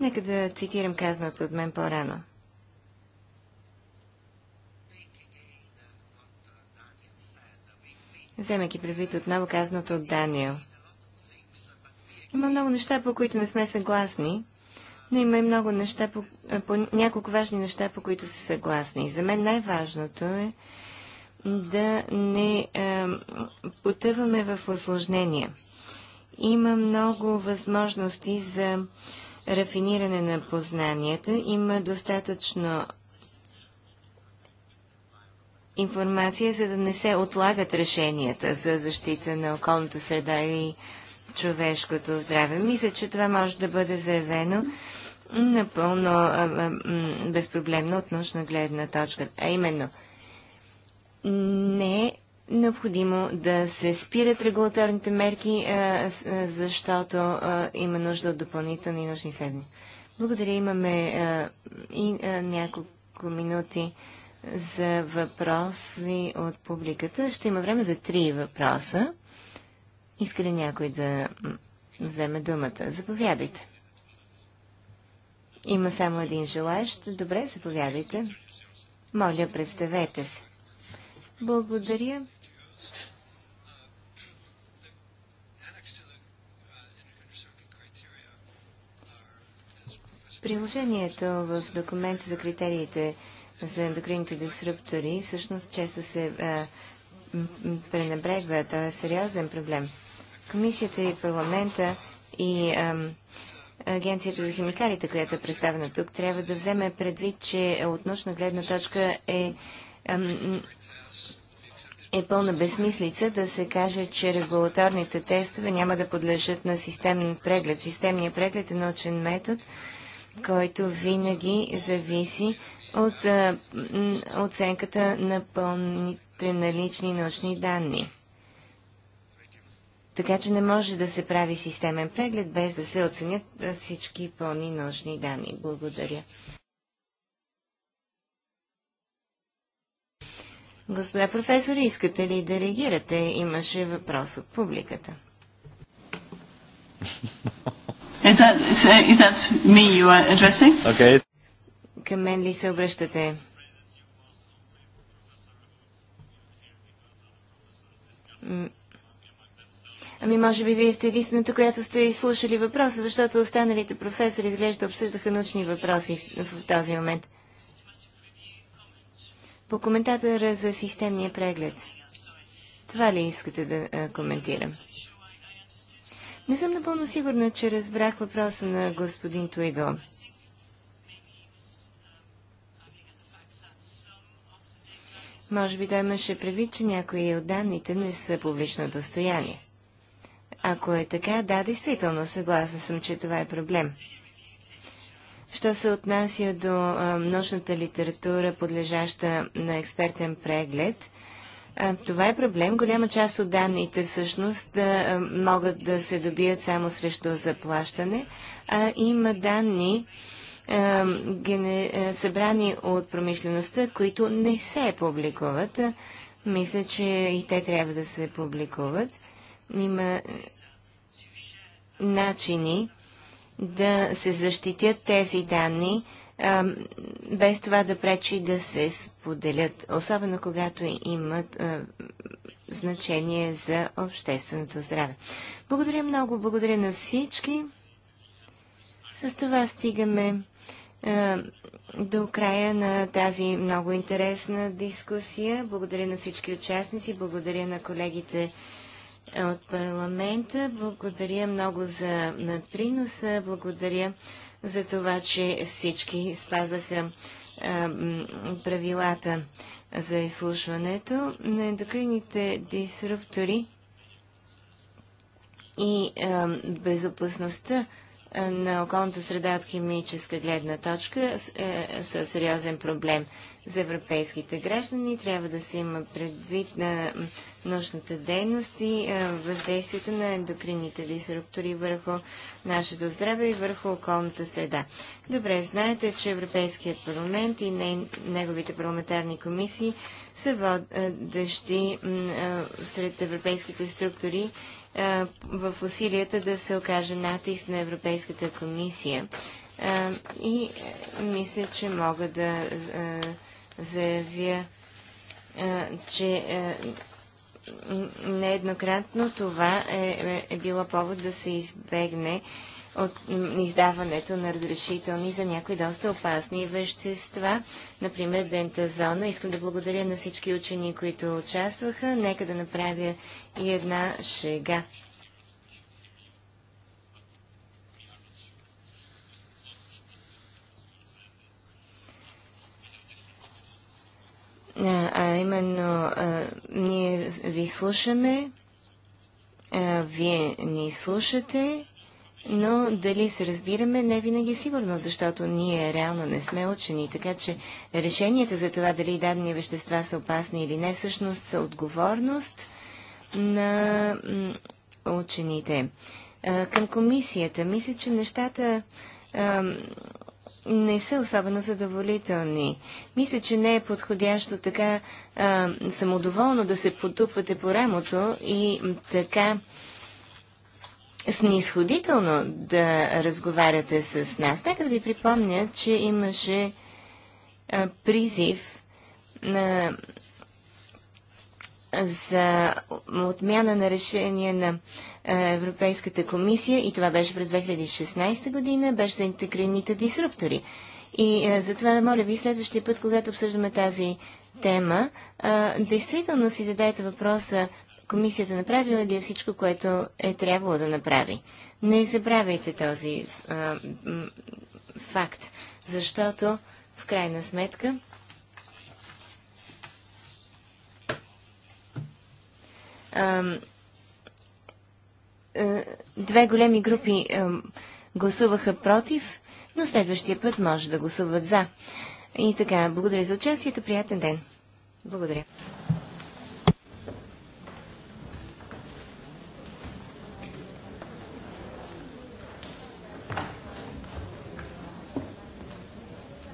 Нека да цитирам казаното от мен по-рано. Вземайки предвид отново казаното от Даниел. Има много неща, по които не сме съгласни, но има и много неща, по, по няколко важни неща, по които са съгласни. За мен най-важното е, да не а, е, потъваме в осложнения. Има много възможности за рафиниране на познанията. Има достатъчно информация, за да не се отлагат решенията за защита на околната среда и човешкото здраве. Мисля, че това може да бъде заявено напълно безпроблемно от научна гледна точка. А именно – не е необходимо да се спират регулаторните мерки, защото има нужда от допълнителни нужни седми. Благодаря. Имаме и няколко минути за въпроси от публиката. Ще има време за три въпроса. Иска ли някой да вземе думата? Заповядайте. Има само един желаящ. Добре, заповядайте. Моля, представете се. Благодаря. Приложението в документа за критериите за ендокрините дисруптори всъщност често се а, пренебрегва. Това е сериозен проблем. Комисията и парламента и а, Агенцията за химикалите, която е представена тук, трябва да вземе предвид, че от научна гледна точка е е пълна безмислица да се каже, че регулаторните тестове няма да подлежат на системен преглед. Системният преглед е научен метод, който винаги зависи от а, оценката на пълните налични научни данни. Така че не може да се прави системен преглед без да се оценят всички пълни научни данни. Благодаря. Господа професори, искате ли да реагирате? Имаше въпрос от публиката. <laughs> Is that, uh, is that me you are addressing? Okay. Към мен ли се обръщате? Ами, може би вие сте единствената, която сте изслушали въпроса, защото останалите професори изглежда обсъждаха научни въпроси в, в този момент. По коментатора за системния преглед. Това ли искате да а, коментирам? Не съм напълно сигурна, че разбрах въпроса на господин Туидо. Може би той имаше предвид, че някои от данните не са публично достояние. Ако е така, да, действително, съгласна съм, че това е проблем. Що се отнася до а, научната литература, подлежаща на експертен преглед, а, това е проблем. Голяма част от данните всъщност а, могат да се добият само срещу заплащане, а има данни, събрани от промишлеността, които не се публикуват. Мисля, че и те трябва да се публикуват. Има начини да се защитят тези данни, а, без това да пречи да се споделят, особено когато имат а, значение за общественото здраве. Благодаря много, благодаря на всички. С това стигаме а, до края на тази много интересна дискусия. Благодаря на всички участници, благодаря на колегите от парламента. Благодаря много за приноса. Благодаря за това, че всички спазаха а, правилата за изслушването на ендокрините дисруптори и а, безопасността на околната среда от химическа гледна точка са е, сериозен проблем за европейските граждани. Трябва да се има предвид на нужната дейност и е, въздействието на ендокрините дисруптори върху нашето здраве и върху околната среда. Добре, знаете, че Европейският парламент и неговите парламентарни комисии са водещи е, сред европейските структури в усилията да се окаже натиск на Европейската комисия. А, и мисля, че мога да заявя, че нееднократно това е, е, е било повод да се избегне от издаването на разрешителни за някои доста опасни вещества, например дентазона. Искам да благодаря на всички учени, които участваха. Нека да направя и една шега. а именно а, ние ви слушаме, а, вие ни слушате, но дали се разбираме, не винаги е сигурно, защото ние реално не сме учени, така че решенията за това дали дадени вещества са опасни или не, всъщност са отговорност на учените. Към комисията, мисля, че нещата не са особено задоволителни. Мисля, че не е подходящо така а, самодоволно да се потупвате по рамото и така снисходително да разговаряте с нас. Нека да ви припомня, че имаше а, призив на, за отмяна на решение на а, Европейската комисия и това беше през 2016 година, беше за интегрираните дисруптори. И а, затова, моля ви, следващия път, когато обсъждаме тази тема, а, действително си задайте въпроса комисията направила ли е всичко, което е трябвало да направи. Не забравяйте този а, факт, защото в крайна сметка а, а, две големи групи а, гласуваха против, но следващия път може да гласуват за. И така, благодаря за участието, приятен ден. Благодаря.